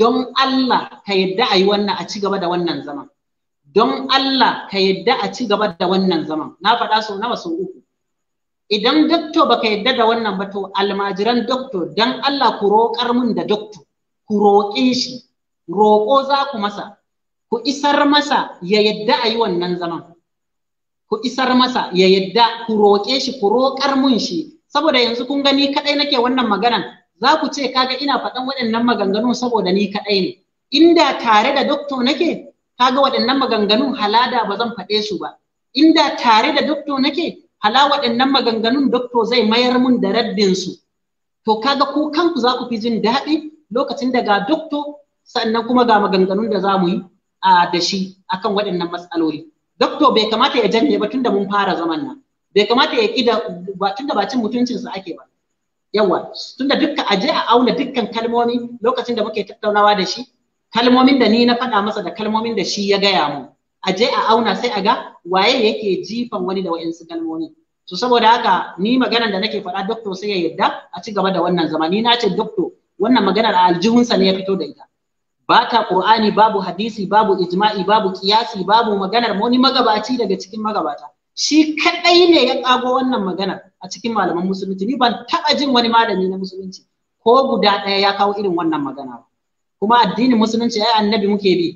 don Allah ka yadda a yi wannan a ci da wannan zaman don Allah ka yadda a ci gaba da wannan zaman na faɗa sau nawa sau uku idan dokto baka yadda da wannan ba to almajiran dokto don Allah ku roƙar mun da dokto ku roƙe shi roƙo za ku masa ku isar masa ya yadda a yi wannan zaman ku isar masa ya yadda ku roƙe shi ku roƙar mun shi saboda yanzu kun gani kaɗai nake wannan maganan za ku ce kaga ina faɗan waɗannan maganganu saboda ni kaɗai ne inda tare da doktor nake kaga waɗannan maganganun halada ba zan faɗe su ba inda tare da doktor nake hala waɗannan maganganun doktor zai mayar mun da raddin su to kaga ku kanku za ku fi jin daɗi lokacin da ga doktor sannan kuma ga maganganun da za mu yi a da shi akan waɗannan matsaloli doktor bai kamata ya janye ba tunda mun fara zaman nan bai kamata ya ƙi da tunda ba cin mutuncinsa ake ba yawa tunda dukkan aje a auna dukkan kalmomi lokacin da muke tattaunawa da shi kalmomin da ni na faɗa masa da kalmomin da shi ya gaya mu aje a auna sai a ga waye yake jifan wani da wa'insu kalmomi to saboda haka ni maganar da nake faɗa doctor sai ya yadda a ci gaba da wannan zama ni na ce doctor wannan maganar a aljihunsa ne ya fito da ita ba ta qur'ani babu hadisi babu ijma'i babu qiyasi babu maganar wani magabaci daga cikin magabata shi kadai ne ya kago wannan maganar a cikin malaman musulunci ni ban taɓa jin wani malami na musulunci ko guda ɗaya ya kawo irin wannan magana kuma addinin musulunci ai annabi muke bi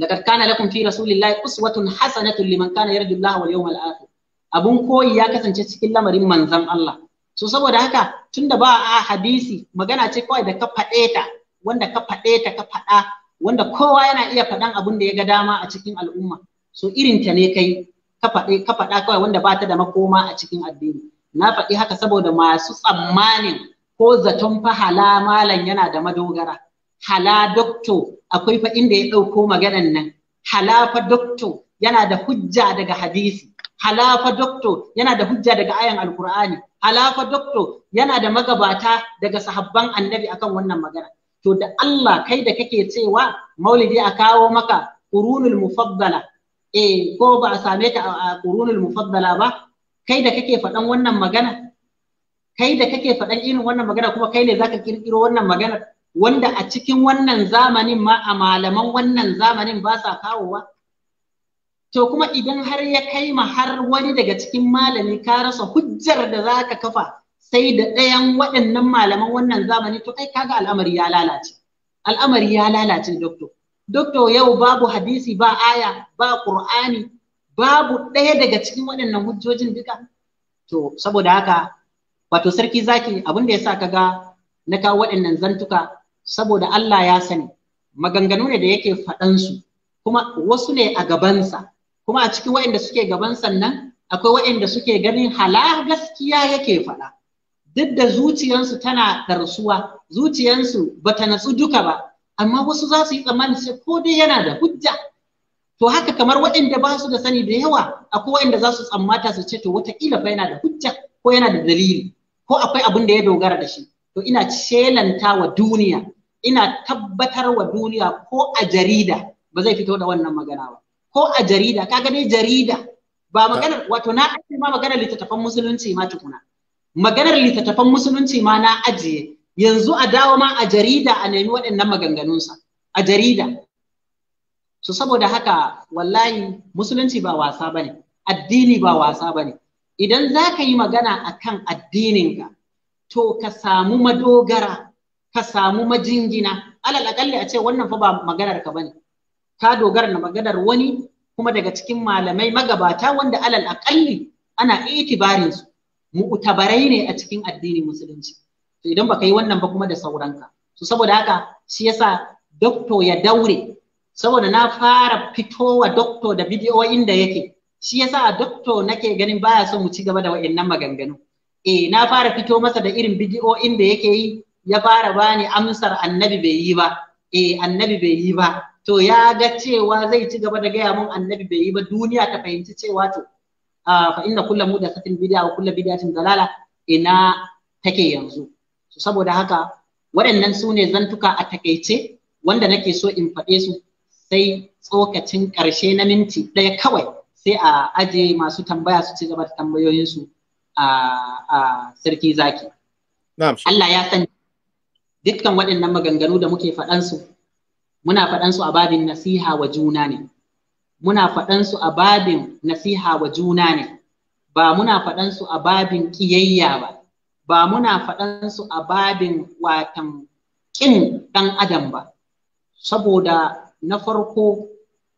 laqad kana lakum fi rasulillahi uswatun hasanatun liman kana yarju Allah wal yawmal akhir abun koyi ya kasance cikin lamarin manzon Allah so saboda haka tunda ba a hadisi magana ce kawai da ka faɗe ta wanda ka faɗe ta ka faɗa wanda kowa yana iya faɗan abun da ya ga dama a cikin al'umma so irin ta ne kai ka faɗe ka faɗa kawai wanda ba ta da makoma a cikin addini na faɗi haka saboda masu tsammanin ko zaton fa hala malam yana da madogara hala dokto akwai fa inda ya ɗauko maganan nan hala fa dokto yana da hujja daga hadisi hala fa dokto yana da hujja daga ayan alkur'ani hala fa dokto yana da magabata daga sahabban annabi akan wannan magana to da Allah kai da kake cewa maulidi a kawo maka qurunul mufaddala eh ko ba a same ta a qurunul mufaddala ba kai da kake faɗan wannan magana kai da kake faɗan irin wannan magana kuma kai ne zaka kirkiro wannan magana wanda a cikin wannan zamanin ma a malaman wannan zamanin ba sa kawowa to kuma idan har ya kai ma har wani daga cikin malami ka rasa hujjar da zaka kafa sai da ɗayan waɗannan malaman wannan zamani to kai kaga al'amari ya lalace al'amari ya lalace doctor doctor yau babu hadisi ba aya ba qur'ani babu ɗaya daga cikin waɗannan hujjojin duka to saboda haka wato sarki zaki abin da yasa kaga na kawo waɗannan zantuka saboda Allah ya sani maganganu ne da yake faɗan su kuma wasu ne a gabansa kuma a cikin waɗanda suke gabansa nan akwai waɗanda suke ganin hala gaskiya yake faɗa duk da zuciyarsu tana karsuwa zuciyansu bata natsu duka ba amma wasu za su yi tsammani sai ko dai yana da hujja to haka kamar waɗanda ba su da sani da yawa akwai waɗanda za su tsammata su ce to wataƙila fa yana da hujja ko yana da dalili ko akwai abin da ya dogara da shi to ina shelanta wa duniya ina tabbatar wa duniya ko a jarida ba zai fito da wannan magana ba ko a jarida ka dai jarida ba maganar wato na ajiye ma maganar littattafan musulunci ma tukuna maganar litattafan musulunci ma na ajiye yanzu a dawo ma a jarida a nemi waɗannan maganganunsa a jarida so saboda haka wallahi musulunci ba wasa bane addini ba wasa bane idan za ka yi magana akan addininka to ka samu madogara ka samu majingina alal akalli a ce wannan fa ba maganar ka bane ka dogara na maganar wani kuma daga cikin malamai magabata wanda alal akalli ana itibarin su mu'tabarai ne a cikin addinin musulunci to idan baka yi wannan ba kuma da sauranka so saboda haka shi yasa dokto ya daure saboda na fara fitowa dokto da bidiyo inda yake shi yasa a doktor nake ganin baya so mu ci gaba da wa'annan maganganu eh na fara fito masa da irin bidiyo inda yake yi ya fara bani amsar annabi bai yi ba eh annabi bai yi ba to ya ga cewa zai ci gaba da gaya mun annabi bai yi ba duniya ta fahimci cewa to fa inna kullu mudasatin bid'a wa kullu bid'atin dalala ina take yanzu saboda haka waɗannan su ne zantuka a takaice wanda nake so in faɗe su sai tsokacin ƙarshe na minti ɗaya kawai sai a aje masu tambaya su ci gaba da tambayoyinsu a sarki zaki. Allah ya san dukkan waɗannan maganganu da muke faɗansu muna faɗansu a babin nasiha wa juna ne. Muna faɗansu a babin nasiha wa juna ne. Ba muna faɗansu a babin ƙiyayya ba. Ba muna faɗansu a babin watan ƙin ɗan adam ba. Saboda na farko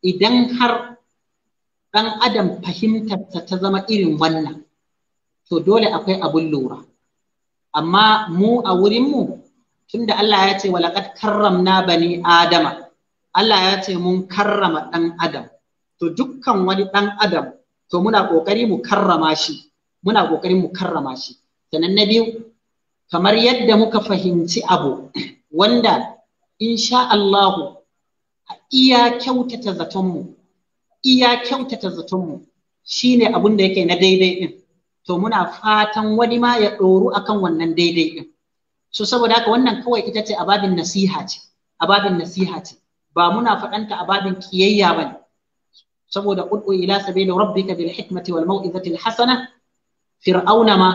idan har ɗan adam fahimtar ta zama irin wannan to dole akwai abun lura amma mu a wurinmu tunda Allah ya ce karram na bani adama Allah ya ce mun karrama ɗan adam to dukkan wani ɗan adam to muna ƙoƙari mu karrama shi muna ƙoƙarin mu karrama shi sannan na biyu kamar yadda muka fahimci abu wanda insha Allahu iya kyautata zatonmu iya kyautata zatonmu shine abun da yake na daidai din to muna fatan wani ma ya ɗoru akan wannan daidai din so saboda haka wannan kawai ita ce ababin nasiha ce ababin nasiha ce ba muna faɗanta ababin kiyayya ba ne saboda ud'u ila sabili rabbika bil hikmati wal mau'izati al hasana fir'auna ma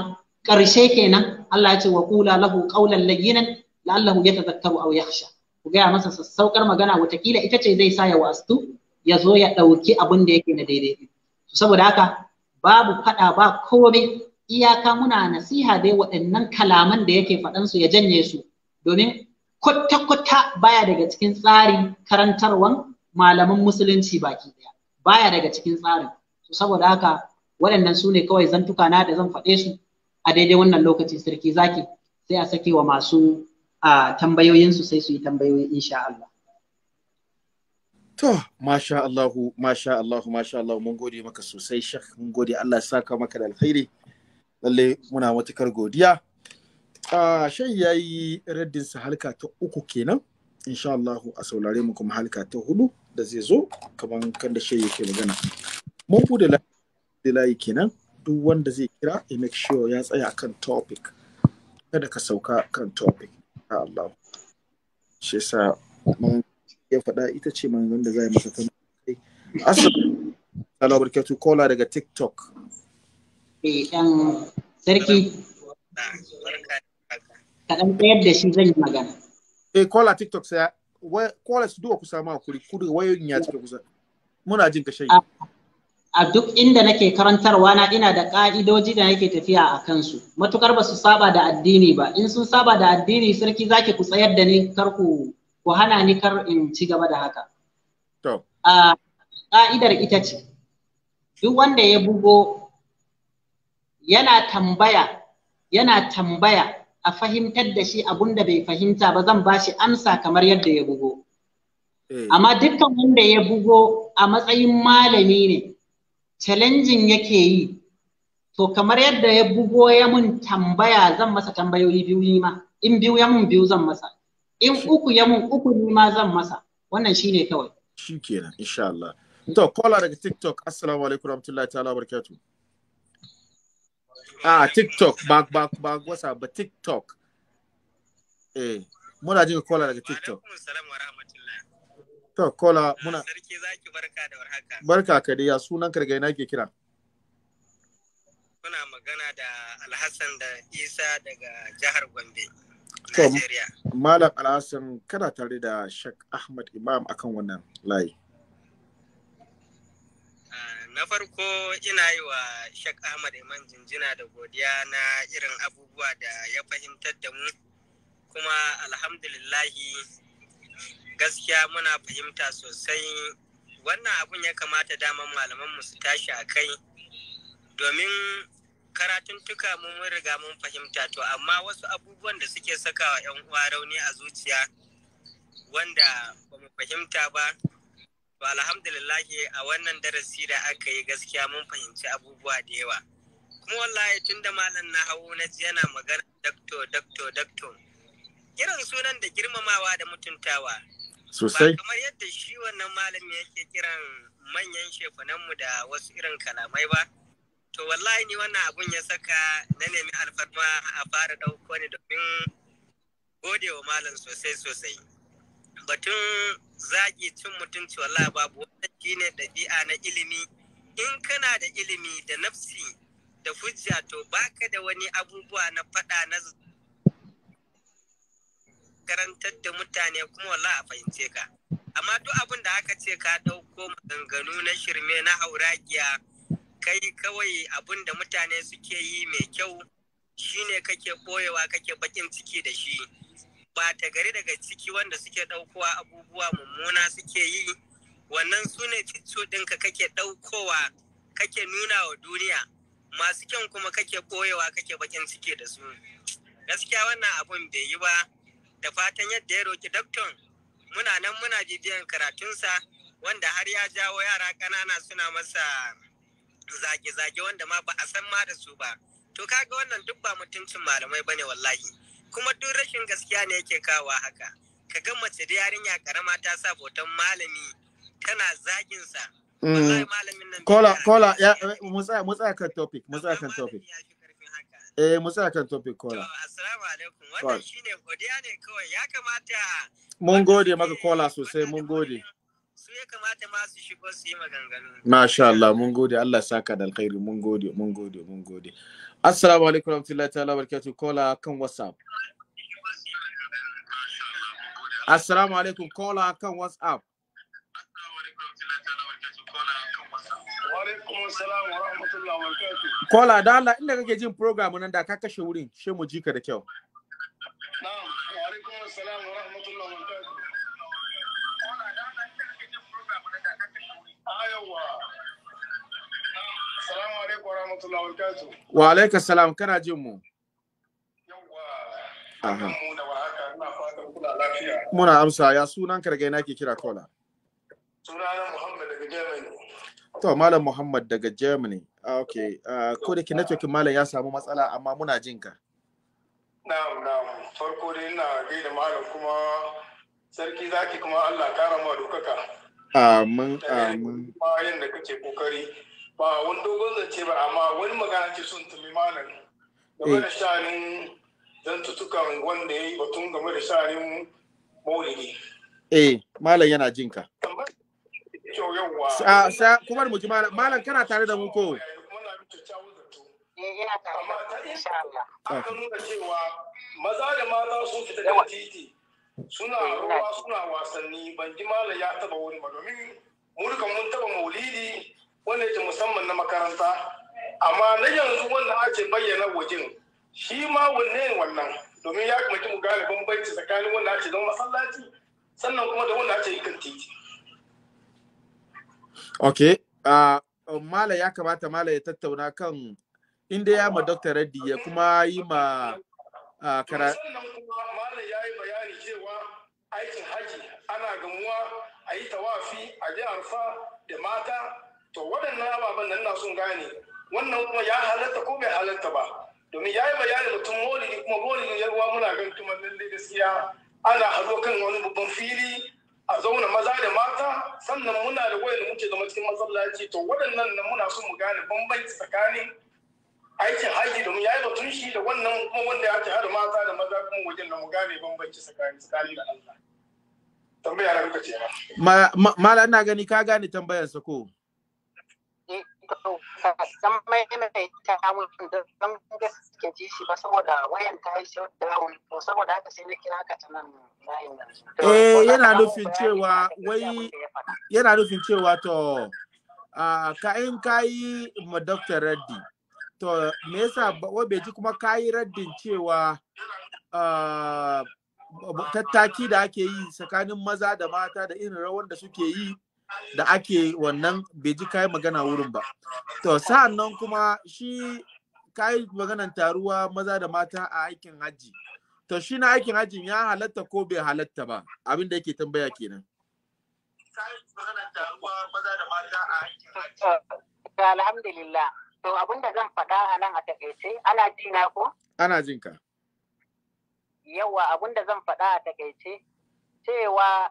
karshe kenan Allah ya ce wa qula lahu qawlan layyinan la'allahu yatadhakkaru aw yakhsha ku gaya masa sassaukar magana watakila ita ce zai sa ya wastu ya zo ya ɗauki abin da yake na daidai saboda haka babu faɗa ba komai iyaka muna nasiha dai waɗannan kalaman da yake su ya janye su domin kwata-kwata baya daga cikin tsari karantarwan malaman musulunci baki ɗaya baya daga cikin tsarin saboda haka waɗannan su ne kawai zantuka na da zan faɗe su a daidai wannan lokaci sarki zaki sai a sake wa masu a tambayoyinsu sai su yi tambayoyi insha Allah. To, masha Allahu, masha Allahu, masha Allahu, mun gode maka sosai, Sheikh, mun gode Allah saka maka da alkhairi. Lalle muna matukar godiya. A Sheikh ya yi halka ta uku kenan. Insha Allahu a saurare mu kuma halka ta hudu da zai zo kamar kan da Sheikh yake magana. Mun bude layi kenan duk wanda zai kira ya make sure ya tsaya kan topic. Kada ka sauka kan topic. Allah shi sa ya faɗa ita ce manzon da za zai masa tambayi assalamu alaikum kola daga tiktok eh dan sarki kaɗan tsayar da shi zan yi magana eh kola tiktok sai kola su duwa kusa ma kuri kudu wayoyin ya cika kusa muna jin ka shayi ah. a duk inda nake karantarwa na ina da ka'idoji da nake tafiya a kansu matukar ba su saba da addini ba in sun saba da addini sarki zaki ku tsayar da ni kar ku ku hana ni kar in ci gaba da haka to a ƙa'idar ita ce duk wanda ya bugo yana tambaya yana tambaya a fahimtar da shi abunda bai fahimta ba zan bashi amsa kamar yadda ya bugo eh. amma dukkan wanda ya bugo a matsayin malami ne challenging yake yi to kamar yadda ya bugo ya mun tambaya zan masa tambayoyi biyu ni ma in biyu ya mun biyu zan masa in uku ya mun uku ni ma zan masa wannan shine kawai shikenan insha Allah to kola daga TikTok assalamu alaikum warahmatullahi ta'ala barakatuh ah TikTok ba ba ba wasa ba TikTok eh muna jin kola daga TikTok assalamu alaikum To, kola ah, muna. Sarki zaki barka da warhaka. Barka ka dai, ya sunan kargai, na ke kira? Muna magana da Alhassan da Isa daga jihar Gombe. Najeriya. Malam Alhassan kana tare da Sheikh Ahmad Imam akan wannan layi. Ah, na farko ina yi wa Sheikh Ahmad man jinjina da godiya na irin abubuwa da ya fahimtar da mu kuma alhamdulillahi gaskiya muna fahimta sosai wannan abun ya kamata daman malamanmu su tashi a kai domin karatuntuka mun riga mun fahimta to amma wasu abubuwan da suke sakawa 'yan uwa rauni a zuciya wanda ba mu fahimta ba to alhamdulillah a wannan darasi da aka yi gaskiya mun fahimci abubuwa da yawa kuma wallahi tun da malam na hau na ji yana magana dakto dakto dakto kiran sunan da girmamawa da mutuntawa sosai kamar yadda shi wannan malami yake kiran manyan mu da wasu irin kalamai ba to wallahi ni wannan abun ya saka na nemi alfarma a fara ɗauko ne domin gode wa malam sosai sosai batun zagi cin mutunci wallahi babu wannan shine ɗabi'a na ilimi in kana da ilimi da nafsi da hujja to baka da wani abubuwa na faɗa na karantar da mutane kuma wala a fahimce ka amma duk abin da aka ce ka ɗauko maganganu na shirme na hauragiya kai kawai abin da mutane suke yi mai kyau shine kake ɓoyewa kake bakin ciki da shi ba ta gari daga ciki wanda suke ɗaukowa abubuwa mummuna suke yi wannan su ne ɗinka kake ɗaukowa kake nuna wa duniya masu kyan kuma kake boyewa kake bakin ciki da su gaskiya wannan abun bai yi ba da fatan yadda ya roki dakton muna nan muna bibiyan karatunsa wanda har ya jawo yara ƙanana suna masa zage-zage wanda ma ba a san ma da su ba to kaga wannan duk ba mutuncin malamai bane wallahi kuma duk rashin gaskiya ne yake kawa haka ka ga mace da yarinya karama ta sa botan malami tana zagin sa mm. kola kola ya mutsa kan topic mutsa kan topic Eh, musa kan topic kola. To, assalamu alaikum. Wannan shine godiya ne kawai. Ya kamata Mun gode maka kola sosai, mun gode. Su ya kamata ma su shigo su yi maganganu. Masha Allah, mun gode. Allah sa ka alkhairi. Mun gode, mun gode, mun gode. Assalamu alaikum warahmatullahi ta'ala barakatuh kola kan WhatsApp. Assalamu alaikum kola kan WhatsApp. wa Kola da Allah inda kake jin program nan da ka kashe wurin she mu ji ka da kyau. wa alaikum salam ka ah, kana jin mu. Aha. Muna amsa ya sunan karge na ke kira kola. Sunana Muhammad daga Germany. To Malam Muhammad daga Germany. Ah, Uh, ko da ke networkin Malam ya samu matsala amma muna jin ka. Na'am na'am. Farko dai ina gaida Malam kuma sarki zaki kuma Allah kara ma dukaka. Amin eh, amin. yin da kake kokari ba wani dogon zance ba amma wani magana ce sun tumi Malam. Game da eh. shanin zantutukan wanda ya yi batun game da shanin maulidi. Eh, Malam yana jinka. ka. kyau kuma da muji malam malam kana tare da mu ko eh, eh, maza da mata sun fita daga titi suna eh, ruwa suna wasanni ban ji malam ya taba wani ba domin mun taba maulidi wanda yake musamman na makaranta amma na yanzu wanda ake bayyana wajen shi ma wanne wannan domin ya kamata mu gane bambanci tsakanin wanda ake masallaci sannan kuma da wanda ake yi kan titi Okay. Ah, uh, um, mala ya kamata mala ya tattauna kan inda ya ma Dr. Reddy ya kuma yi ma uh, kara... Mala ya yi bayani cewa aikin haji ana gamuwa a yi tawafi a ji arfa da mata to waɗannan ababen nan na sun gane wannan kuma ya halatta ko bai halatta ba domin ya yi bayani mutum molidi kuma molidi yarwa muna gan lallai da gaskiya ana hazo kan wani babban fili a zauna maza da mata sannan muna da wayanda muke zama cikin masallaci to waɗannan nan muna so mu gane bambanci tsakanin aikin haji domin ya yi batun shi da wannan kuma wanda ya ce, har mata da maza kuma wajen da mu gane bambanci tsakanin tsakanin da Allah tambaya na kuka ce ma ma ina gani ka gane tambayar sa ko san mai mai ta mun don gaskiya ji shi ba saboda wayan ta yi shot down to saboda haka sai na kira ka ta nan layin eh yana nufin cewa wai yana nufin cewa to a ka in ka yi ma Dr. Reddy to me yasa wai bai ji kuma ka yi raddin cewa tattaki da ake yi tsakanin maza da mata da irin rawar da suke yi da ake wannan bai ji kayan magana wurin ba to sa'an nan kuma shi kayan maganan taruwa maza da mata a aikin hajji to shi na aikin hajji ya halatta ko bai halatta ba abin da yake tambaya kenan alhamdulillah to abin da zan faɗa a nan a takaice ana jina ko ana jin ka yawa abin da zan faɗa a takaice cewa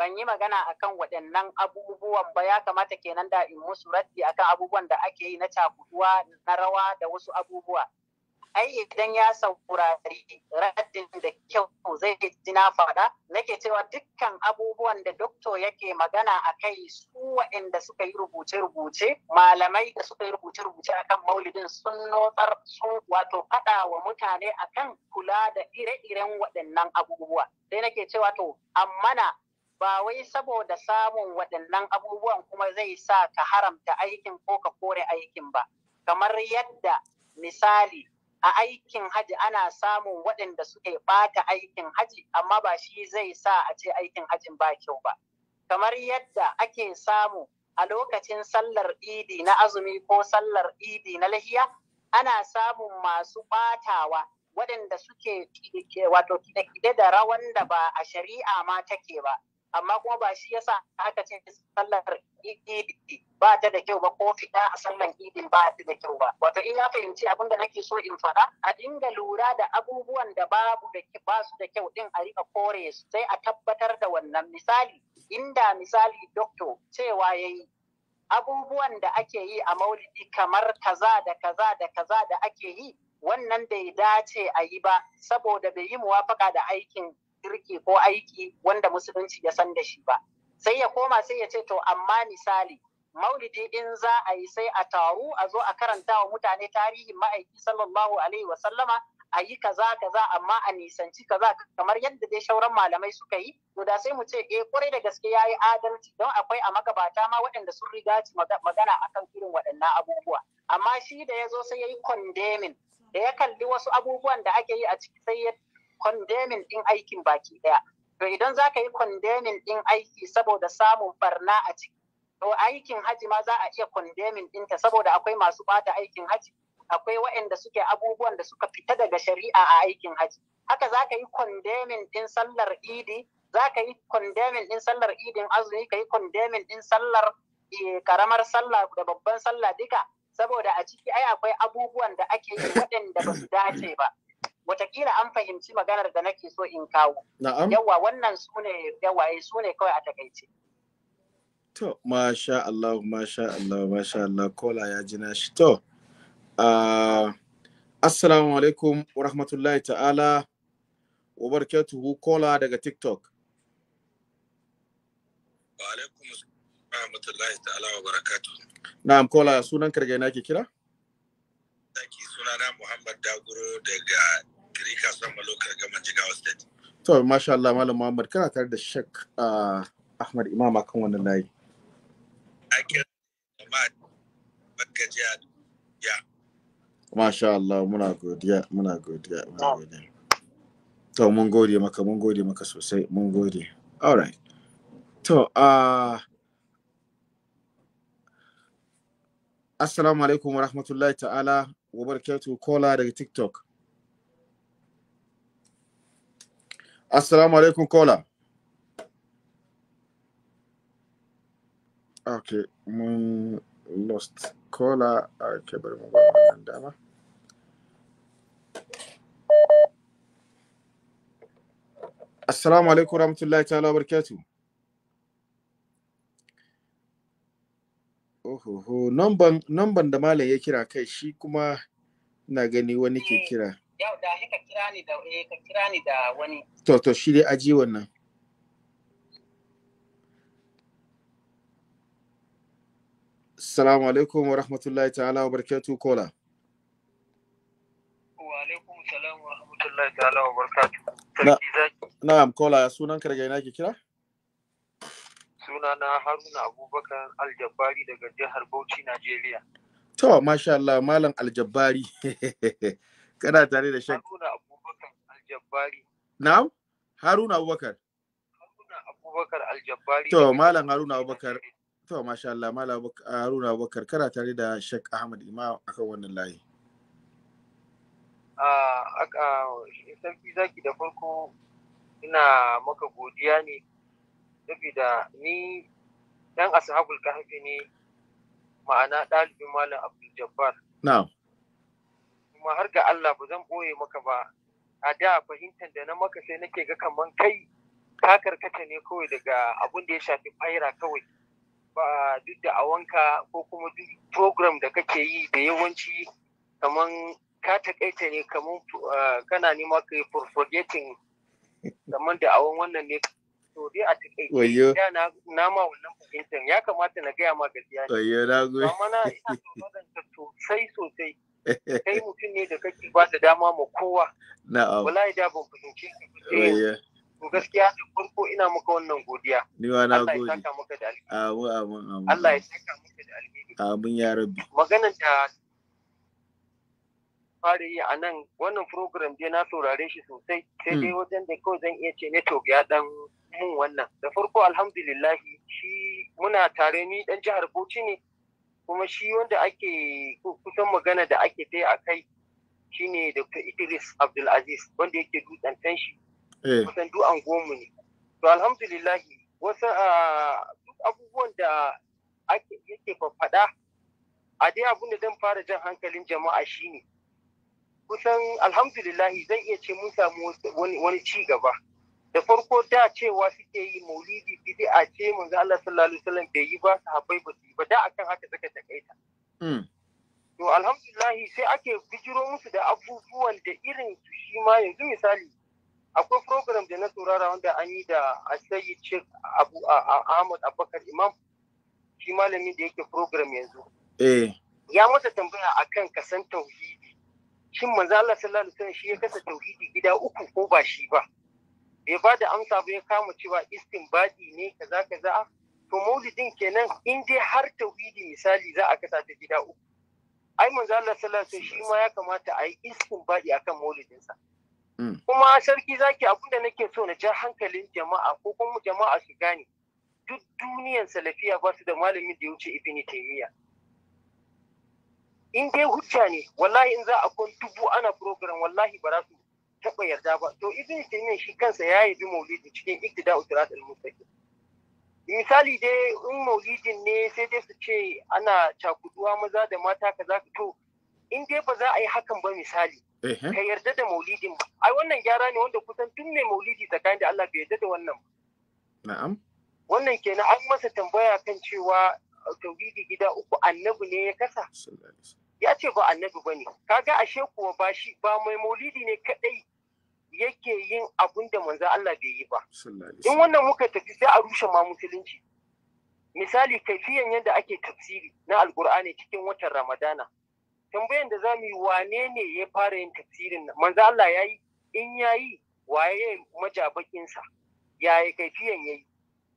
ban yi magana akan waɗannan abubuwan ba ya kamata kenan da in musu raddi akan abubuwan da ake yi na cakuduwa na rawa da wasu abubuwa ai idan ya saurari raddin da kyau zai ji na faɗa nake cewa dukkan abubuwan da doktor yake magana a kai su waɗanda suka yi rubuce-rubuce malamai da suka yi rubuce-rubuce akan maulidin sun notar sun wato faɗa wa mutane akan kula da ire-iren waɗannan abubuwa sai nake cewa to ammana ba wai saboda samun waɗannan abubuwan kuma zai sa ka haramta aikin ko ka kore aikin ba kamar yadda misali a aikin haji ana samun waɗanda suke ɓata aikin haji amma ba shi zai sa a ce aikin hajin ba kyau ba kamar yadda ake samu a lokacin sallar idi na azumi ko sallar idi na lahiya ana samun masu ɓatawa waɗanda suke wato kide-kide da rawan da ba a shari'a ma take ba amma kuma ba shi yasa aka ce sallar idi ba ta da kyau ba ko fita a sallar idi ba ta da kyau ba wato in ya fahimci abin da nake so in faɗa a dinga lura da abubuwan da babu da ba su da kyau din a rika kore su sai a tabbatar da wannan misali inda misali doctor cewa yayi abubuwan da ake yi a maulidi kamar kaza da kaza da kaza da ake yi wannan bai dace a yi ba saboda bai yi muwafaka da aikin girki ko aiki wanda musulunci ya san da shi ba sai ya koma sai ya ce to amma misali maulidi in za a yi sai a taru a zo a karanta wa mutane tarihin ma'aiki sallallahu alaihi wa sallama a yi kaza kaza amma a nisanci kaza kamar yadda dai shauran malamai suka yi to da sai mu ce e eh, kwarai da gaske ya yi adalci don akwai a magabata ma waɗanda sun riga ci magana akan irin waɗannan abubuwa amma shi da ya zo sai yayi condemning da ya kalli wasu abubuwan da ake yi a ciki sai ya condemning din aikin baki daya to idan za ka yi condemning din aiki saboda samun barna a ciki to aikin haji ma za a iya condemning dinta saboda akwai masu bata aikin haji akwai waɗanda suke abubuwan da suka fita daga shari'a a aikin haji haka za ka yi condemning din sallar idi za ka yi condemning din sallar idin azumi ka yi condemning din sallar eh, karamar sallah da babban sallah duka saboda a ciki ai akwai abubuwan da ake yi waɗanda ba su dace ba Wataƙila an fahimci maganar da nake so in kawo. Yawwa Yawa wannan su ne yawa eh, su ne kawai a takaice. To, masha Allah, masha Allah, masha Allah, kola ya ji nashi. To, uh, assalamu alaikum wa rahmatullahi ta'ala wa barakatuhu kola daga TikTok. Wa alaikum wa rahmatullahi ta'ala wa barakatuhu. Na'am, kola sunan karga na ke kira? Daki sunana Muhammad Daguro daga Kirika Sama Lokal Gaman Jigawa State. To, masha Allah, Malam Muhammad, kana tare da Shek uh, Ahmad Imam akan wannan layi. Akin Ahmad Bagajiya ya. Masha Allah, muna godiya, muna godiya, muna ah. godiya. To, mun gode maka, mun gode maka sosai, mun gode. All right. To, uh, Assalamu alaikum wa rahmatullahi ta'ala wa barakatuhu kola daga tiktok assalamu alaikum kola okay mun lost kola okay dama assalamu alaikum ta'ala wa Ohoho, namban da malam ya kira kai shi kuma na gani wani ke eh, kira. Yau da ka kira ni da eh, ka kira ni da wani. To to shi dai aji wannan. Assalamu alaikum wa rahmatullahi ta'ala wa barakatuh kola. Wa alaikum salam wa rahmatullahi ta'ala wa barakatuh. Na'am kola sunan karga daga ina ke kira? Suna na Haruna Abubakar aljabari daga jihar Bauchi, Najeriya. To, masha Allah, Malam aljabari Kana tare da shan… Haruna Abubakar aljabari Na'am? Haruna Abubakar. Haruna Abubakar aljabari To, Malam Haruna Abubakar. To, masha Allah, Malam ah, Haruna Abubakar, kana tare da shak Ahmad Imam akan wannan layi. Ah, A sarki zaki da farko ina maka godiya ne saboda ni dan ashabul kahfi ne ma'ana ɗalibin malam abdul jabbar kuma har ga Allah ba zan boye maka ba a da fahimtar da na maka sai nake ga kaman kai ka karkata ne kawai daga abun da ya shafi faira kawai ba duk da awanka ko kuma duk program da kake yi da yawanci kaman ka takaita ne kaman ah, kana nema ka yi forgetting kaman da awon wannan ne to dai a take wayo na na ma wannan fahimtar ya kamata na gaya ma gaskiya ne wayo na go amma na ina tsoron sosai sosai kai mutum ne da kake ba da dama ma kowa na'am wallahi da ban fahimce ka wayo to gaskiya da farko ina maka wannan godiya ni ma na gode Allah ya saka maka da alheri amin amin Allah ya saka maka da alheri amin ya rabbi maganar da fara yi a nan wannan program dai na saurare shi sosai sai dai hmm. wajen da kawai zan iya ce network ya dan mun wannan da farko alhamdulillahi shi muna tare ni dan jihar Bauchi ne kuma shi wanda ake kusan magana da ake tai a kai shine Dr. Idris Abdulaziz wanda yake dutsen tanshi eh. kusan du an gomu ne to alhamdulillahi wasu ah, duk abubuwan da ake yake faɗa a dai abin da zan fara jan hankalin jama'a shine kusan alhamdulillahi zan iya ce mun samu wani ci gaba da farko da cewa suke yi maulidi a ce manzo Allah sallallahu alaihi wasallam bai yi ba habai ba su yi ba da akan haka suka takaita hmm. to alhamdulillah sai ake bijiro musu da abubuwan da irin su shi ma yanzu misali akwai program da na saurara wanda an yi da Asayi ce Abu Ahmad Abubakar Imam shi malamin da yake program yanzu eh. ya masa tambaya akan kasan tauhidi shin manzo Allah sallallahu alaihi wasallam shi ya kasa tauhidi gida uku ko ba shi ba bai ba da amsa ba ya kama cewa istinbadi ne kaza kaza to maulidin kenan in dai har tauhidi misali za a kasa ta gida uku ai manzo Allah sallallahu alaihi shi ma ya kamata a yi baɗi akan maulidin sa mm. kuma sarki zaki abinda nake so na ja hankalin jama'a ko kuma jama'a su gane duk duniyar salafiya ba su da malamin da ya wuce ibn taymiya in dai hujja ne wallahi in za a kon dubu ana program wallahi ba za su taɓa yarda ba to ibn taymiya shi kansa ya yi maulidi cikin iktida a al-mustaqim misali dai in maulidin ne sai dai su ce ana cakuduwa maza da mata kaza to in dai ba za a yi hakan ba misali ka yarda da maulidin ba ai wannan gyara ne wanda kusan tun mai maulidi tsakanin da Allah bai yarda da wannan ba na'am wannan kenan an masa tambaya kan cewa uh, tauhidi gida uku annabi ne ya kasa ya ce ba annabi ba ne kaga ashe kuwa ba shi ba mai maulidi ne kadai yake yin abun da manzo Allah bai yi ba in wannan muka tafi sai a rushe ma musulunci misali kaifiyan yadda ake tafsiri na alkur'ani cikin watan ramadana tambayan da za mu yi wane ne ya fara yin tafsirin nan manzo Allah ya yi in ya yi waye majabakinsa yaya kaifiyan ya yi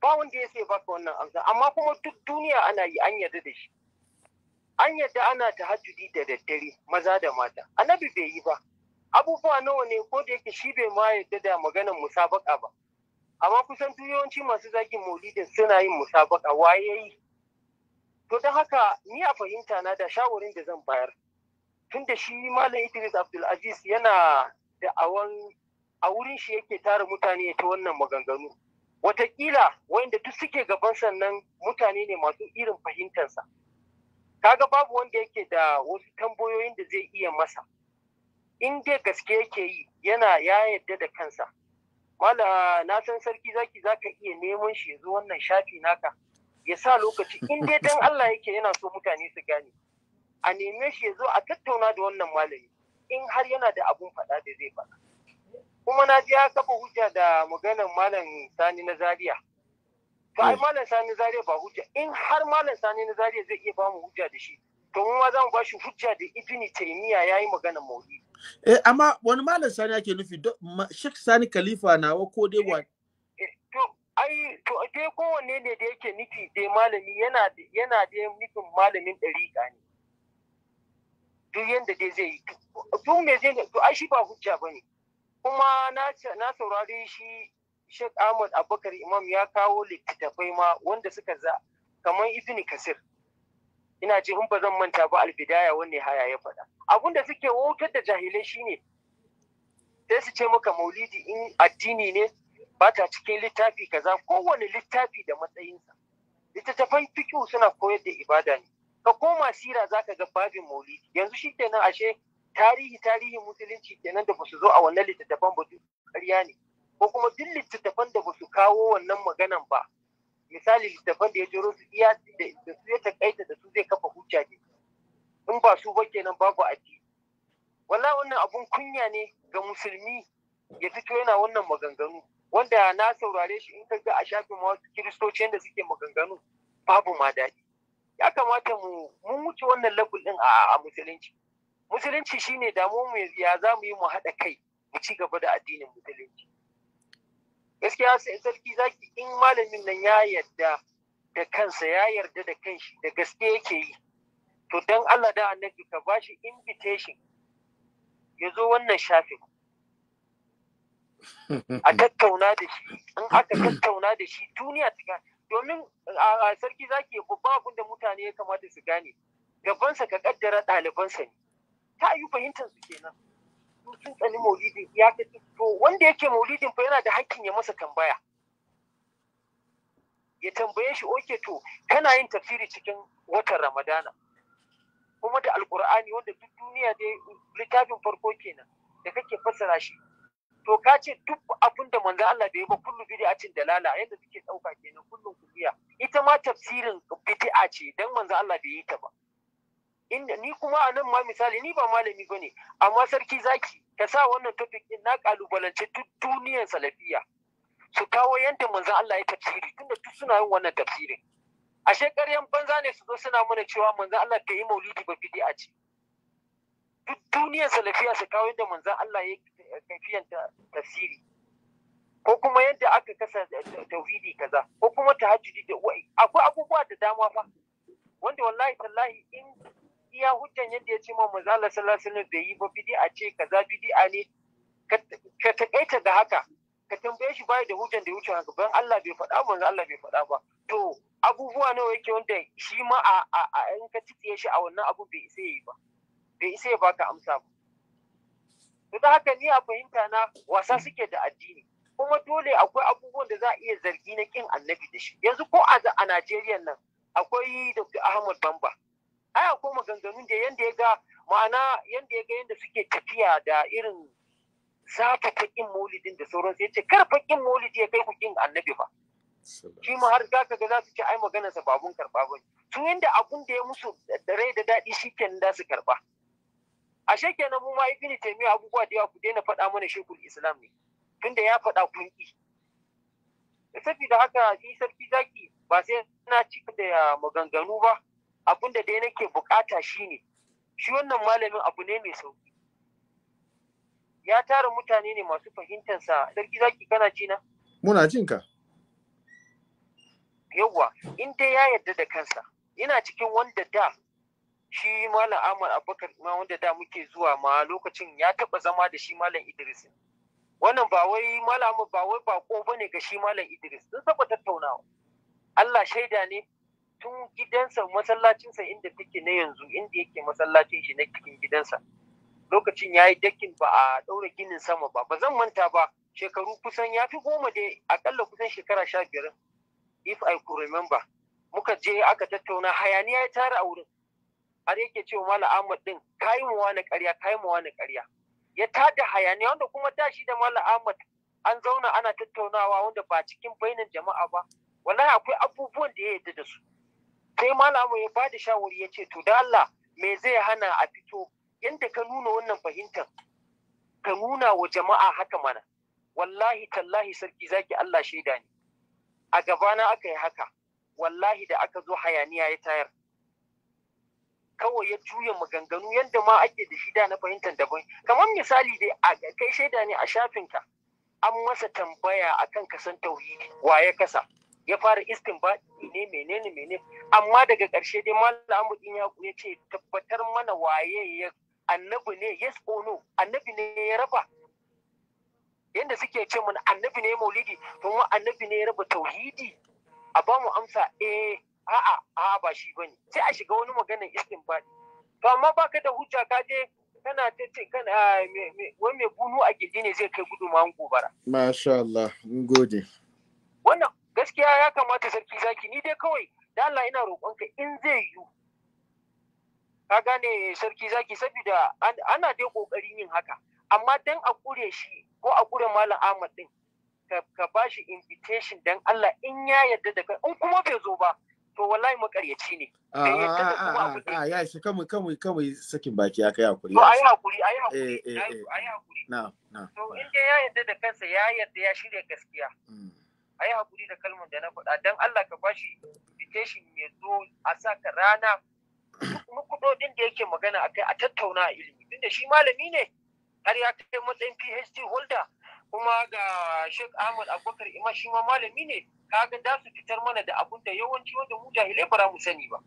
ba wanda ya sai baka wannan amsa amma kuma duk duniya ana yi an yarda da shi an yarda ana tahajjudi da daddare maza da mata annabi bai yi ba abubuwa nawa ne ko da yake shi bai ma yadda da maganar musabaka ba amma kusan duk masu zagin maulidin suna yin musabaka waye yi to don haka ni a fahimta na da shawarin da zan bayar tun da shi malam idris abdulaziz yana da awon a wurin shi yake tara mutane ta wannan maganganu watakila wanda duk suke gaban sannan mutane ne masu irin fahimtarsa kaga babu wanda yake da wasu tambayoyin da zai iya masa in dai gaske yake yi yana ya yadda da kansa mala na san sarki zaki zaka iya neman shi zo wannan shafi naka ya sa lokaci in dai dan Allah yake yana so mutane su gane a neme shi zo a tattauna da wannan malami in har yana da abun faɗa da zai faɗa kuma na ji ya kafa hujja da maganar malam sani na zaria to ai malam sani zaria ba hujja in har malam sani na zaria zai iya ba mu hujja da shi to mu ma za mu ba shi hujja da ibni taymiya yayi maganar maulidi Eh, amma wani malam sani ake nufi shek sani khalifa wa ko dai eh, wa eh, To ai to dai kowanne ne da yake nufi dai malami yana yana da nufin malamin dariqa ne duk yanda dai zai yi duk me zai to ai shi ba hujja bane kuma na na saurare shi Sheikh Ahmad Abubakar Imam ya kawo littattafai ma wanda suka za kamar Ibn Kasir ina ce in ba zan manta ba alfidaya wanne haya ya faɗa abun da suke wautar da jahilai shine sai su ce maka maulidi in addini ne ba ta cikin littafi kaza kowane littafi da matsayinsa littattafan fiƙu suna koyar da ibada ne ka koma sira zaka ga babin maulidi yanzu shi kenan ashe tarihi tarihin musulunci kenan da basu zo a wannan littattafan ba ƙarya ne ko kuma duk littattafan da basu kawo wannan maganan ba misali littafan da ya jero su iya da su ya takaita da su zai kafa hujja ne in ba su ba kenan babu addini walla wannan abun kunya ne ga musulmi ya fito yana wannan maganganu wanda na saurare shi in ka ga a shafin wasu kiristocin da suke maganganu babu ma daɗi ya kamata mu mun wuce wannan labul din a musulunci musulunci shine damuwa mu ya za mu yi mu haɗa kai mu ci gaba da addinin musulunci gaskiya sarki zaki in malamin nan ya yarda da kansa ya yarda da kanshi da gaske yake yi to don Allah da annabi ka ba shi invitation ya zo wannan shafin a tattauna da shi in aka tattauna da shi duniya ta gane domin a sarki zaki ya abin da mutane ya kamata su gane gabansa ka kaddara ɗalibansa ne ta yi fahimtar su kenan sun tsani maulidin ya kaci to wanda yake maulidin fa yana da hakkin ya masa tambaya ya tambaye shi oke to kana yin tafsiri cikin watan ramadana kuma da alkur'ani wanda duk duniya da littafin farko kenan da kake fassara shi to ka ce duk abin da manzon Allah da ya ba kullu bid'atin dalala yadda suke ɗauka kenan kullun kuliya ita ma tafsirin bid'a ce dan manzon Allah bai yi ta ba inda ni kuma a nan ma misali ni ba malami ba ne. amma sarki zaki ka sa wannan topic din na kalubalance duk duniyar salafiya su kawo yanda manzon Allah ya tafsiri tunda duk suna yin wannan tafsirin ashe ƙaryan banza ne su zo suna mana cewa manzon Allah ka yi maulidi ba a ce duk duniyar salafiya su kawo yanda manzon Allah ya kafiyan tafsiri ko kuma yadda aka kasa tauhidi kaza ko kuma tahajjudi da akwai abubuwa da dama fa wanda wallahi tallahi in iya hujjan yadda ya ce ma mu zala alaihi wasallam bai yi ba a ce kaza a ne ka takaita da haka ka tambaye shi bai da hujjan da ya wuce haka ban Allah bai faɗa manzo Allah bai faɗa ba to abubuwa nawa yake wanda shi ma a a in ka tsiye shi a wannan abu bai isa yi ba bai isa ya baka amsa ba to da haka ni a fahimta na wasa suke da addini kuma dole akwai abubuwan da za a iya zargi na kin annabi da shi yanzu ko a Najeriya nan akwai Dr. Ahmad Bamba ai akwai maganganun da yanda ya ga ma'ana yanda ya ga yanda suke tafiya da irin zata ta kin maulidin da sauransu ya ce kar fa kin maulidi ya kai ku kin annabi ba shi ma har za ka ga za su ce ai maganarsa babun karɓa ba su yanda abun da ya musu da rai da daɗi shi kenan za su karba ashe na mu ma ibini taimiyya abubuwa da yawa ku daina faɗa mana shekul islam ne tunda ya faɗa kun ƙi sabida haka shi sarki zaki ba sai na cika da maganganu ba abin da dai nake bukata shine shi wannan malamin abu ne mai sauki ya tara mutane ne masu fahimtansa sarki zaki kana ci na muna jin ka yawwa in dai ya yarda da kansa ina cikin wanda da shi malam Ahmad Abubakar ma wanda da muke zuwa ma lokacin ya taba zama da shi malam Idris wannan ba wai malam ba wai ko bane ga shi malam Idris sun saba tattaunawa Allah shaida ne tun gidansa masallacinsa inda take na yanzu inda yake masallacin shi na cikin gidansa lokacin ya yi dakin ba a ɗaura ginin sama ba ba zan manta ba shekaru kusan ya fi goma dai akalla kusan shekara sha biyar if I could remember muka je aka tattauna hayaniya ya tara a wurin har yake cewa Malam Ahmad din kayi mawa na ƙarya kayi mawa na ƙarya ya tada hayaniya wanda kuma tashi da Malam Ahmad an zauna ana tattaunawa wanda ba cikin bainan jama'a ba wallahi akwai abubuwan da ya yarda da su sai malamin ya ba da shawari ya ce to da Allah me zai hana a fito yadda ka nuna wannan fahimtar ka nuna wa jama'a haka mana wallahi tallahi sarki zaki Allah shaida ne a gabana aka yi haka wallahi da aka zo hayaniya ya tayar kawai ya juya maganganu yadda ma ake da shida na fahimtar daban kamar misali dai a kai shaida ne a shafinka an masa tambaya akan kasan tauhidi wa ya kasa ya fara ba ne menene menene amma daga ƙarshe dai malam amudin ya ya ce tabbatar mana waye ya annabi ne yes or no annabi ne ya raba yadda suke ce mana annabi ne maulidi to mu annabi ne ya raba tauhidi a ba mu amsa eh a'a a ba shi bane sai a shiga wani maganar ne. to amma baka da hujja ka je kana ta ce kana ah, wani mai bunu a gidi ne zai kai gudu ma gobara masha Allah gode wannan gaskiya ya kamata sarki zaki ni dai kawai da Allah ina roƙonka in zai yi ka gane sarki zaki saboda ana dai ƙoƙarin yin haka amma dan a kure shi ko a kure malam Ahmad din ka ba shi invitation dan Allah in ya yarda da kai in kuma bai zo ba to wallahi makaryaci ne ah, a ah, ah, ya shi kamar kamar kamar sakin baki aka yi hakuri eh, eh, ayi eh, hakuri ayi hakuri ayi hakuri na na to in ya yarda da kansa ya yarda ya shirya gaskiya mm. a yi haƙuri da kalmar da na faɗa don Allah ka bashi invitation ya zo a saka rana nukudodin da yake magana a kai a tattauna ilimi tunda shi malami ne har ya kai matsayin PhD holder kuma ga Sheikh Ahmad Abubakar Ima shi ma malami ne kaga da su fitar mana da abun da yawanci wanda mu jahilai ba mu sani ba.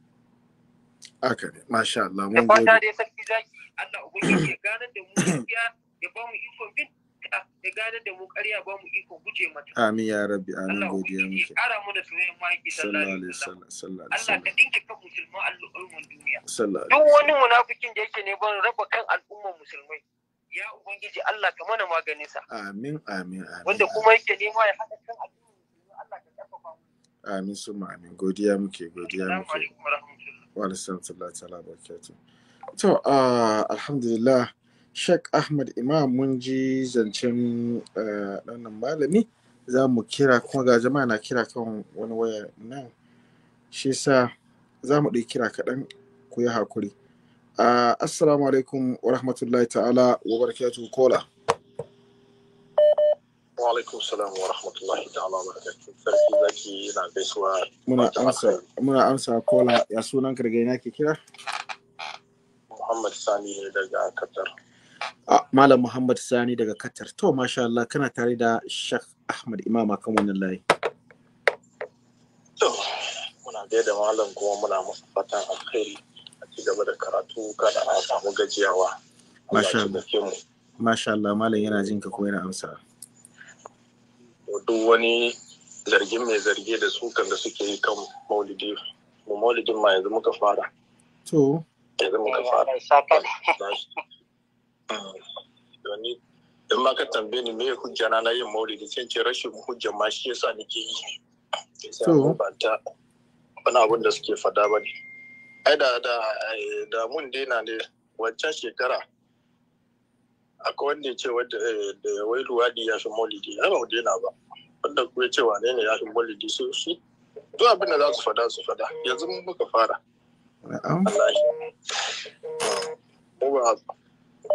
Aka ne, masha Allah mun gode. Da fata ya sarki zaki Allah ubangiji ya ganar da mu ya ba mu ikon bin bid'a ya gane da mu ƙarya ba mu iko guje mata amin ya rabbi amin godiya miki ara mu da soyayyen maki sallallahu alaihi wasallam Allah ka dinke kan musulman al'umman duniya duk wani munafikin da yake ne ban raba kan al'ummar musulmai ya ubangiji Allah ka mana maganin sa amin amin amin wanda kuma yake nema ya haɗa kan al'ummar musulmai Allah ka karfafa mu amin suma amin godiya muke godiya muke wa alaikum warahmatullahi ta'ala barakatuh to ah, alhamdulillah Sheikh Ahmad Imam mun ji zancen ɗannan eh, malami za mu kira kuma ga jama'a na kira kan wani waya nan shi sa za mu ɗauki kira kaɗan ku yi hakuri. Ah, assalamu alaikum wa rahmatullahi ta'ala wa barakatu kola. Wa alaikum salam wa ta'ala sarki zaki na Muna amsa kola ya sunan kirgai na ke kira? Muhammad Sani ne daga Qatar. Ah, malam Muhammad Sani daga Qatar. To, masha Allah, kana tare da Sheikh Ahmad Imam kan wannan layi. To, muna da malam kuma muna masa fatan alkhairi a ci gaba da karatu kada a samu gajiyawa. Masha Allah. Masha Allah, malam yana jin ka kuma yana amsa. Duk wani zargin mai zarge da sukan da suke yi kan maulidi, mu maulidin ma yanzu muka fara. To. Yanzu muka fara. Ah, in ma ka tambaye ni me hujja na na yin maulidi sai ce rashin hujja ma shi yasa nake yi. So. Ba ta wani abun da suke fada ba ne. Ai da da da mun na ne wancan shekara akwai wanda ya ce eh, da wai luwadi ya fi maulidi ai ba mu na ba. Wanda kuma ya ce wane ne ya fi maulidi su su duk abin da za su fada su fada yanzu mun muka fara. Na'am. Wallahi. Mu ba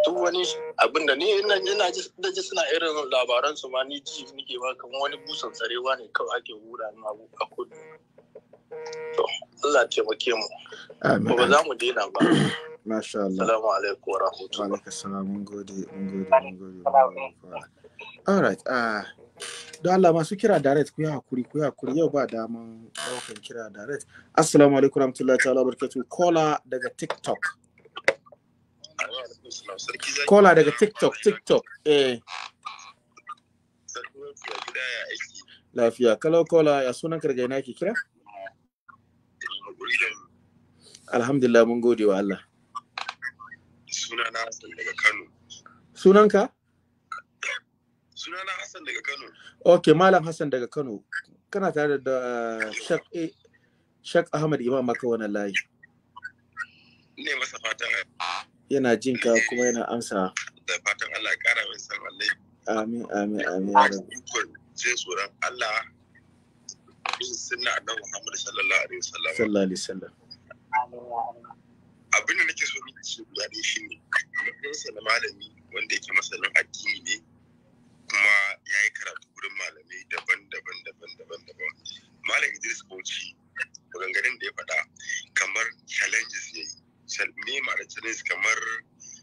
duk wani abin da ni ina ji suna irin labaran su ma ni ji nike ba kamar wani busan sarewa ne kawai ake hura na abu a kudu to Allah taimake mu amin ba za mu daina ba masha Allah assalamu alaikum wa rahmatullahi wa alaikum assalam mun gode mun gode mun gode all right ah don Allah masu kira direct ku yi hakuri ku yi hakuri yau ba daman daukan kira direct assalamu alaikum rahmatullahi wa barakatuh caller daga tiktok salam sarki zaki kola daga tiktok tiktok eh lafiya kalau kola ya sunan karga ina ke kira alhamdulillah mun gode wa Allah sunana Hassan daga Kano sunanka sunana Hassan daga Kano okay malam Hassan daga Kano kana tare da Shak eh, Shak eh, Ahmad Imam maka wannan layi ne masa fatan yana jin ka kuma yana amsa da fatan Allah ya kara mai salwalle. amin amin amin ya rabu Je tsoron Allah bisa sunna annabi Muhammad sallallahu alaihi wasallam sallallahu alaihi wasallam abin da nake so mu ci guda ɗaya shi ne matsayin na malami wanda yake masanin addini ne kuma ya yi karatu gurin malamai daban-daban daban-daban daban malam Idris Bauchi maganganun da ya faɗa kamar challenges ya yi ne tsanis kamar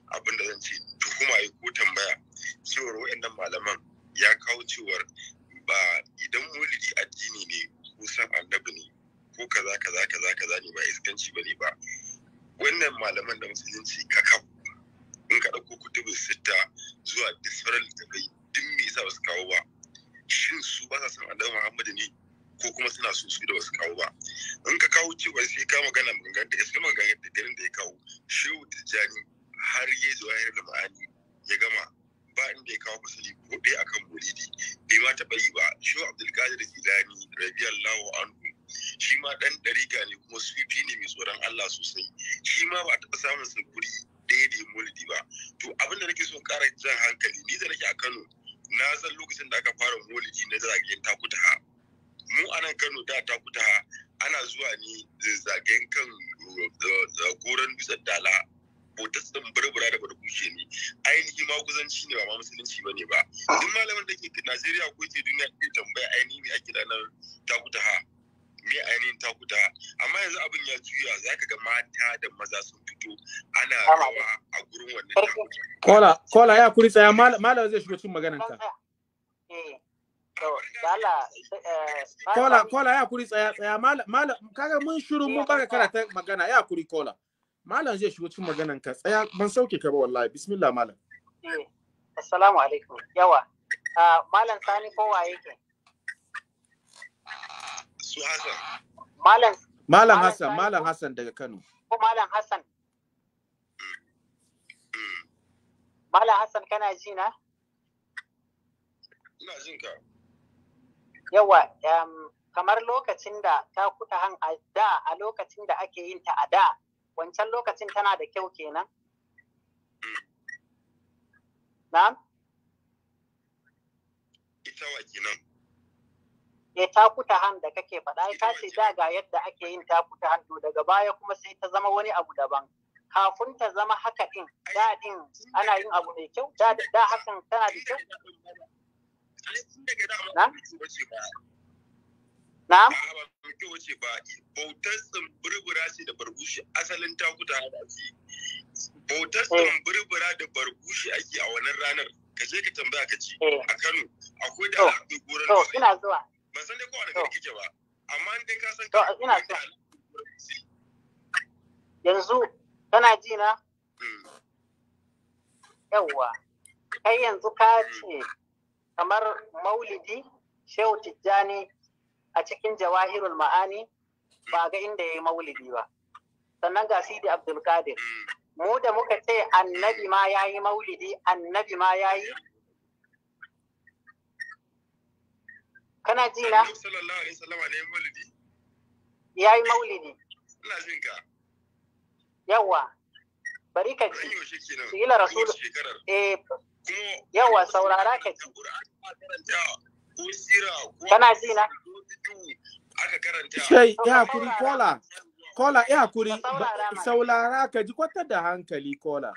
abin da zan ce tuhuma ko tambaya cewar waɗannan malaman ya kawo cewar ba idan mulidi addini ne ko san annabi ne ko kaza kaza kaza kaza ne ba iskanci bane ba wannan malaman da musulunci kaka in ka ɗauko kutubin sitta zuwa da sauran duk me yasa ba su kawo ba shin su ba sa san annabi Muhammadu ne ko kuma suna so su da wasu kawo ba in ka kawo cewa sai ka magana maganganun da sai maganganun da garin da ya kawo shehu jani har ya zo da ma'ani ya gama ba inda ya kawo fasali ko ɗaya akan bolidi bai ma taɓa yi ba shehu abdulkadir rabi allahu anhu shi ma ɗan ɗariga ne kuma sufi ne mai tsoron Allah sosai shi ma ba a taɓa samun sa dai-dai da ba to abin da nake so ƙara jan hankali ni da nake a Kano na san lokacin da aka fara molidi na ta takutaha mu anan kano da ta kuta ana zuwa ne zagen kan zagoran dutsen dala bautar tsibirbira da barkushe ne ainihi ma maguzanci ne ba ma musulunci ba ne ba duk malamin da ke najeriya ko ke duniya ke tambaya ainihi me ake ranar takuta ha me ainihin takuta amma yanzu abin ya juya za ka ga mata da maza sun fito ana rawa a gurin wannan takuta kola kola ya kuri tsaya malam zai shiga cin maganar ka Eh, kola, kola ya kuri tsaya tsaya malam kaga mun shiru mun baka karata magana ya kuri kola. Malam zai shigo cikin maganan ka tsaya ban sauke ka ba wallahi bismillah malam. Eh, assalamu alaikum. Yawa. Ah, malam Sani kowa yake? Su Hassan. Malam Malam Hassan, Malam Hassan daga Kano. Ko Malam Hassan. Mm, mm. Malam Hassan kana ji na? Ina jin ka. yawa kamar lokacin da ta kuta han a da a lokacin da ake yin ta a da wancan lokacin tana da kyau kenan na ita wa kenan ya eh, kuta han da kake faɗa ka ce da ga yadda ake yin ta kuta han to daga baya kuma sai ta zama wani abu daban kafin ta zama haka din da din ana yin abu mai kyau da hakan tana da kyau kyau ba bautar ce da barbushi asalin takuta ce bautar eh. da barbushi ake a wannan ranar ka je ka tambaya ka ci eh. a Kano akwai da to ina zuwa ban san dai ko wani ba amma in ka san ina zuwa yanzu kana ji na hmm. yawwa kai yanzu ka hmm. ce kamar maulidi shehu tijjani a cikin jawahirul ma'ani ba ga inda ya yi maulidi ba sannan ga sidi abdulkadir mu da muka ce annabi ma ya yi maulidi annabi ma ya yi kana ji na ya yi maulidi yawa bari ka ci yi la eh yawa saurara ka ji kana ji na Shai, ya hakuri kola, kola, ya hakuri, saurara ka ji kwatar da hankali kola.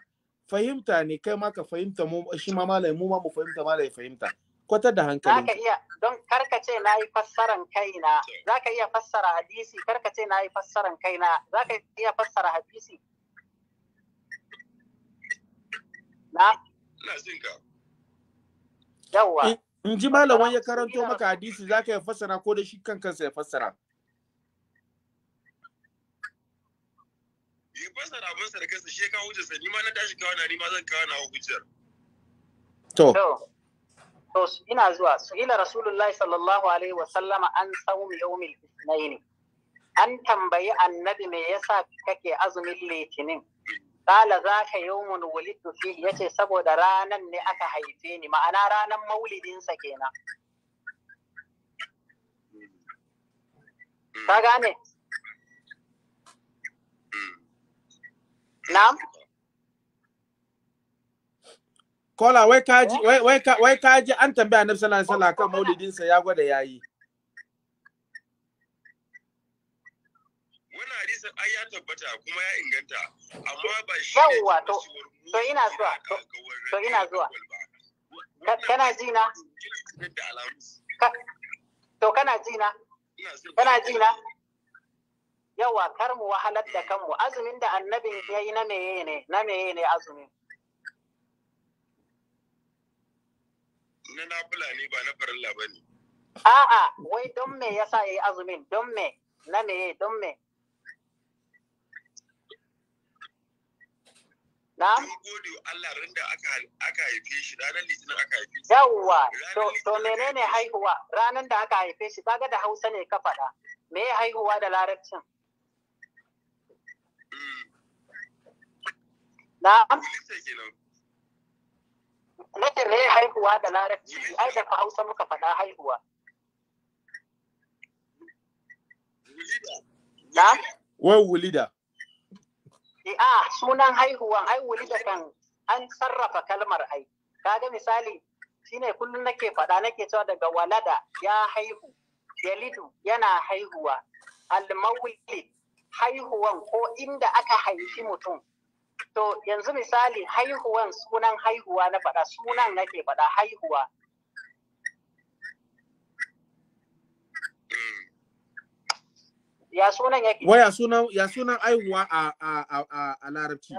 Fahimta ne, kai ma ka fahimta mu, shi ma malai, mu ma mu fahimta malai fahimta. Kwatar da hankali. Zaka iya, don karka ce na yi fassaran kaina, zaka iya fassara hadisi, karka ce na yi fassaran kaina, zaka iya fassara hadisi. Na, ina jin ka yawa in ji malamin ya karanto maka hadisi za ka ya fassara ko da shi kan kansa ya fassara yi fassara abin sa da kansa shi ya kawo hujjarsa ni ma na tashi kawana na ni ma zan kawo na hujjar to to ina zuwa su ila rasulullahi sallallahu alaihi wa sallama an saumi yawmil ithnaini an tambayi annabi me yasa kake azumin litinin Kala za ka yawmun wuliddu fi ya ce saboda ranan ne aka haife ni ma'ana ranan maulidinsa kenan. Ka gane? Na'am? Kola wai kaji an tambaya na sallallahu alaihi kan maulidinsa ya gwada yayi. hadisin ai yawwa to ina zuwa to kana ji yawa kar mu wahalar da kanmu azumin da annabin ya yi na meye ne na meye ne azumin na ba na farilla ba a'a wai don me yasa yi azumin don me na meye don me Na? Mun gode wa Allah ran da aka haife shi ranar litinin aka haife shi. Yawwa, to menene haihuwa ranar da aka haife shi kaga da Hausa ne ka faɗa. Me haihuwa da larabcin? Hmm. Na'am. Nake me haihuwa da larabci ai da Hausa muka faɗa haihuwa. Na? Wai wulida. a ah, sunan haihuwan ai da kan an sarrafa kalmar ai kaga misali shine kullun nake faɗa nake cewa daga walada ya haihu yalidu yana haihuwa almawli haihuwan ko inda aka haifi mutum to yanzu misali haihuwan sunan haihuwa na faɗa sunan nake faɗa haihuwa ya sunan yake waya sunan ya sunan a a a a larabci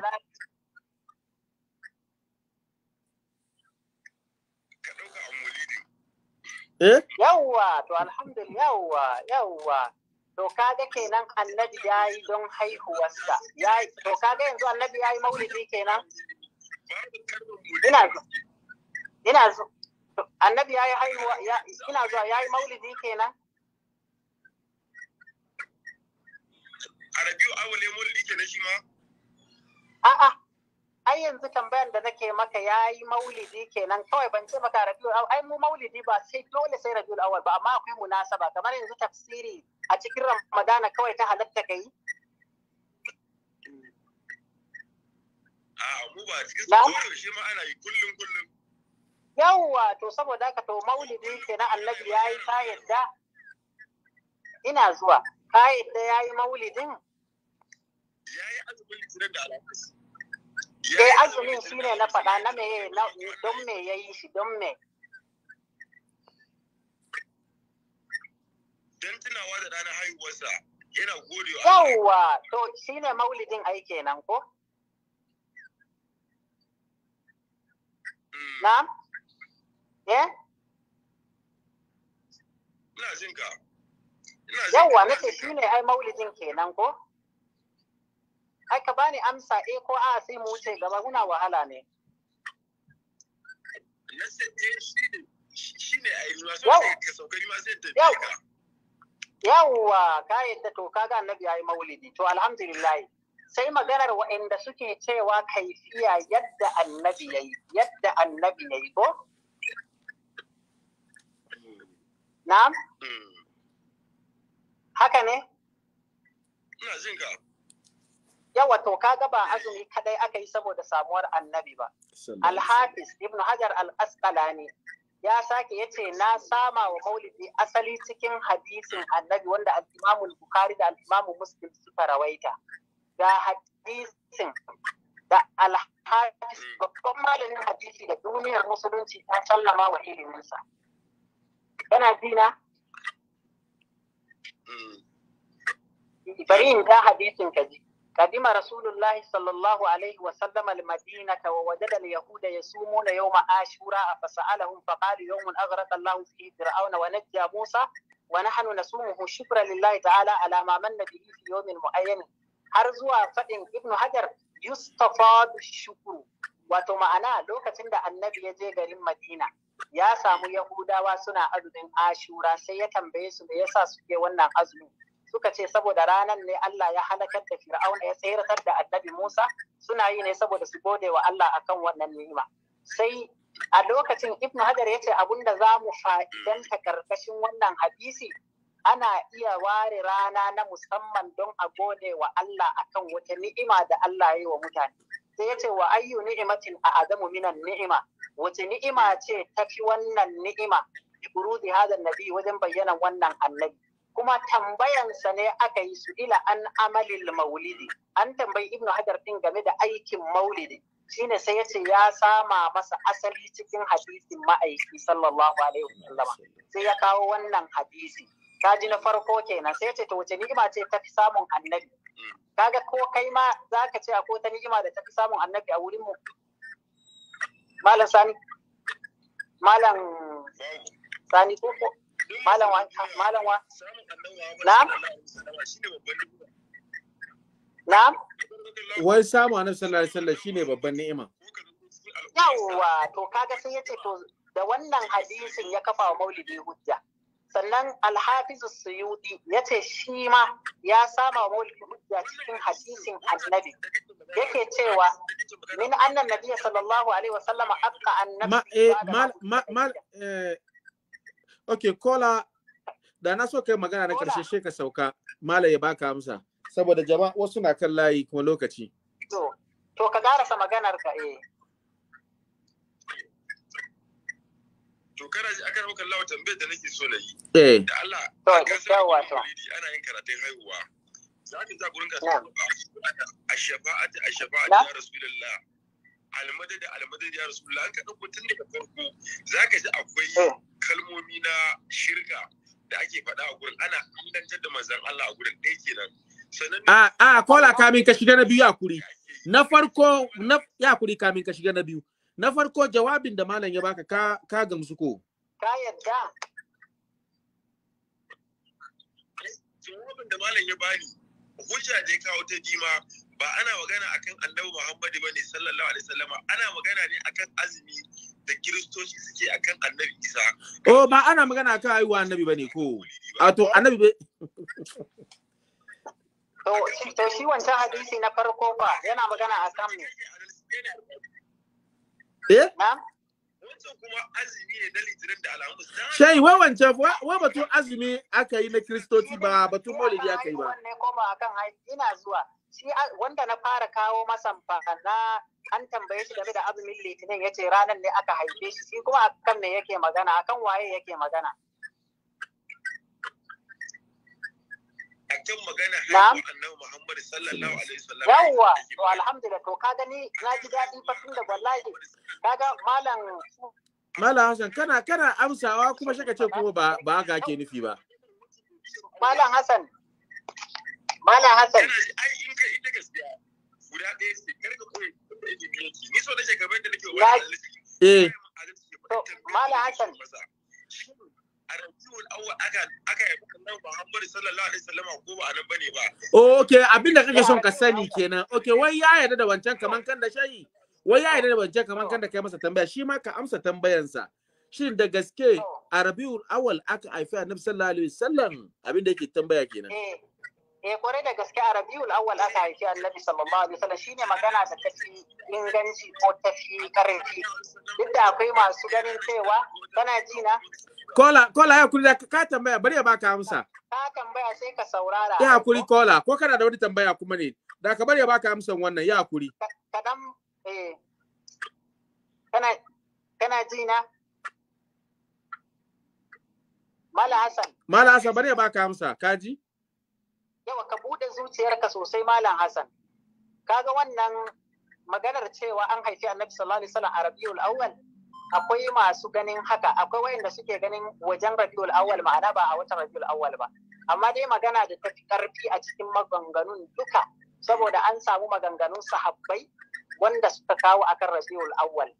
Eh? Yawwa, to alhamdulillah yawwa, yawwa. To kaga kenan annabi ya yi don haihuwarsa. Yayi, to kaga yanzu annabi ya yi maulidi kenan? Ina zo. Ina zo. Annabi haihuwa, ina zuwa ya yi maulidi kenan? a rabiu awale maulidi kenan shi ma a'a ai yanzu tambayar da nake maka ya yi maulidi kenan kawai ban ce maka rabiu ai mu maulidi ba sai dole sai rabiu awal ba amma akwai munasaba kamar yanzu tafsiri a cikin ramadana kawai ta halatta kai a'a mu ba cikin shi ma ana yi kullum kullum yawwa to saboda haka to maulidi kenan annabi yayi ta yadda ina zuwa ka yadda ya yi maulidin ya yi azumin litinin da ya azumin shi ne na faɗa na me don me ya yi shi don me don tunawa da ranar haihuwarsa yana yawwa to shi ne maulidin kenan ko mm. na? eh? ina jin ka yawwa nake shi ne ai maulidin kenan ko ai ka bani amsa eh ko a sai mu wuce gaba kuna wahala ne yawwa ka yadda to kaga annabi yayi maulidi to alhamdulillah sai maganar waɗanda suke cewa kaifiya yadda annabi ya yi, yadda annabi ya yi, ko hmm. na'am hmm. haka ne ina jin ka yawa to kaga ba azumi kadai aka yi saboda samuwar annabi ba al-hafiz ibn hajar al-asqalani ya sake ya ce na sama wa maulidi asali cikin hadisin annabi wanda al-imamu bukhari da al-imamu muslim suka rawaita ga hadisin da al hmm. babban malamin hadisi da duniyar musulunci ta sallama wa iliminsa Kana dina bari in ta hadisin ka ji قدم رسول الله صلى الله عليه وسلم المدينة ووجد اليهود يصومون يوم عاشوراء فسألهم فقال يوم أغرق الله فيه فرعون ونجى موسى ونحن نصومه شكرا لله تعالى على ما من به في يوم معين har zuwa faɗin ibnu hajar yustafadu shukuru wato ma'ana lokacin da annabi ya je garin madina ya samu Yahudawa suna azumin Ashura sai ya tambaye su da yasa suke wannan azumi suka ce saboda ranar ne Allah ya halakar da Fir'auna ya tsayarkar da Annabi Musa suna yi ne saboda su gode wa Allah akan wannan ni'ima sai a lokacin Ibn Hajar ya ce abinda za mu fa'idanta karkashin wannan hadisi ana iya ware rana na musamman don a gode wa Allah akan wata ni'ima da Allah ya yi wa mutane sai ya ce wa ayyu ni'imatin a adamu minan ni'ima wace ni'ima ce tafi wannan ni'ima burudi hada nabi wajen bayyana wannan annabi kuma tambayansa ne aka yi su ila an amalil maulidi an tambayi ibnu hajar din game da aikin maulidi shine sai ya ce ya sama masa asali cikin hadisin ma'aiki sallallahu alaihi wasallam sai ya kawo wannan hadisi kaji na farko kenan sai ce to wace ni'ima ce ta fi samun annabi mm. kaga ko kai ma za ka ce akwai ta ni'ima da ta fi samun annabi a wurin mu malam sani malam sani tuko malam wa malam wa na'am na'am wai samu annabi sallallahu alaihi wasallam shine babban ni'ima yawwa to kaga sai yace to da wannan hadisin ya kafa wa maulidi hujja sannan alhafizu suyudi ya ce shi ma ya sama mulki hujja cikin hadisin annabi yake cewa min annan nabiya sallallahu alaihi wasallam akka annabi ma eh, ma eh, okay kola da na so kai magana na karshe ka sauka mala ya baka amsa saboda jama'a wasu na kan layi kuma lokaci to to ka sa maganar ka eh to kana ji aka maka lawa tambayar da nake so na yi eh. da Allah a kasar maulidi ana yin karatun haihuwa za ka za gurin karatun a shafa'ati a shafa'ati ya rasu lallah. almadadi almadadi ya rasu lallah. an ka dauko tun daga farko za ka ji akwai eh. kalmomi na shirka da ake faɗa a gurin ana ingantar da manzon Allah a gurin ɗaya kenan ah, ah, a a kola kamin ka shiga na biyu ya kuri na farko na ya kuri kamin ka shiga na biyu na farko jawabin da malam ya baka ka ka gamsu ko ka yadda jawabin da malam ya bani hujja da ya kawo ta jima, ba ana magana akan annabi Muhammadu ne sallallahu alaihi wasallama ana magana ne akan azumi da kiristoci suke akan annabi Isa oh ba ana magana akan aiwa annabi ba ne ko a ah, to annabi be to shi wancan hadisi na farko ba yana magana akan ne eh Shai, wai wancan wai batun azumi aka yi na Kiristoci ba batun maulidi aka yi ba. ina zuwa. Shi wanda na fara kawo masa na an tambaye shi game da azumin litinin ya ce ranar ne aka haife shi shi kuma akan me yake magana akan waye yake magana. akan magana haihuwar annabi Muhammad alhamdulillah to ka gani na ji fa da wallahi kaga malam Malam Hassan kana kana amsawa kuma shaka ce kuma ba ba haka ke nufi ba Malam Hassan Malam Hassan ai in ka ita gaskiya guda Malam Hassan a rabiul abin da kake son ka sani kenan okay wai ya yarda da wancan kaman kan da shayi wai ya yarda da wancan kaman kan da kai masa tambaya shi ma ka amsa tambayansa shin da gaske a rabiul awal aka haifi annabi sallallahu alaihi wasallam abin da yake tambaya kenan eh eh kwarai da gaske a rabiul awwal aka haifi annabi sallallahu alaihi wasallam shine magana da tafi inganci ko tafi karanci duk da akwai masu ganin cewa kana ji na kola kola ya kuri da ka tambaya bari ya baka amsa ka tambaya sai ka saurara ya kuri kola ko kana da wani tambaya kuma ne da ka bari ya baka amsan wannan ya kuri kadan eh kana kana ji na Mala Hassan. Mala Hassan bari ya baka amsa, kaji? yawa ka buɗe zuciyarka sosai malam Hassan kaga wannan maganar cewa an haifi annabi sallallahu alaihi wasallam Awwal akwai masu ganin haka akwai wayanda suke ganin wajen Rabiul Awwal ma'ana ba a wata Rabiul Awwal ba amma dai magana da ta fi karfi a cikin maganganun duka saboda an samu maganganun sahabbai wanda suka kawo akan Rabiul Awwal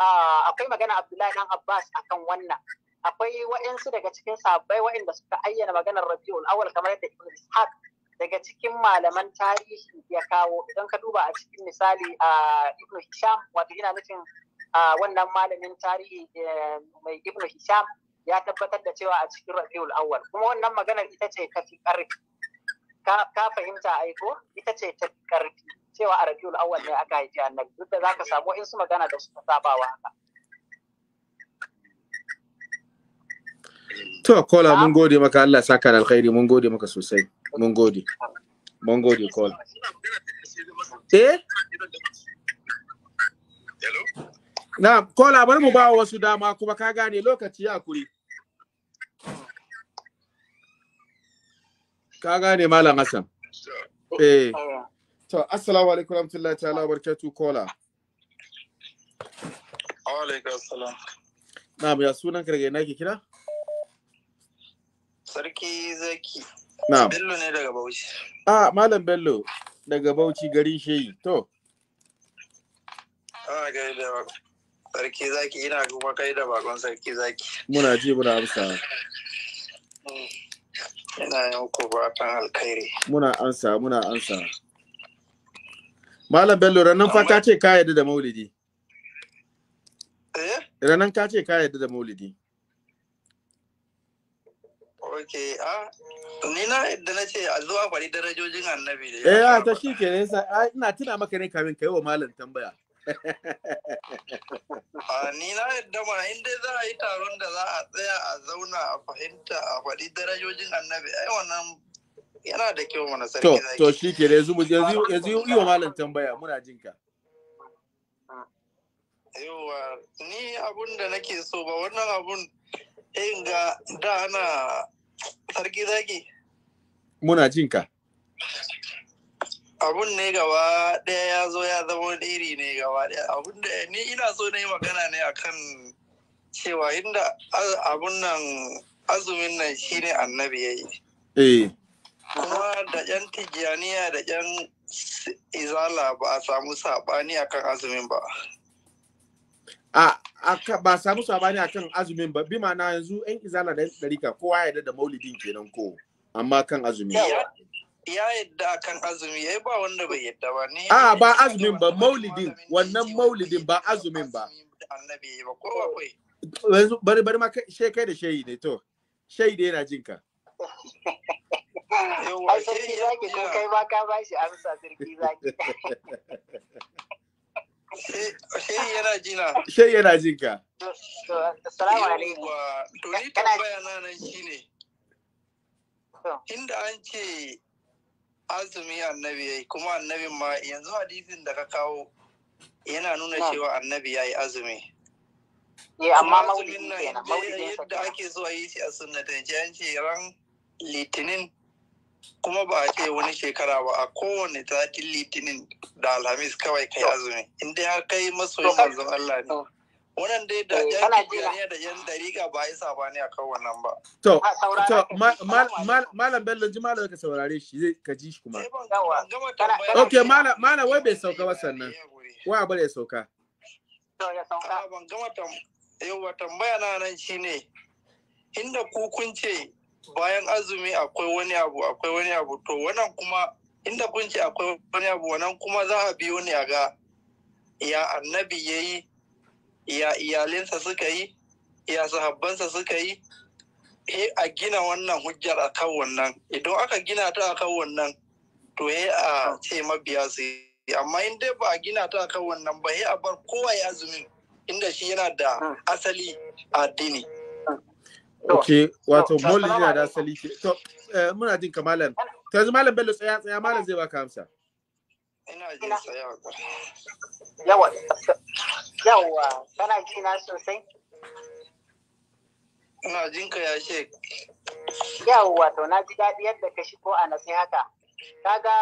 ah, akwai magana Abdullahi dan Abbas akan wannan akwai wa'insu daga cikin sabbai wa'inda suka ayyana maganar rabiul awal kamar yadda ibn ishaq daga cikin malaman tarihi ya kawo idan ka duba a cikin misali a ibn hisham wato ina nufin wannan malamin tarihi eh, mai ibn hisham ya tabbatar da cewa a cikin rabiul awal kuma wannan maganar ita ce tafi karfi ka fahimta aiko ita ce tafi karfi cewa a rabiul awal ne aka haifi annabi duk da zaka samu wa'insu magana da su ta sabawa haka To, kola mun gode maka Allah saka da alkhairi mun gode maka sosai. Mun gode. Mun gode kola. Eh? Na, kola bar mu ba wasu dama kuma ka gane lokaci ya kuri. Ka gane Malam Hassan. Eh. To, assalamu alaikum warahmatullahi ta'ala barkatu kola. Wa alaikum assalam. Na, ya sunan kira daga ina ke kira? Sarki zaki. Na. Bello ne daga Bauchi. Ah, Malam Bello daga Bauchi garin Shehi. To. Ah, gari da Sarki zaki ina kuma kai da bakon sarki zaki. Muna ji muna amsa. Ina yin ku fatan alkhairi. Muna ansa, muna ansa. Malam Bello ranan fata ce ka yadda da Maulidi. Eh? Ranan ka ce ka yadda da Maulidi. ok a ah, ni na yadda na ce a zuwa faɗi darajojin annabi da eh a ah, ta shi ke nesa ah, ina tuna maka ne kamin kai wa malam tambaya a ni na yadda ma in dai za a yi taron da za a tsaya a zauna a fahimta a faɗi darajojin annabi ai wannan yana da kyau mana sarki zaki to shi ke yanzu yanzu yi wa malam tambaya muna jin ka. yawa ni abun da nake so ba wannan abun in eh, ga da ana sarki zaki muna jin ka abun ne gaba ɗaya ya zo ya zama iri ne gaba ɗaya abun da ni ina so na yi magana ne akan cewa inda abun nan azumin nan shine annabi ya yi eh. kuma da yan tijjaniya da yan izala ba a samu saɓani akan azumin ba a ba samu sabani akan azumin ba bi ma'ana yanzu yan izala da ɗarika kowa ya yarda da maulidin kenan ko amma kan azumi ya yadda kan azumi yayi ba wanda bai yadda ba ne a ba azumin ba maulidin wannan maulidin ba azumin ba annabi ba yanzu bari bari ma she kai da shehi ne to shehi da yana jin ka ai sarki zaki ko kai ma ka bashi amsa sarki zaki Shey yana jina. Shehi yana jin ka. Salamu alaikum. Tuni tambaya na nan ne. Inda an ce azumi annabi yi kuma annabin ma yanzu hadisin da ka kawo yana nuna cewa annabi yi azumi. Eh amma maulidin kenan maulidin yadda ake zuwa yi shi a sunnatance an ce ran litinin kuma ba a ce wani shekara ba a kowane tatin litinin da alhamis kawai kai azumi inda ya kai masoyin manzon Allah ne wannan dai da yan eh, kibiyaniya da yan dariga ba yi saba ne akan wannan ba to to malam bello ji malam ka saurare shi zai ka ji shi kuma okay malam malam wai bai sauka ba sannan wai abar ya sauka ya sauka ban gama tambaya na nan shine inda ku kun ce bayan azumi akwai wani abu akwai wani abu to wannan kuma inda kun ce akwai wani abu wannan kuma za a biyo ne a ga ya annabi ya yi ya iyalinsa suka yi ya sahabbansa suka yi a gina wannan hujjar a kan wannan idan aka gina ta a kan wannan to he a ce mabiya su yi amma in dai ba a gina ta a kan wannan ba he a bar kowa ya azumi inda shi yana da asali addini. Ok, wato bol yana da asali ke. To, eh, muna jin ka malam. To yanzu malam Bello tsaya tsaya malam zai baka amsa. Ina jin tsaya Yawa. Yawa, kana ji na sosai. Ina jin ka ya shek. Yawa, to na ji daɗi yadda ka shigo a haka. Kaga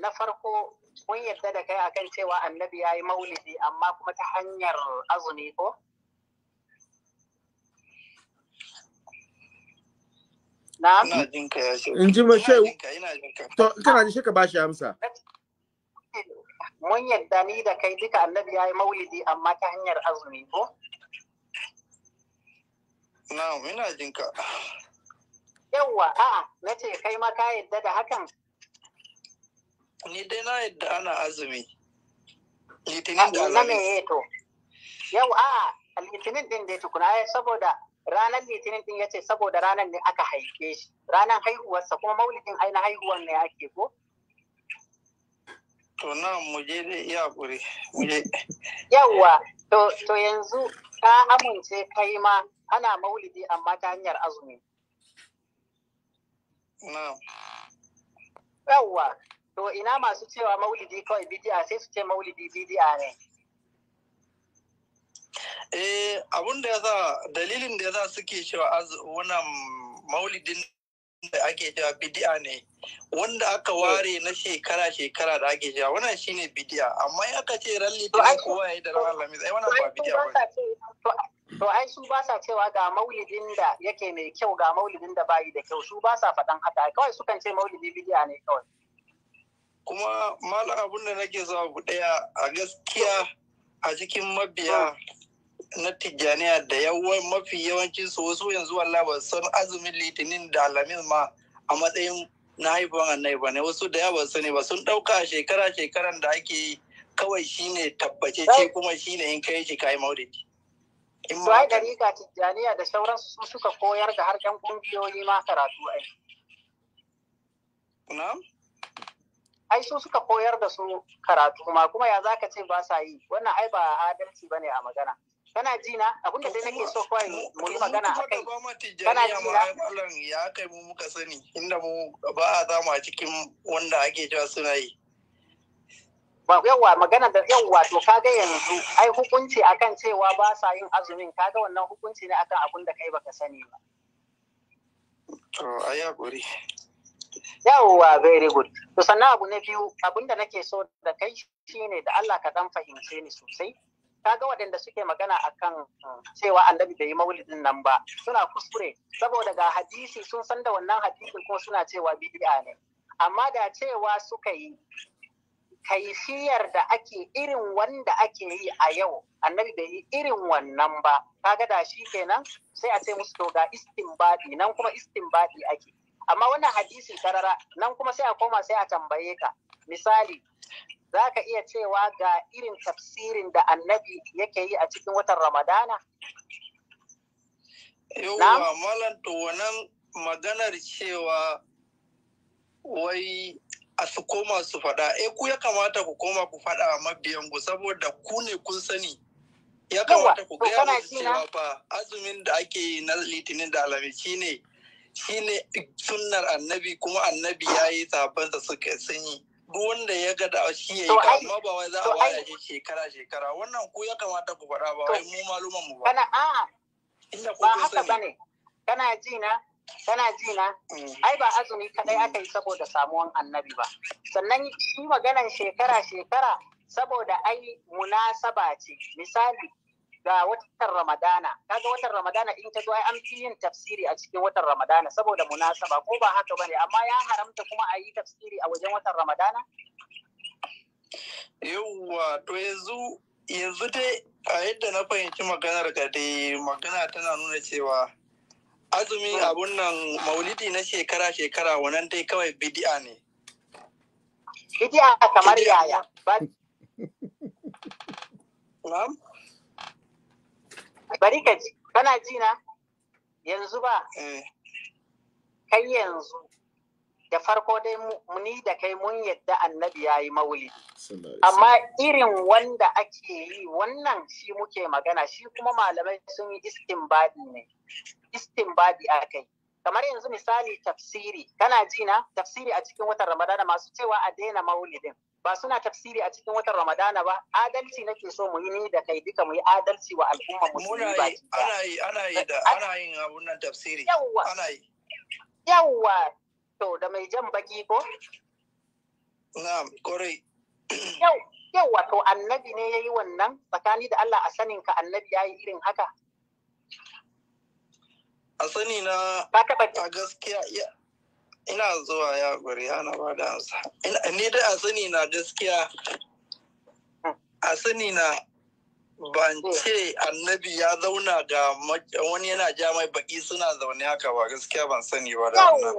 na farko mun yadda da kai akan cewa annabi ya yi maulidi amma kuma ta hanyar azumi ko? Na'am. Ina jin ka ya shehu. In ji ma shehu. Ina jin ka. To kana ji sheka bashi amsa. Mun yadda ni da kai duka Annabi ya yi maulidi amma ta hanyar azumi ko? Na'am, ina jin ka. Yawwa, a'a, ce kai ma ka yadda da hakan. Ni dai na yadda ana azumi. Litinin da Alamis. Eh, Yau a'a, litinin din dai tukuna eh, saboda ranar litinin din ya ce saboda ranar ne aka haife shi ranar haihuwarsa kuma maulidin aina haihuwar ne ake ko to na mu je iya kuri yawa to to yanzu ka amince kai ma ana maulidi amma ta hanyar azumi na yawa to ina masu cewa maulidi kawai bidi'a sai su ce maulidi bidi'a ne Eh abun da ya sa dalilin da ya sa suke cewa wannan maulidin da ake cewa bidi'a ne wanda aka ware na shekara shekara da ake cewa wannan shine bidi'a amma in aka ce ran da kowa yayi da ran alhamis ai wannan ba bidi'a ba to ai su ba sa cewa ga maulidin da yake mai kyau ga maulidin da bayi da kyau su ba sa faɗan haka kawai sukan ce maulidi bidi'a ne kawai kuma malam abun da nake zuwa ku a gaskiya a cikin mabiya na tijjaniya da yawan mafi yawancin su wasu yanzu Allah ba san azumin litinin da alamin ma a matsayin na haifuwan annai ba ne wasu da yawa sani ba sun ɗauka shekara shekaran da ake yi kawai shine tabbace ce kuma shine in kai shi kai maulidi. In gari ga tijjaniya da sauran su suka koyar da har ƴan ma karatu ai. Na'am? ai su suka koyar da su karatu ma kuma ya zaka ce ba sa yi wannan ai ba adalci bane a magana kana ji na abin da sai nake so kawai mu yi magana a kai kana ji na malam ya kai mu muka sani inda mu ba a zama a cikin wanda ake cewa suna yi ba yawa magana da yawa to kaga yanzu ai hukunci akan cewa ba sa yin azumin kaga wannan hukunci ne akan abin da kai baka sani ba to ai hakuri yawa very good to sannan abu na biyu abinda nake so da kai shine da Allah ka dan fahimce ni sosai kaga waɗanda suke magana akan mm, cewa annabi bai yi maulidin nan ba suna kuskure saboda ga hadisi sun san da wannan hadisin kuma suna cewa bid'a ne amma da cewa suka yi kaifiyar da ake irin wanda ake yi a yau annabi bai yi irin wannan ba kaga da shi kenan sai a ce musu to ga istinbadi nan kuma istinbadi ake amma wannan hadisi karara nan kuma sai a koma sai a tambaye ka misali za ka iya cewa ga irin tafsirin da annabi yake yi a cikin watan ramadana yawwa malam to wannan maganar cewa wai a su koma su fada? E, eh, ku ya kamata ku koma ku fada a mabiyan ku saboda ku ne kun sani ya kamata ku gaya musu cewa ba azumin da ake yi na litinin da alamici ne shine sunnar annabi kuma annabi ya yi sabansa suka sun yi wanda ya ga da shi ya yi amma ba wai za a waya shi shekara shekara wannan ku ya kamata ku faɗa ba wai mu maluman mu ba ba haka ba haka kana ji na kana ji na mm. ai ba azumi kadai aka yi saboda samuwan annabi ba sannan shi maganan shekara shekara saboda ai munasaba ce misali ga watan Ramadana kaga watan Ramadana in ta zo ai an fi yin tafsiri a cikin watan Ramadana saboda munasaba ko ba haka bane amma ya haramta kuma a yi tafsiri a wajen watan Ramadana yawwa to yanzu yanzu dai a yadda na fahimci maganar ka dai magana tana nuna cewa azumi hmm. abun nan maulidi na shekara shekara wannan dai kawai bidi'a ne bidi'a kamar yaya bari ka ji kana ji na yanzu ba eh. kai yanzu da farko dai ni da kai mun yadda annabi ya yi maulidi amma irin wanda ake yi wannan shi muke magana shi kuma malamai sun yi istinbadi ne istinbadi a kai kamar yanzu misali tafsiri kana ji na tafsiri a cikin watan ramadana masu cewa a daina maulidin ba suna tafsiri a cikin watan ramadana ba adalci nake so mu yi ni da kai duka mu yi adalci wa al'umma musulmi ba ana yi ana yi da ana yin tafsiri yawwa ana yi yawwa to da mai jan baki ko na'am kore yau yawwa to annabi ne yayi wannan tsakani da Allah a sanin ka annabi yayi irin haka a sani na a gaskiya ina zuwa ya guri ana ba da amsa ni dai a sani na gaskiya a sani na ban hmm. ce annabi ya zauna ga wani yana ja mai baki suna zaune haka ba gaskiya ban sani ba da wannan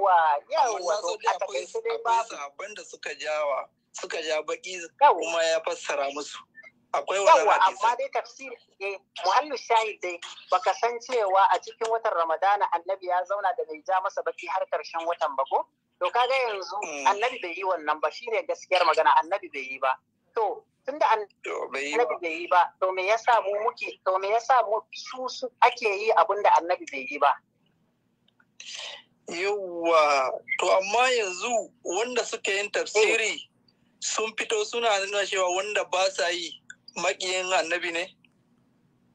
yawa yawa akwai sahabban da suka jawa suka ja baki kuma ya fassara musu akwai wannan amma dai tafsiri ne muhallu shahid dai baka san cewa a cikin watan ramadana annabi ya zauna da bai ja masa baki har karshen watan ba ko to kaga yanzu hmm. annabi bai yi wannan ba shine gaskiyar magana annabi bai yi ba to tunda annabi bai yi ba to me yasa mu muke to me yasa mu su su ake yi abinda annabi bai yi ba yawwa to amma yanzu wanda suka yin tafsiri eh. sun fito suna nuna cewa wanda ba sa yi makiyin annabi ne?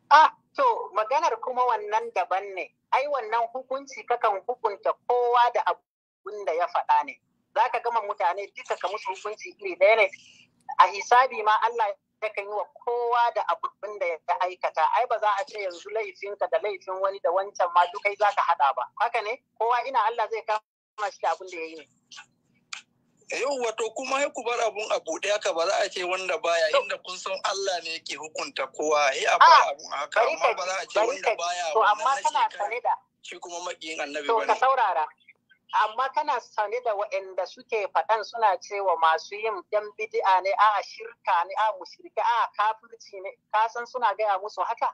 Ah, to maganar kuma wannan daban ne. Ai wannan hukunci kakan hukunta kowa da abun da ya faɗa ne. Za ka gama mutane duka ka musu hukunci iri ɗaya ne. A hisabi ma Allah yakan yi wa kowa da abun da ya aikata. Ai ba za a ce yanzu laifinka da laifin wani da wancan ma dukai za ka haɗa ba. Haka ne? Kowa ina Allah zai kama shi da abun da ya yi ne. yau wato kuma ya ku bar abun a buɗe haka ba za a ce wanda baya inda kun san Allah ne yake hukunta kowa ya eh, a bar ah, abun haka amma ba za a ce wanda baya to amma kana sane da shi kuma makiyin annabi bane to ka saurara amma kana sane da waɗanda suke faɗan suna cewa masu yin ɗan bid'a ne a shirka ne a mushrika a kafirci ne ka san suna gaya musu haka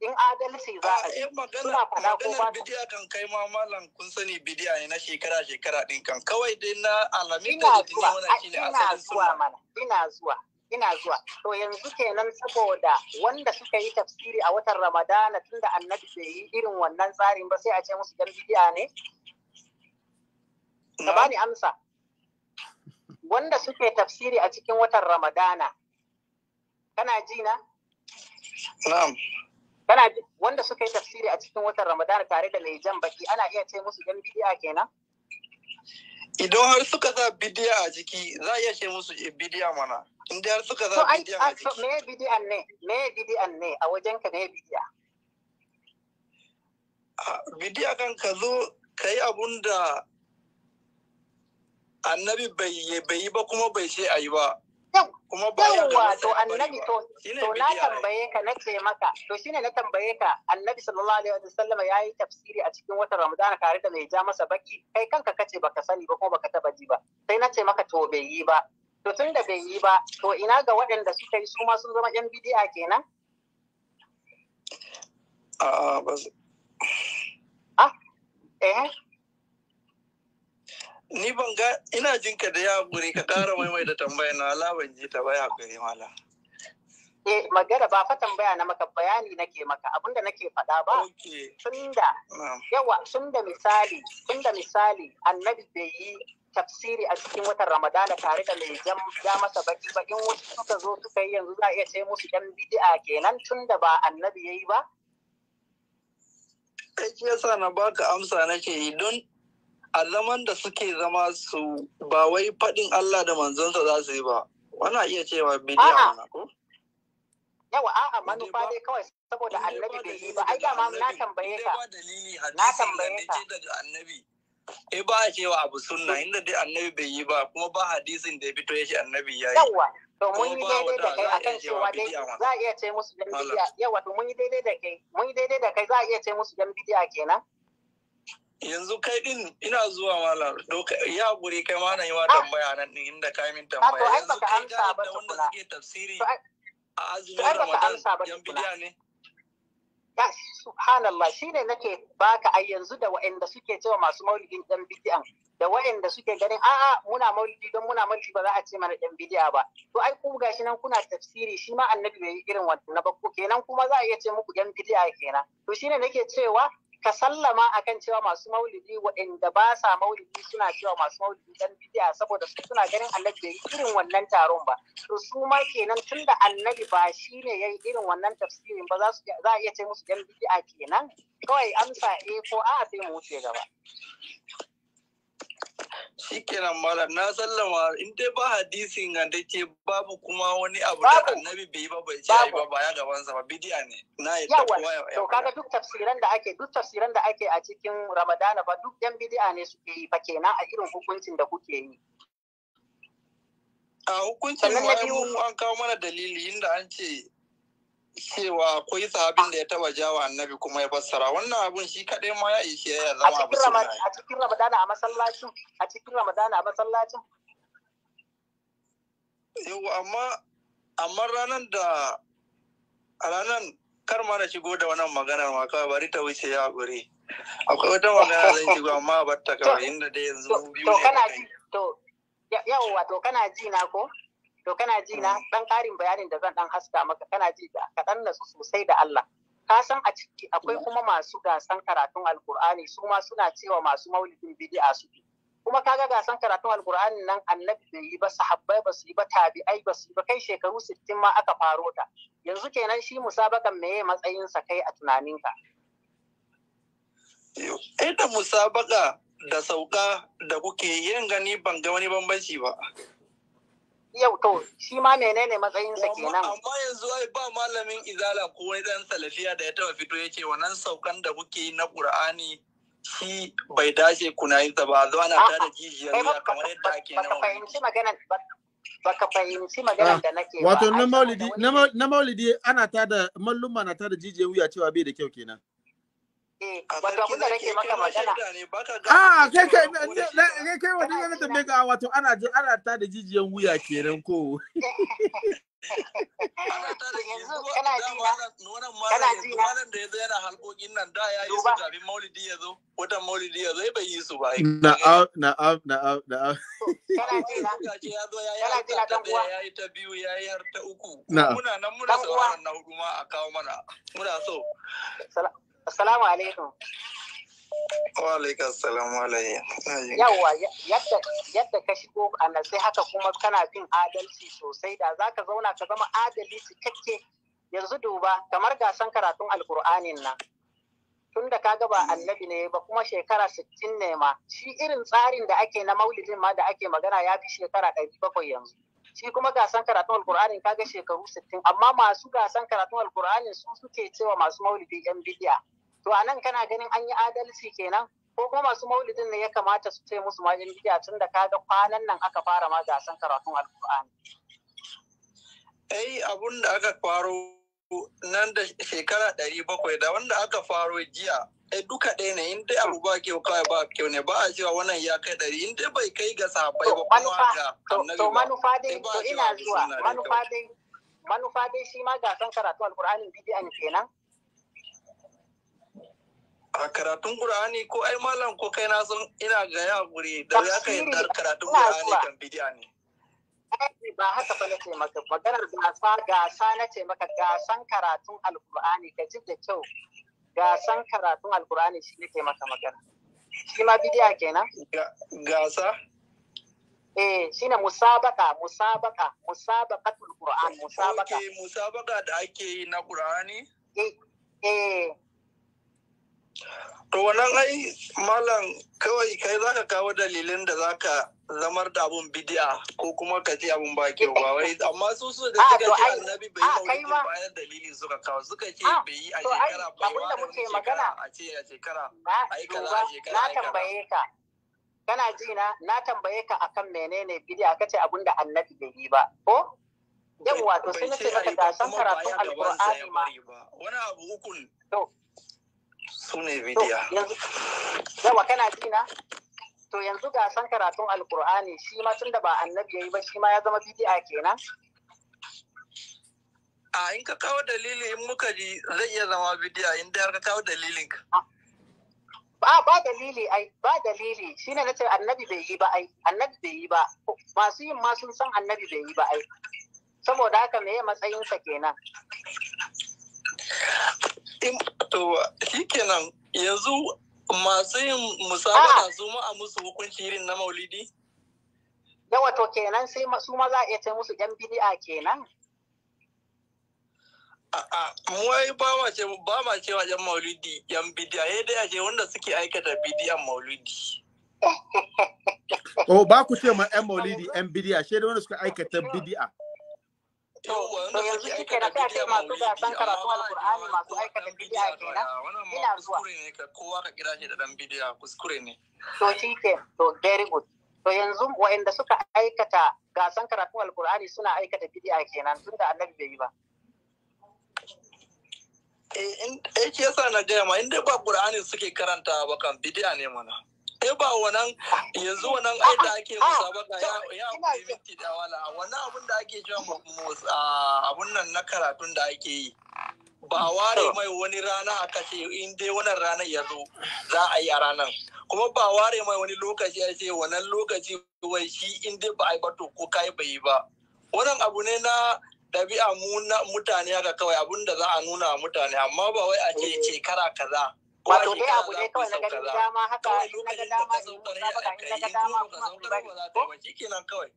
in adalci za a ah, yi eh, suna fada ko ba bidiya kan kai ma malam kun sani bidiya ne na shekara shekara din kan kawai dai na alami da jini wannan shine asalin zuwa mana ina zuwa ina zuwa to yanzu kenan saboda wanda suka yi tafsiri a watan ramadana tunda annabi bai yi irin wannan tsarin ba sai a ce musu dan bidiya ne ka bani amsa wanda suke tafsiri a cikin watan ramadana kana ji na na'am kana wanda suka yi tafsiri a cikin watan Ramadan tare da laijan baki ana iya ce musu dan bidiya kenan idan har suka za bidiya a jiki, za a iya ce musu bidiya mana in har suka za bidiya a jiki. me bidiyan ne me bidiyan ne a wajen ka me bidiya bidiya kan ka zo ka yi abun da annabi bai yi ba kuma bai ce a yi ba kuma bayan to annabi to to na tambaye ka na ce maka to shine na tambaye ka annabi sallallahu alaihi wasallam ya yi tafsiri a cikin watan ramadan tare da mai ja masa baki kai kanka kace baka sani ba kuma baka taba ji ba sai na ce maka to bai yi ba to tun da bai yi ba to ina ga waɗanda suka yi su ma sun zama yan bidi'a kenan a'a ba ah, eh ni ban ga ina jin ka da ya guri ka ƙara maimai da tambaya na ala ban ji ta baya yi mala. Eh magana ba fa tambaya na maka bayani nake maka abinda nake faɗa ba. Tunda yawa tunda misali tunda misali annabi bai yi tafsiri a cikin watan Ramadana tare da mai ya masa baki ba in wasu suka zo suka yi yanzu za a iya ce musu ɗan bid'a kenan tunda ba annabi yayi ba. Kai yasa na baka amsa nake yi don a zaman da suke zama su ba wai faɗin Allah da manzonsa za su yi ba wana iya cewa bidiya wana ko yawa a'a manufa dai kawai saboda annabi bai yi ba ai dama na tambaye ka na tambaye ka daga annabi eh, ba a cewa abu sunna inda dai annabi bai yi ba kuma ba hadisin da ya fito ya ce annabi ya yi yawa to mun yi daidai da kai akan cewa dai za a iya ce musu dan bidiya yawa to mun yi daidai da kai mun yi daidai da kai za a iya ce musu dan bidiya kenan yanzu kai din ina zuwa malam ya guri kai ma nan yi wa ah. tambaya nan din inda ah, kai min tambaya yanzu kai ga da wanda suke tafsiri a azumin ramadan yan bidiya ne subhanallah shine nake baka ai yanzu da waɗanda suke cewa masu maulidin dan bid'an da waɗanda suke ganin a'a muna maulidi don muna maulidi ba za a ce mana dan bidiya ba to ai ku gashi nan kuna tafsiri shi ma annabi bai yi irin wannan ba ko kenan kuma za a iya ce muku dan bidiya kenan to shine nake cewa ka sallama akan cewa masu maulidi waɗanda ba sa maulidi suna cewa masu maulidi dan bidiya saboda su suna ganin annabi bai irin wannan taron ba to su ma kenan tunda annabi ba shine yayi irin wannan tafsirin ba za su za a iya ce musu dan bidiya kenan kawai amsa eh ko a'a sai mu wuce gaba shi shikenan mara na sallama in dai ba hadisin ga dake babu kuma wani abu da annabi bai yi ba bai ce ba ba ya gaban sa ba bidiya ne na yi yawa to kaga duk tafsiran da ake duk tafsiran da ake a cikin ramadana ba duk yan bidiya ne suke yi ba kenan a irin hukuncin da kuke yi a hukuncin ma an kawo mana dalili inda an ce cewa akwai sahabin da ya taba jawa annabi kuma ya fassara wannan abun shi kadai ma ya ishe ya zama abu a cikin ramadana a masallacin a cikin ramadana a masallacin yau amma amma ranar da a ranar kar ma na shigo da wannan magana ma kawai bari ta wuce ya haƙuri akwai wata magana zai shigo amma bar ta kawai inda da yanzu biyu ne to kana ji to yawwa to kana ji na ko to kana ji na dan eh. karin bayanin da zan dan haska maka kana ji da ka dan nasu sosai da Allah ka san a ciki akwai kuma masu gasan karatun alkur'ani su ma suna cewa masu maulidin bid'a suke kuma kaga gasan karatun alkur'ani nan annabi bai yi ba sahabbai ba su yi ba tabi'ai ba su yi ba kai shekaru sittin ma aka faro ta yanzu kenan shi musabakan meye sa kai a tunaninka ita musabaka da sauka da kuke yin gani ban ga wani bambanci ba yau to shi ma menene matsayinsa kenan amma yanzu ai ba malamin izala ko wani dan salafiya da ya taba fito yake wannan saukan da kuke yi na qur'ani shi bai dace kuna yin ba zuwa na tada jijiyar wuya kamar yadda ake nan ka fahimci maganar baka fahimci magana da nake wato na maulidi na maulidi ana tada malluma na tada jijiyar wuya cewa bai da kyau kenan Eh, a kai kai ah, kai kai wani yana tambaye ka wato ana ana ta da jijiyan wuya kenan ko. Ana ta da yanzu kana ji ba kana ji ba malam da yazo yana halkokin nan da ya yi su kafin maulidi ya zo watan maulidi ya zo bai yi su ba. Na'am na'am na'am na'am. Kana ji ba kana ji ba dan ya yi ta biyu ya yi har ta uku. Muna nan muna na hudu ma a kawo mana muna so. Assalamu alaikum. Wa alaikum assalam wa Yawwa yadda yadda ka shigo a sai haka kuma kana fin adalci sosai da zaka zauna ka zama adali cikakke yanzu duba kamar gasan karatun alkur'anin nan tun da kaga ba annabi ne ba kuma shekara sittin ne ma shi irin tsarin da ake na maulidin ma da ake magana ya fi shekara ɗari bakwai yanzu shi kuma gasan karatun alkur'anin kaga shekaru sittin amma masu gasan karatun alkur'anin su suke cewa masu maulidi yan bidiya to a nan kana ganin an yi adalci kenan ko kuma masu maulidin ne ya kamata su ce musu majin bidiya tun da kaga kwanan nan aka fara ma gasan karatun alkur'ani Ai abun da aka faro nan da shekara ɗari bakwai da wanda aka faro jiya ai duka ɗaya ne in dai abu ba kyau kawai ba kyau ne ba a cewa wannan ya kai ɗari in dai bai kai ga sahabbai ba kuma ga to manufa dai to ina zuwa manufa dai manufa dai shi ma gasan karatu alkur'anin bidiyan kenan a karatun Qur'ani ko ai malam ko kai na san ina ga ya guri da ya kai dar karatun Qur'ani kan bidiya ne ba haka fa nace maka maganar gasa gasa nace maka gasan karatun alqur'ani ka ji da kyau gasan karatun alqur'ani shi nake maka magana shi ma bidiya kenan gasa eh shine musabaka musabaka musabaqatul qur'an musabaka okay musabaka da ake yi na qur'ani eh eh To wannan ai malam kawai kai zaka kawo dalilin da zaka zamar da abun bidi'a ko kuma ka ce abun ba kyau ba wai amma su su da ah, suka ce annabi bai ah, yi wani bayan dalili suka kawo suka ce ah, bai yi a shekara bai yi a shekara a ce a shekara a yi kaza a shekara na tambaye ka kana ji na na tambaye ka akan menene ka ce abun da annabi bai yi ba ko yawwa to sai na ce maka san karatun alqur'ani ma wani abu hukun to su ne bidiya yawa kana na? to yanzu ga san karatun alkur'ani shi ma tun da ba annabi ya yi ba shi ma ya zama bidiya kenan a in ka kawo dalili in muka ji zai iya zama bidiya in da ka kawo dalilin ka ba ba dalili ai ba dalili shine nace annabi bai yi ba ai annabi bai yi ba masu yin ma sun san annabi bai yi ba ai saboda haka me matsayin sa kenan to shikenan yanzu masu yin musabaka ah! su ma a musu hukunci irin na maulidi na wato kenan sai su ma za a iya musu yan bid'a kenan Muwai ba ma ce ba ma ce maulidi yan bidiya ya dai ce wanda suke aikata bidiyan maulidi. O oh, ba ku ce ma yan maulidi yan bidiya shi da wanda suka aikata bidiya. to yanzu shi na sai a ce masu gasan karatun alkur'ani masu aikata bidiya kenan ina zuwa kowa ka kira shi da dan bidiya kuskure ne to shi ke to very good to yanzu waɗanda suka aikata gasan karatun alkur'ani suna aikata bidiya kenan tunda annabi bai yi ba eh in eh yasa na gaya ma in dai ba qur'ani suke karanta ba kan bidiya ne mana eh ba wannan yanzu wannan aida da ake ah, musabaka ya ya minti da wala wannan abun da ake cewa abun nan na karatun da ake yi ba ware mai wani rana a kashe in dai wannan rana ya zo za a yi a ranar kuma ba ware mai wani lokaci a ce wannan lokaci wai shi in dai ba a yi bato ko kai bai yi ba wannan abu ne na ɗabi'a mu mutane haka kawai abun da za a nuna mutane amma ba wai a ce eh. shekara kaza wato dai abu ne kawai na ganin dama haka na ga dama in musabaka in na ga dama eh, kuma in bari ko kenan kawai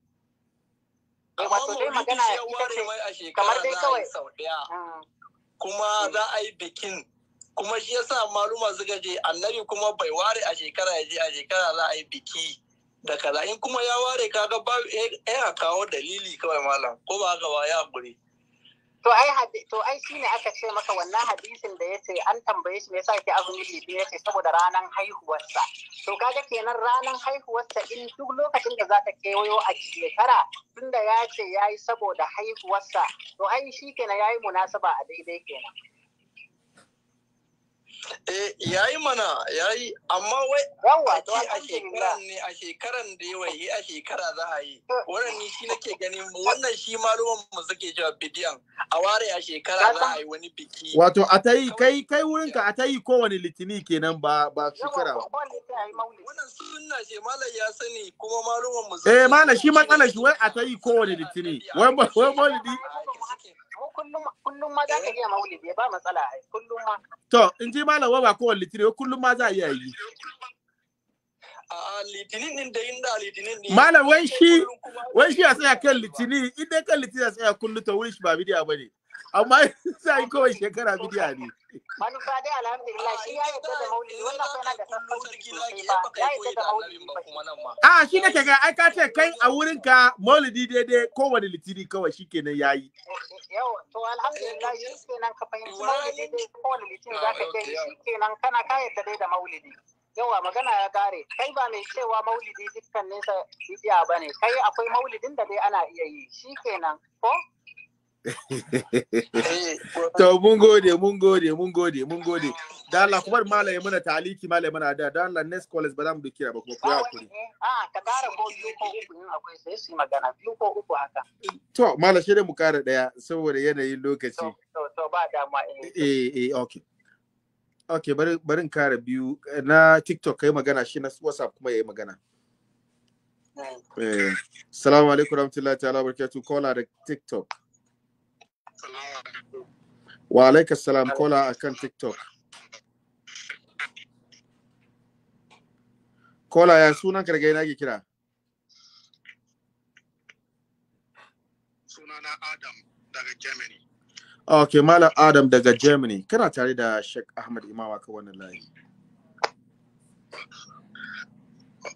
wato dai magana ita ce kamar dai kawai ah. kuma za a yi bikin kuma shi yasa maluma suka je annabi kuma bai ware a shekara ya je a shekara za a yi biki da kaza in kuma ya ware kaga ba ya eh, eh, kawo dalili kawai malam ko ba haka ba ya gure to ai to ai shine aka ce maka wannan hadisin da yace an tambaye shi me yasa yake azumi litinin yace saboda ranan haihuwarsa to kaga kenan ranan haihuwarsa in duk lokacin da zata kewayo a shekara tunda yace yayi saboda haihuwarsa to ai shi kenan yayi munasaba a daidai kenan ya eh, yayi mana yayi amma wai a shekaran ne a shekaran da yawa yi a shekara za a yi wannan ni shi nake ganin wannan shi ruwan mu suke cewa bidiyan a ware a shekara za a yi wani biki wato a ta yi kai kai wurin ka a ta yi kowane litini kenan ba ba shekara ba wannan sunna ce malam ya sani kuma ruwan mu eh mana shi matsalar shi wai a ta yi kowane litini wai wai kullum kullum ma za ka iya maulidi ba matsala ai kullum ma to in ji malam ba litinin kullum ma za a iya yi litinin din da inda litinin malam wai shi wai shi a tsaya kan litinin in kan litinin a tsaya kullum to wai shi ba bidiya bane amma sai kawai shekara bidiya ne manufa dai alhamdulillah shi ya yi da maulidi wannan fa yana da tabbacin sosai ba ya yarda da maulidi a shi ne kaga ai ka ce kai a wurin ka maulidi daidai kowane litiri kawai shikenan yayi yau to alhamdulillah shi kenan ka fahimci maulidi daidai kowane litiri ka ke shikenan kana ka yadda dai da maulidi yawa magana ya kare kai ba mai cewa maulidi dukkaninsa bidiya bane kai akwai maulidin da dai ana iya yi shikenan ko to mun gode mun gode mun gode mun gode da Allah kuma mallam ya muna taliki mallam muna da da Allah next college ba za mu dukira ba kuma ku hakuri eh, a ah, ka kara ko biyu ko uku ne akwai sai su magana biyu ko uku haka to mallam shi mu kara daya saboda yanayin lokaci to to ba dama eh. eh eh okay okay bari barin kara biyu na TikTok kai magana shi na WhatsApp kuma yayi magana eh assalamu eh, alaikum warahmatullahi ta'ala barakatuh kola da TikTok wa alaika salam kola a kan tiktok kola ya sunan karge na ke kira sunana adam daga germany ok malam adam daga germany kana tare da shek ahmad imawa ka wannan layi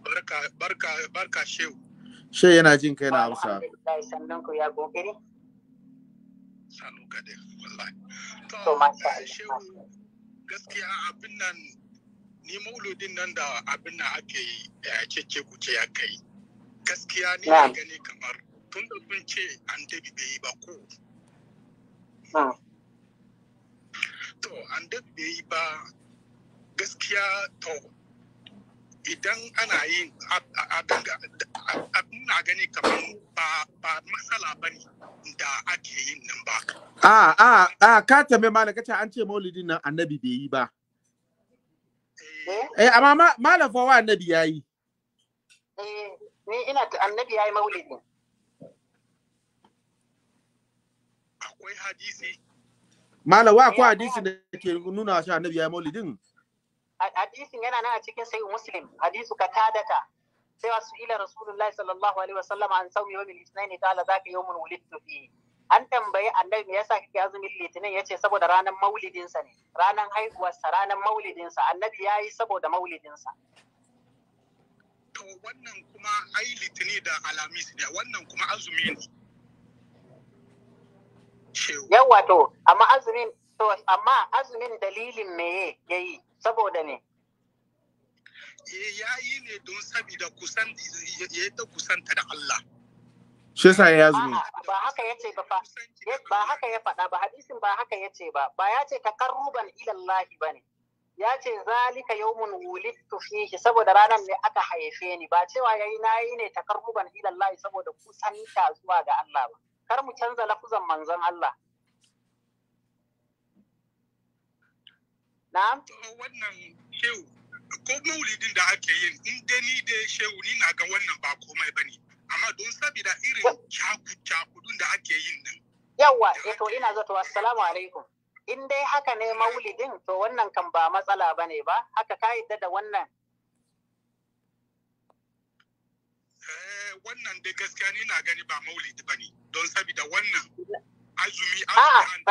barka barka barka shehu she yana jin kai na Hausa. sanu kadir wallahi to shehu gaskiya abin nan ni mauludin nan da abin nan ake cece kuce ya kai gaskiya ni na gani kamar tun da kun ce an dabi bai yi ba ko to an dabi bai yi ba gaskiya to idan ana yin abin na gani kamar ba matsala ba ne da ake yin nan ba. A a a ka tambaye malam kace an ce maulidin nan annabi bai yi ba. Eh, eh amma malam fa wa annabi yi. Eh ni ina ta annabi ya yi maulidin. Akwai hadisi Malam wa akwai hadisi da ke nuna shi annabi ya yi maulidin. Hadisin yana nan a cikin sahih Muslim, hadisu ka katadata. cewa su ila rasulullahi sallallahu alaihi wasallam an saumi ne ta ala zaka yawmun wulidtu fi an tambayi annabi me yasa kake azumin litinin yace saboda ranar maulidinsa ne ranar haihuwarsa ranar maulidinsa annabi yayi saboda maulidinsa to wannan kuma ai litini da alamis ne wannan kuma azumi ne yawa to amma azumin to amma azumin dalilin meye yayi saboda ne Eh, ya yi ne don sabida kusan ya ta kusanta da Allah shi sa ya azumi ba haka yace ba fa ba haka ya faɗa ba hadisin ba haka yace ba ba ya ce takarruban ila Allah bane ya ce zalika yawmun wulidtu fihi saboda ranar ne aka haife ni ba cewa yayi yi ne takarruban ila Allah saboda kusanta zuwa ga Allah ba kar mu canza lafuzan manzon Allah na'am wannan shehu ko maulidin da ake yin in dai ni dai shehu ni na ga wannan ba komai ba ne amma don sabida irin cakudun da ake yin nan Yawwa? Eh to ina zato assalamu alaikum in dai haka ne maulidin to wannan kan ba matsala ba ne ba haka ka yadda da wannan eh, wannan dai gaskiya ni na gani ba maulidi ba ne don sabida wannan azumi azumi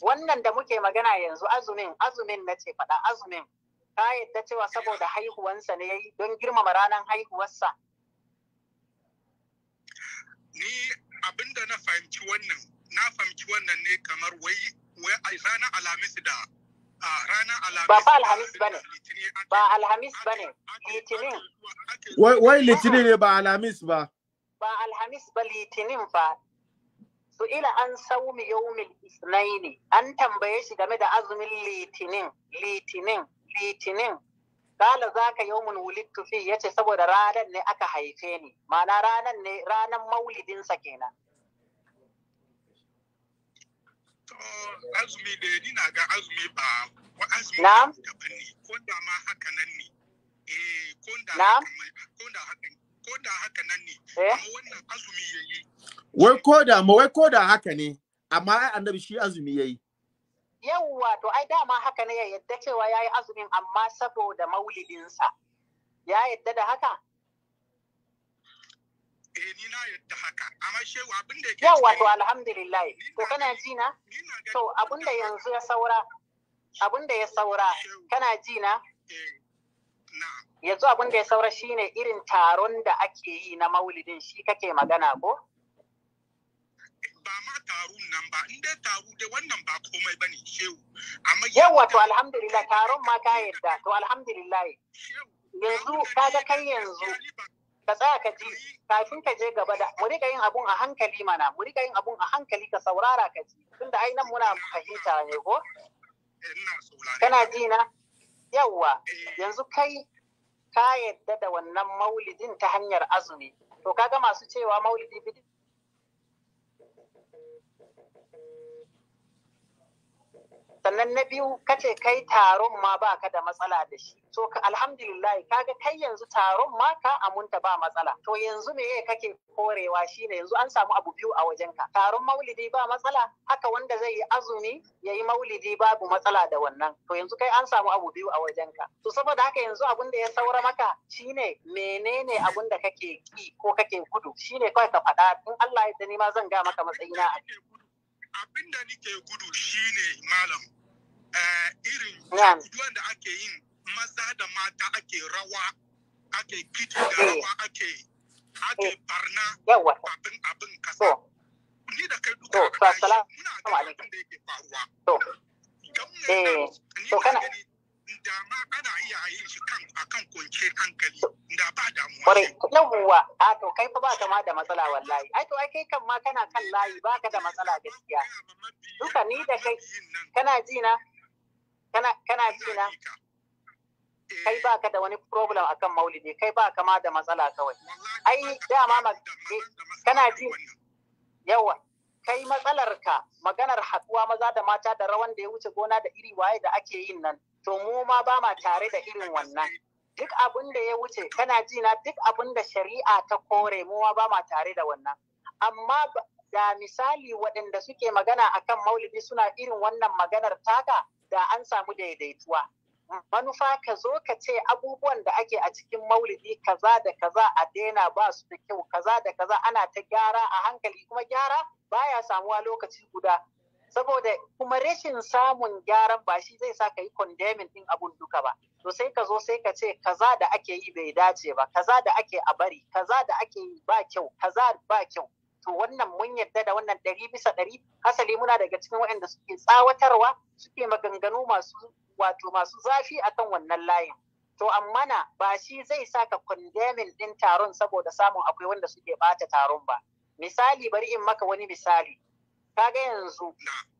wannan da muke magana yanzu azumin azumin na ce faɗa azumin ta yadda cewa saboda haihuwansa ne yayi don girmama ranar haihuwarsa ni abinda na fahimci wannan na fahimci wannan ne kamar wai ranar alhamis da ranar alhamis ba alhamis bane ba alhamis bane litinin wai litinin ne ba alhamis ba ba alhamis ba litinin ba su ila an saumi yawmil isnaini an tambaye shi game da azumin litinin litinin litinin kala zaka yawmun wulittu fi yace saboda ranan ne aka haife ni ma'ana ranan ne ranan maulidin sa kenan azumi da yadi na ga azumi ba ko azumi daban ko da ma haka nan ne eh ko da ko da haka ko da haka nan ne eh? amma wannan azumi yayi wai ko da ma wai ko da haka ne amma ai annabi shi azumi yayi yawwa to ai dama haka ne ya yadda cewa yayi azumin amma saboda maulidinsa ya yadda da haka eh ni na yadda haka amma shehu abin yake yawa to alhamdulillah to kana ji na to abin da yanzu ya saura abin da ya saura kana ji na eh, yanzu abin da ya saura shine irin taron da ake yi na maulidin shi kake magana ko? ba ma taron nan ba in dai taro dai wannan ba komai ne shehu amma yawa to alhamdulillah taron ma ka yadda to alhamdulillah yanzu ga kai yanzu ka tsaya ka ji kafin ka je gaba da mu rika yin abun a hankali mana mu rika yin abun a hankali ka saurara ka ji tunda ai nan muna fahimta ne ko eh, kana ji na yawa yanzu kai ka yadda da wannan maulidin ta hanyar azumi to kaga masu cewa maulidi sannan na biyu kace kai taron ma ba ka da matsala da shi so alhamdulillah kaga kai yanzu taron ma ka amunta ba matsala to yanzu me kake korewa shine yanzu an samu abu biyu a wajenka taron maulidi ba matsala haka wanda zai yi azumi ya yi maulidi babu matsala da wannan to yanzu kai an samu abu biyu a wajenka to saboda haka yanzu abun da ya saura maka shine menene abun da kake ki ko kake gudu ne kawai ka faɗa in Allah ya ni ma zan ga maka matsayina a abin da nike gudu shine malam eh, irin guduwan da ake yin maza da mata ake rawa ake kiti da eh. rawa ake ake eh. barna abin abin kasa ni da kai duka muna da abin da yake faruwa don ne da ma ana iya yin shi kan akan kunce hankali da ba damuwa kwarai a to kai fa ba ka ma da matsala wallahi ai to ai kai kan ma kana kan layi ba ka da matsala gaskiya duka ni da kai kana ji na kana ji na kai ba ka da wani problem kan maulidi kai ba ka ma da matsala kawai ai dama eh, kana ji yawa kai matsalarka maganar haɗuwa maza da mata da rawan da ya wuce gona da iri waye da ake yin nan to mu ma ba ma tare da irin wannan duk abin da ya wuce kana ji na duk abin da shari'a ta kore mu ma ba ma tare da wannan amma da misali waɗanda suke magana akan maulidi suna irin wannan maganar taka da an samu daidaituwa manufa ka zo ka ce abubuwan da ake a cikin maulidi kaza da kaza a daina ba su da kyau kaza da kaza ana ta gyara a hankali kuma gyara baya samuwa lokaci guda saboda kuma rashin samun gyaran ba shi zai sa ka yi kondemin din abun duka ba to sai ka zo sai ka ce kaza da ake yi bai dace ba kaza da ake a bari kaza da ake yi ba kyau kaza ba kyau to wannan mun yadda da wannan ɗari bisa ɗari asali muna daga cikin waɗanda suke tsawatarwa suke maganganu masu wato masu zafi akan wannan layin to amma na ba shi zai sa ka condemning din taron saboda samun akwai wanda suke ɓata taron ba misali bari in maka wani misali kaga yanzu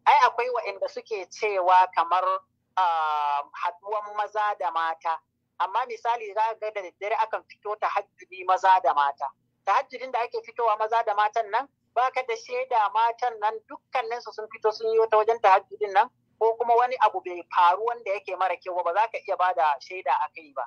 ai akwai waɗanda suke cewa kamar ah, haduwan maza da mata amma misali za ga da daddare akan fito ta hajjudi maza da mata ta hajjudin da ake fitowa maza da matan nan baka da shaida matan nan dukkaninsu sun fito sun yi ta wajen ta hajjudin nan ko kuma wani abu bai faru wanda yake mara kyau ba za ka iya da shaida a kai ba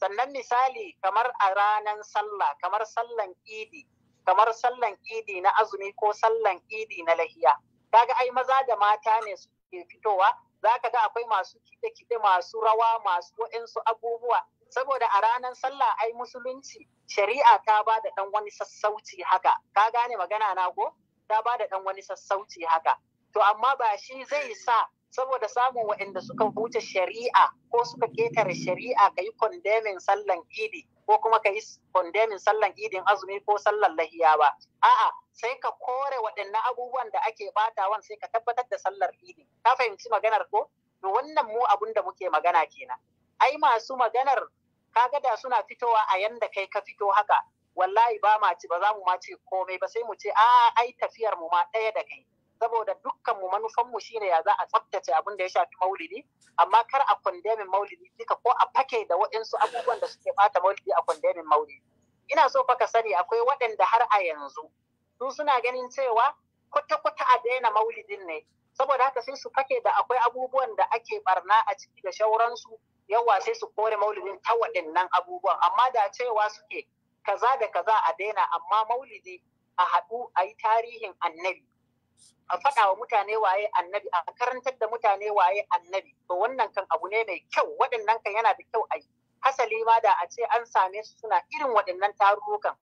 sannan misali kamar a ranan sallah kamar sallan idi kamar sallan idi na azumi ko sallan idi na lahiya kaga ai maza da mata ne suke fitowa Za ka ga akwai masu kide-kide masu rawa masu waɗansu abubuwa saboda a ranar sallah ai musulunci shari'a ta ba da ɗan wani sassauci haka ka gane magana na ko ta ba da ɗan wani sassauci haka to amma ba shi zai sa saboda samun waɗanda suka wuce shari'a ko suka ƙetare shari'a ka yi kondemin sallan idi ko kuma ka yi kondemin sallan idin azumi ko sallan lahiya ba a'a sai ka kore waɗannan abubuwan da ake batawan sai ka tabbatar da sallar idi ka fahimci maganar ko to wannan mu abun da muke magana kenan ai masu maganar kaga da suna fitowa a yanda kai ka fito haka wallahi ba ma ci ba za mu ma ci komai ba sai mu ce a ai tafiyar mu ma ɗaya da kai saboda dukkan mu manufan mu shine ya za a tsaftace abin da ya shafi maulidi amma kar a kwandemin maulidi duka ko a fake da waɗansu abubuwan da suke bata maulidi a kwandemin maulidi ina so fa ka sani akwai waɗanda har a yanzu su suna ganin cewa kwata-kwata a daina maulidin ne saboda haka sai su fake da akwai abubuwan da ake barna a ciki da shauransu yawa sai su kore maulidin ta waɗannan abubuwan amma da cewa suke kaza da kaza a daina amma maulidi a haɗu a yi tarihin annabi a faɗa wa mutane waye annabi a karantar da mutane waye annabi to wannan kan abu ne mai kyau waɗannan kan yana da kyau a yi hasali ma da a ce an same su suna irin waɗannan tarurrukan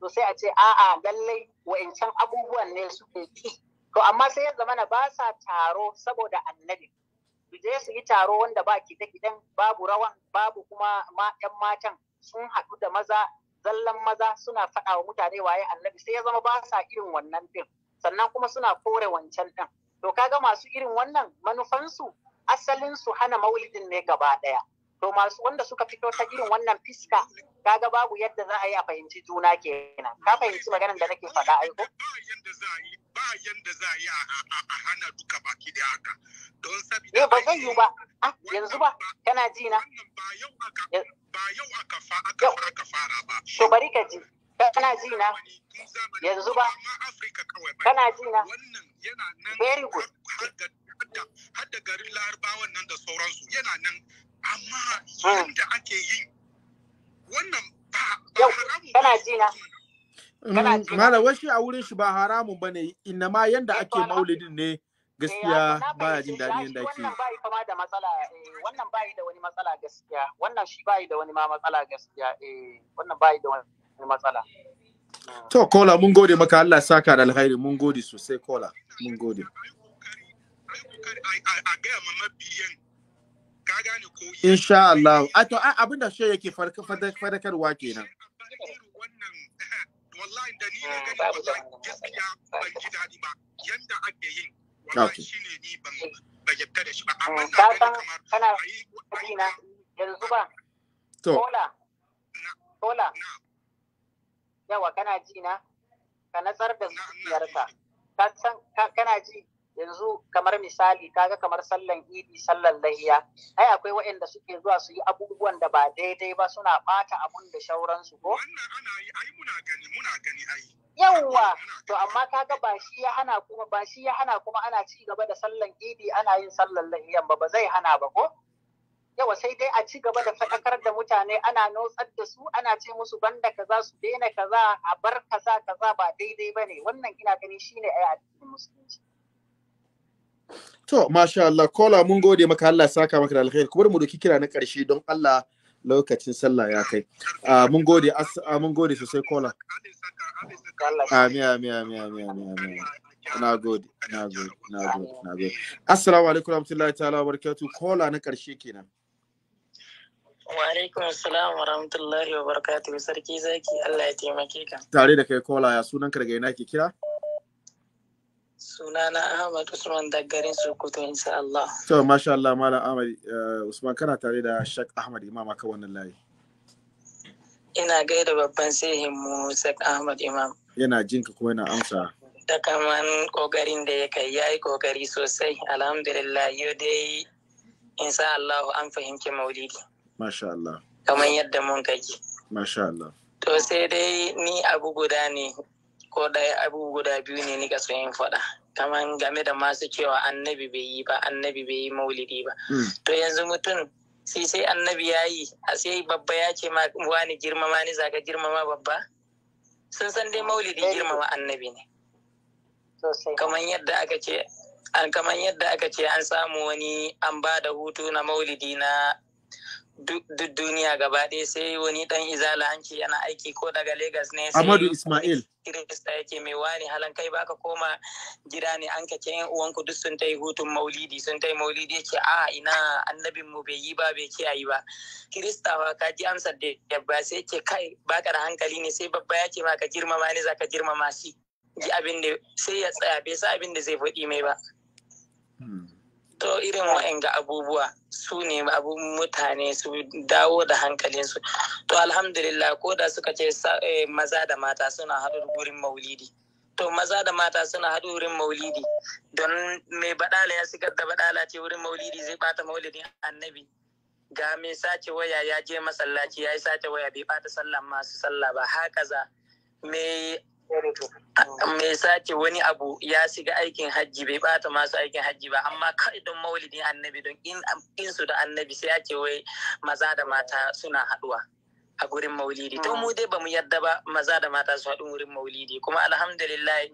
to sai a ce a'a lallai wa'incan abubuwan ne suke ki to amma sai ya zamana ba sa taro saboda annabi su je su yi taro wanda ba ki ta gidan, babu rawan babu kuma ma matan sun haɗu da maza zallan maza suna faɗa wa mutane waye annabi sai ya zama ba sa irin wannan din sannan kuma suna kore wancan ɗin to kaga masu irin wannan manufansu asalin su hana maulidin ne gaba ɗaya to masu wanda suka fito ta irin wannan fiska kaga babu yadda za a yi a fahimci juna kenan ka fahimci maganar da nake faɗa aiko ba yanda za a yi a hana duka baki da haka don sabida eh, ba zai yi ba ah, yanzu ba kana ji na ba yau aka fara ba to bari ka ji kana ji na yanzu ba kana ji na very good har hmm. da garin larabawan nan da sauransu yana nan amma yadda ake yin wannan ba haramun kana ji na mm, Malawar shi a wurin shi ba haramun ba ne, inna ma yanda eh, ake maulidin ne eh, gaskiya ba ya jin daɗi yanda ake. Wannan bayi kama da matsala, eh, wannan bayi da wani matsala gaskiya, wannan shi bayi da wani ma matsala gaskiya, wannan bayi da wani matsala to kola mun gode maka Allah saka da alkhairi mun gode sosai kola mun gode insha Allah a to abinda shi yake fadakarwa kenan wallahi da mm, ni na gani wallahi gaskiya ban yanzu ba kola yawa kana ji na ka nazar da zuciyarka ka san kana ji yanzu kamar misali kaga kamar sallan idi sallan lahiya ai akwai waɗanda suke zuwa su yi abubuwan da ba daidai ba suna ɓata abun da shauransu ko wannan yawwa to amma kaga ba shi ya hana kuma ba shi ya hana kuma ana ci gaba da sallan idi ana yin sallan lahiyan ba ba zai hana ba ko yawa sai dai a ci gaba da faɗakar da mutane ana notsar da su ana ce musu banda kaza su daina kaza a bar kaza kaza ba daidai ba ne wannan ina gani shine a addinin musulunci to masha Allah kola mun gode maka Allah saka maka da alkhairi kuma mu doki kira na karshe don Allah lokacin sallah ya kai ah, mun gode ah, mun gode sosai kola amin amin amin amin amin na gode na gode na gode na gode assalamu alaikum warahmatullahi ta'ala barakatuh kola na karshe kenan Wa assalam wa rahmatullahi wa barakatuhu sarki zaki Allah ya taimake ka. Tare da kai kola ya sunan karga yana ke kira? Sunana Ahmad Usman daggarin Sokoto insha Allah. To masha Allah Malam Ahmad eh, Usman kana tare da Sheikh Ahmad Imam aka wannan layi. Ina gaida babban sehin mu Sheikh Ahmad Imam. Yana jinka kuma yana amsa. Da kaman kokarin da ya kai yayi kokari sosai alhamdulillah yau dai insha Allah an fahimci maulidi. Masha Allah. Kamar yadda mun kaji. Masha Allah. To sai dai ni abu guda ne ko dai abu guda biyu ne ka so yin faɗa. Kamar game da masu cewa annabi bai yi ba, annabi bai yi maulidi ba. Hmm. To yanzu mutum sai sai annabi ya yi, a sai babba ya ce ma wani girmama ni zaka girmama babba? Sun san dai maulidi girmama annabi ne. Kamar yadda aka ce an kamar yadda aka ce an samu wani an ba da hutu na maulidi na duk duniya gaba ɗaya sai wani ɗan izala hanci yana aiki ko daga Legas ne sai Amadu Ismail Kirista yake mai wani halan kai baka koma gida ne an kace yan uwanku duk sun tai hutun maulidi sun tai maulidi yake a ina annabin mu bai yi ba bai kiyayi ba Kirista ba ka ji amsar da yabba sai yake kai baka da hankali ne sai babba yake ma ka girmama ne zaka girmama shi ji abin da sai ya tsaya bai sa abin da zai faɗi mai ba. Hmm. to irin ga abubuwa su ne abun mutane su dawo da hankalinsu to alhamdulillah ko da suka ce eh, maza da mata suna haɗu wurin maulidi to maza da mata suna haɗu wurin maulidi don mai baɗala ya shigar da baɗala ce wurin maulidi zai bata maulidin annabi ga mai sace waya ya je masallaci ya yi sace waya bai bata sallan masu sallah ba haka za mai me sace wani abu ya shiga aikin hajji bai bata masu aikin hajji ba amma kai don maulidin annabi don in su da annabi sai ya ce wai maza da mata suna haduwa a gurin maulidi to mu dai bamu yadda ba maza da mata su haɗu gurin maulidi kuma alhamdulillah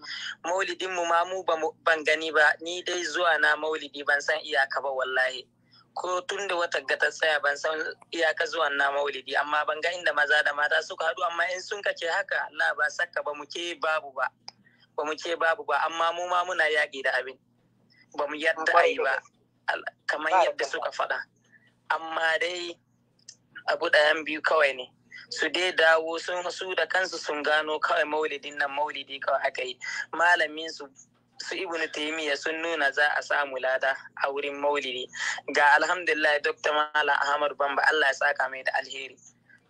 maulidin mu ma mu ban gani ba ni dai zuwa na maulidi ban san iyaka ba wallahi ko tun da wata gata tsaya ban san iyaka zuwa na maulidi amma ban ga inda maza da mata suka haɗu amma in sun kace haka Allah ba saka ba mu ke babu ba ba mu ke babu ba amma mu ma muna yaƙi da abin ba mu yadda a yi ba kamar yadda suka faɗa amma dai abu ɗayan biyu kawai ne su dai dawo sun su da kansu sun gano kawai maulidin nan maulidi kawai aka yi malamin su su ibn taimiyya sun nuna za a samu lada a wurin maulidi ga alhamdulillah dr mala ahmad bamba allah ya saka mai da alheri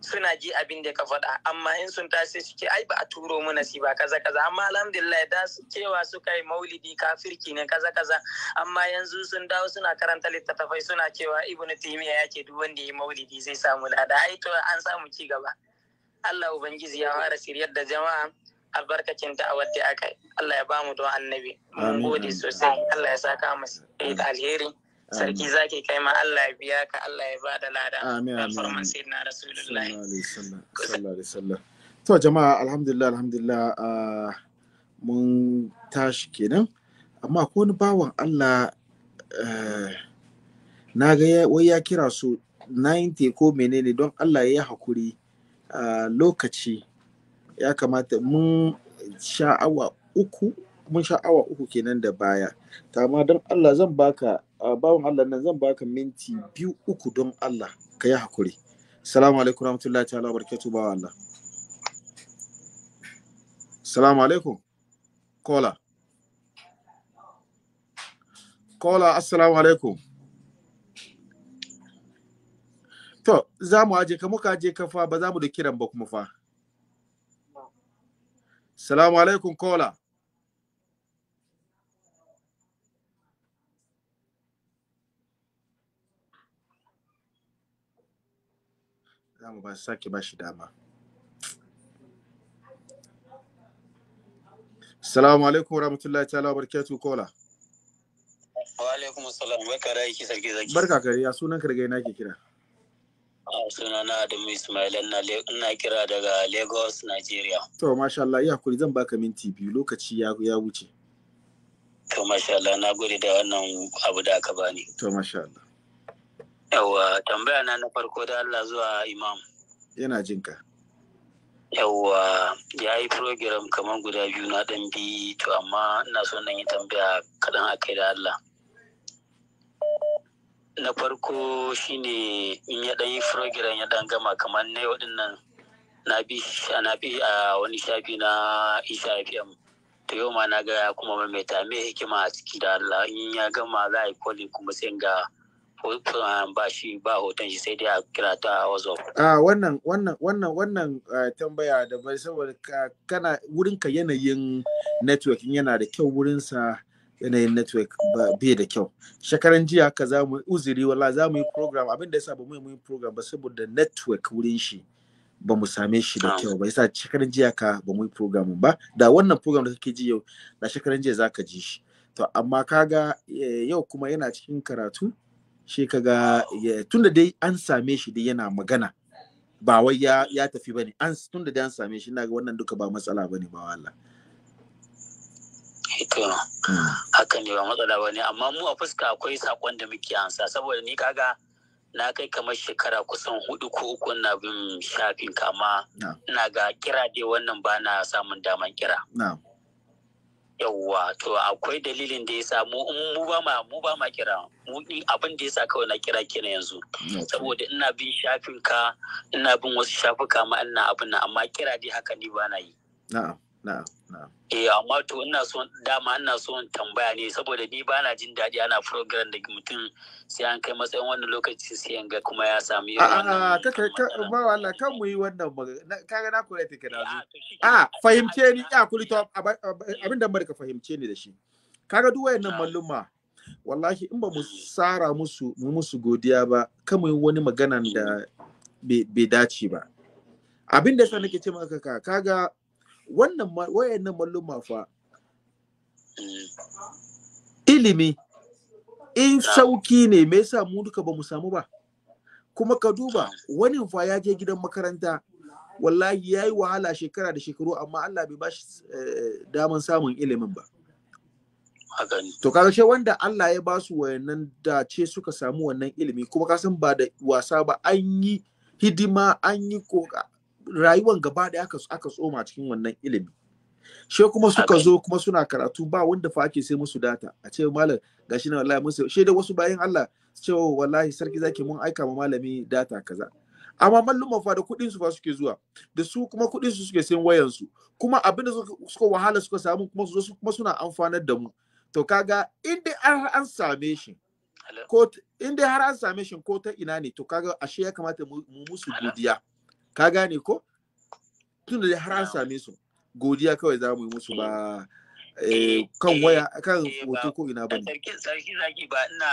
suna ji abin da ka faɗa amma in sun tashi suke ai ba a turo mu nasiba kaza kaza amma alhamdulillah da su cewa suka yi maulidi kafirki ne kaza kaza amma yanzu sun dawo suna karanta littattafai suna cewa taimiyya taymiya yake duk wanda ya maulidi zai samu lada ai to an samu ci gaba Allah ubangiji ya fara shiryar da jama'a albarkacin da'awar da aka yi Allah ya ba mu don annabi mun gode sosai Allah ya saka mu eh, da alheri sarki zaki kai ma Allah ya biya ka Allah ya ba da lada amin amin farman sayyidina rasulullahi sallallahu alaihi wasallam to jama'a alhamdulillah alhamdulillah ah, mun tashi kenan amma ko ni bawan Allah eh, na ga wai ya kira su 90 ko menene don Allah ya yi hakuri ah, lokaci ya kamata mun sha awa uku mun sha awa uku kenan da baya Ta ma don Allah zan baka bawon Allah nan zan baka minti biyu uku don Allah ka yi hakuri salamu alaikum rahmatullahi ta'ala barkatu bawan Allah salamu alaikum kola kola assalamu alaikum to za mu aje ka muka aje ka fa ba za mu da kiran ba kuma fa Salamu alaikum kola. Za mu ba sake ba shi Salamu alaikum wa rahmatullahi ta'ala wa barakatuh kola. Wa alaikum assalam barka da yake sarki zaki. Barka kare ya sunan karge na ke kira. Ah, sunana Adamu Ismail ina kira daga Lagos, Nigeria. To masha Allah ya kuri zan baka minti biyu lokaci ya wuce. To masha Allah na gode da wannan abu da aka bani. To masha Allah. Yawwa tambaya na na farko da Allah zuwa Imam. Yana jinka. Yawwa ya yi program kamar guda biyu na dan bi to amma ina son nan yi tambaya kaɗan akai da Allah. na farko shine in ya dan yi program ya dan gama kamar ne waɗannan na bi a wani shafi na Isha FM to yau ma na ga ya kuma maimaita mai hikima a ciki da Allah in ya gama za a yi koli kuma sai ga ba shi ba hoton shi sai dai a kira ta wazo. A wannan wannan wannan wannan tambaya da bai saboda kana wurinka yanayin networking yana da kyau wurinsa yanayin network ba bai da kyau shekaran jiya haka za mu uziri wala za mu yi program abin da yasa ba mu yi program ba saboda network wurin shi ba mu same shi da kyau ba yasa shekaran jiya ka ba mu yi program ba da wannan program da kake ji yau da shekaran jiya za ka ji shi to amma kaga eh, yau kuma yana cikin karatu shi kaga tunda dai an same shi dai yana magana ba wai ya tafi bane an tunda dai an same shi ina ga wannan duka ba matsala bane ba wallahi to hmm. hakan ne ba matsala ba ne amma mu a fuska akwai sakon da muke ansa saboda ni kaga na kai kamar shekara kusan hudu ko uku na bin shafin kama na ga kira dai wannan ba na samun daman kira yawwa to akwai dalilin da ya sa mu mu ba ma mu ba ma kira mu abin da ya sa kawai na kira kenan yanzu saboda ina bin shafin ka ina bin wasu shafuka ma ina abin nan amma kira dai haka ni ba na yi na'am na'am Eh amma to ina so dama ina so in tambaya ne saboda ni ba na jin daɗi ana program da mutum sai an kai matsayin wannan lokaci sai an ga kuma ya sami ta ta ta ba wallah kan mu yi wannan kaga na kula ta kira eh, A fahimce ni ya eh, kuli to eh. abin da barka fahimce ni da shi. Kaga duk wayannan malluma wallahi in ba mu tsara mm. musu mu musu godiya ba kan mu yi wani magana da mm. bai dace ba. Abin da yasa nake ce maka kaga wannan wayannan malluma fa eh. ilimi in sauki ne me yasa mu duka ba mu samu ba kuma ka duba wani fa ya je gidan makaranta wallahi yayi wahala shekara da shekaru amma Allah bai ba shi eh, daman samun ilimin ba. To kaga wanda Allah ya basu wayannan da ce suka samu wannan ilimi kuma kasan ba da wasa ba an yi hidima an yi koka. rayuwan gaba da aka aka tsoma cikin wannan ilimi she kuma suka zo kuma suna karatu ba wanda fa ake sai musu data a ce malam gashi na wallahi musu she da wasu bayan Allah ce oh, wallahi sarki zaki mun aika ma malami data kaza amma mallumman fa da kudin su fa suke zuwa da su kuma kudin su suke sayan wayan su kuma abinda suka wahala suka samu kuma su kuma suna amfanar da mu to kaga in dai har an same shi ko in dai har an same shi ko ta ina ne to kaga ashe ya kamata mu musu godiya ka gane ko tun da har an same su godiya kawai za mu yi musu ba eh. Eh, eh, kan waya kan hoto ko ina bane sarki zaki ba ina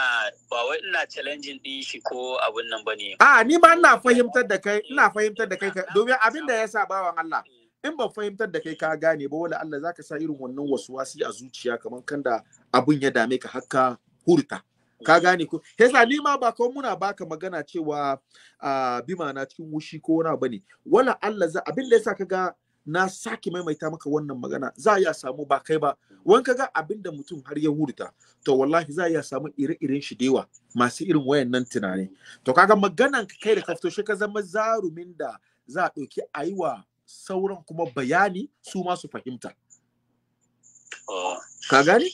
ba wai ina challenging din shi ko abun nan bane a ni ba ina fahimtar da kai ina fahimtar da kai domin abin da ya sa bawan Allah in ba fahimtar da kai ka gane ba wala Allah zaka sa irin wannan wasu wasi a zuciya kamar kan da abun ya dame ka hakka hurta ka gane ko yasa ni ma ba kawai muna baka magana cewa uh, bima na cikin wushi ko wani bane wala Allah za abin da yasa kaga na sake maimaita maka wannan magana za ya samu ba kai ba wan kaga abin da mutum har ya hurta to wallahi za ya samu ire-iren shi dewa masu irin wayannan tunani to kaga maganan ka kai da kafto shi ka zama zarumin da za a ɗauki a sauran kuma bayani su ma su fahimta. Oh, ka gani?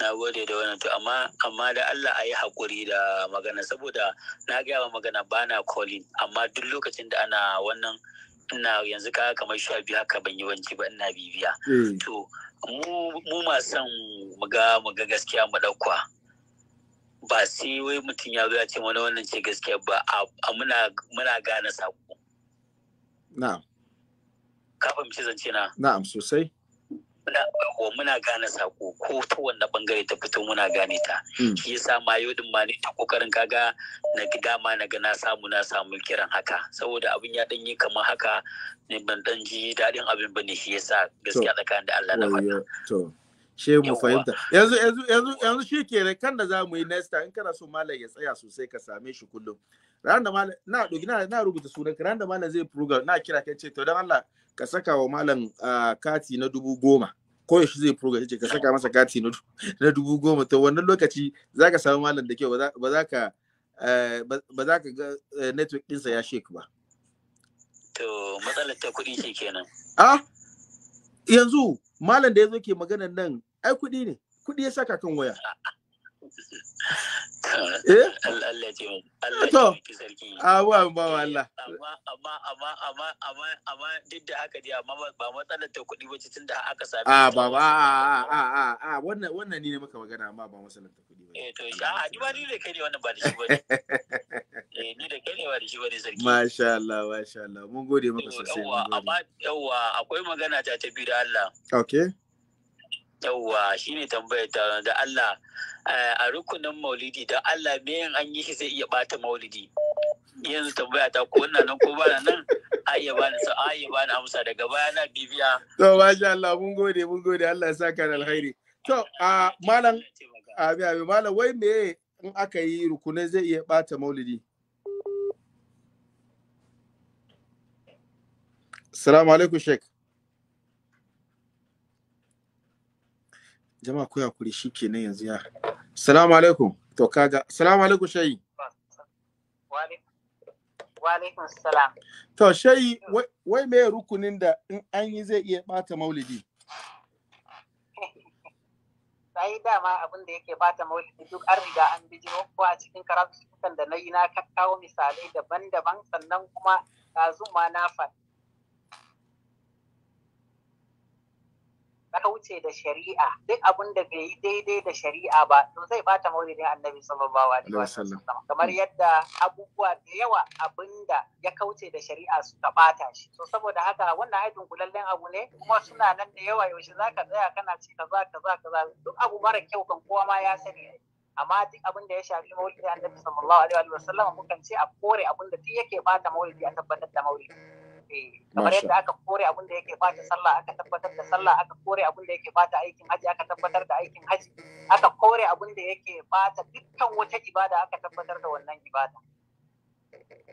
na gode da wannan to amma amma da Allah a yi haƙuri da magana saboda na gaya wa magana bana kolin amma duk lokacin da ana wannan ina yanzu ka kamar sha biyu haka ban yi wanki ba ina bibiya hmm. to mu ma son mu ga mu ga gaskiya mu ɗauka ba sai wai mutum ya zo ya ce wani wannan ce gaskiya ba a muna muna gane sako na'am ka fahimci zance na na'am sosai muna gane sako ko ta wanda bangare ta fito muna gane ta hmm. shi yasa ma yau din ma ne ta kokarin kaga na gida ma na ga na samu na samu kiran haka saboda abin ya danyi yi kamar haka ne ban dan ji dadin abin bane shi yasa gaskiya tsakanin da Allah na faɗa to she mu fahimta yanzu yanzu yanzu yanzu shi ke kan da za mu yi next time in kana so mallam ya tsaya sosai ka same shi kullum ran da mallam na dogi na rubuta sunan ran da mallam zai program na kira kai ce to dan Allah ka saka wa malam ah, kati na dubu goma ko yaushe zai furo ce ka saka masa kati na dubu goma to wannan lokaci za ka samu malam da kyau ba za ka eh, ba za ka ga eh, network ɗinsa ya shek ba. To matsalar ta kuɗi ce kenan. Ah, yanzu malam da ya zo ke maganar nan ai kuɗi ne kuɗi ya saka kan waya. Ah, ah. Eh? Allah ce Allah ce sarki. Awa ah, Amma amma amma amma amma duk da haka dai amma ba matsalar ta kuɗi ba tunda aka sami. A ah, ba ba a a a a wannan ni ne maka magana amma ba matsalar ta kuɗi ba. Eh to shi a ni ba ni da kai ne wannan ba da shi ba ne. Eh ni da kai ne ba da shi ba ne sarki. Masha Allah masha Allah mun gode maka sosai. Yawwa amma yawwa akwai magana ta tafi da Allah. Okay. yawwa shine tambayar da Allah eh, a rukunin maulidi da Allah me an yi shi zai iya bata maulidi yanzu tambaya ta ko ina nan ko ba nan a ba bani sa a iya amsa daga baya na bibiya to masha Allah mun gode mun gode Allah ya saka da alkhairi to a malam abi abi malam wai me in aka yi rukunai zai iya bata maulidi Assalamu alaikum Sheikh. jama'a ku hakuri shikenan yanzu ya assalamu alaikum to kaga assalamu alaikum shayi wa alaikum salam to shayi wai me rukunin da in an yi zai iya bata maulidi sai dama abin da yake bata maulidi duk an riga an bijiro ko a cikin karatu da na yi na kakkawo misalai daban-daban sannan kuma ɗazu ma na faɗi kauce da shari'a duk abin da bai yi daidai da shari'a ba to zai bata maulidin annabi sallallahu alaihi wasallam kamar yadda abubuwa da yawa abinda ya kauce da shari'a suka bata shi to saboda haka wannan aikin kulallen abu ne kuma suna nan da yawa yaushe zaka tsaya kana ci kaza kaza kaza duk abu mara kyau kan kowa ma ya sani amma duk abin da ya shafi maulidi annabi sallallahu alaihi wasallam mukan ce a kore abin da duk yake bata maulidi a tabbatar da maulidi Eh, kamar yadda aka kore abin da yake bata sallah aka tabbatar da sallah aka kore abin da yake bata aikin haji aka tabbatar da aikin haji aka kore abin da yake bata dukkan wata ibada aka tabbatar da wannan ibada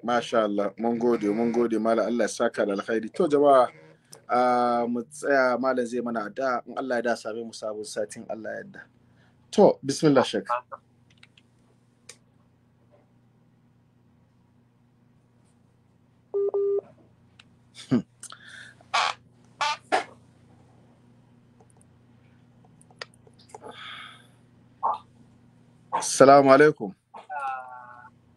Masha Allah, mun gode, mun gode, Malam Allah ya saka da alkhairi. To jama'a, mu tsaya Malam zai mana da in Allah ya da same mu sabon satin Allah ya da. To, bismillah shek. Salamu alaikum.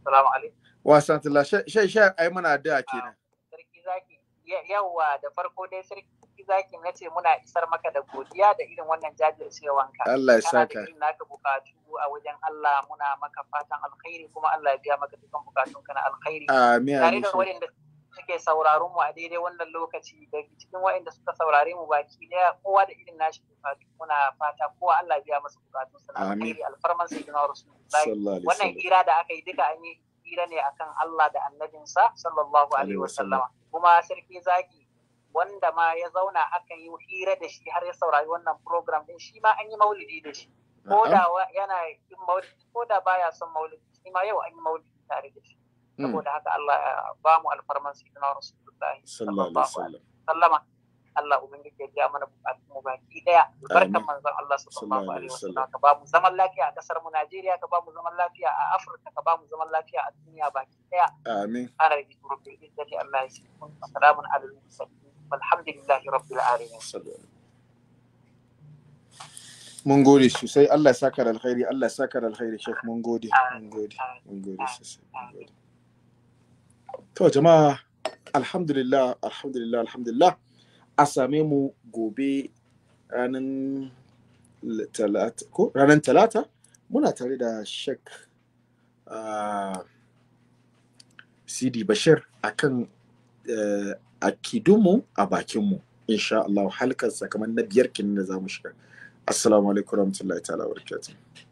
Salamu alaikum. Wa sanatullah shai shai ai muna da kenan. Ah, sarki zaki yawa da farko dai sarki zaki na ce muna isar maka da godiya da irin wannan jajircewanka. Allah ya saka. Kana da naka bukatu a wajen Allah muna maka fatan alkhairi kuma Allah ya biya maka dukkan bukatunka na alkhairi. Amin. Tare da waɗanda suke sauraron mu a daidai wannan lokaci da cikin wa'inda suka saurare mu baki daya kowa da irin nashi bukatu muna fata kowa Allah biya masa bukatu alkhairi alfarman sayyidina rasulullahi wannan hira da aka yi duka an yi hira ne akan Allah da annabinsa sallallahu alaihi wasallama kuma sarki zaki wanda ma ya zauna akan yi hira da shi har ya saurari wannan program din shi ma an yi maulidi da shi ko da yana yin maulidi ko da baya son maulidi shi ma yau an yi maulidi tare da shi saboda mm. haka Allah ya ba mu alfarman sayyidina rasulullahi sallallahu alaihi wasallama Allah ubangiji ya ja mana bukatun mu baki daya barkan manzon Allah sallallahu alaihi wasallam ka ba mu zaman lafiya a kasar mu Najeriya ka ba mu zaman lafiya a Afirka ka ba mu zaman lafiya a duniya baki daya amin ana yi turbi izzati Allah ya sallama salamun alal mursalin walhamdulillahi rabbil alamin mun gode sosai Allah ya saka alkhairi Allah ya saka alkhairi shek mun gode mun gode mun gode sosai to jama'a alhamdulillah alhamdulillah alhamdulillah a same mu gobe ranar talata ko talata muna tare da shek ah, sidi bashir akan eh, a kidunmu a bakinmu insha Allah halkar kamar na biyar kenan da za mu shiga assalamu alaikum rahmatullahi ta'ala wa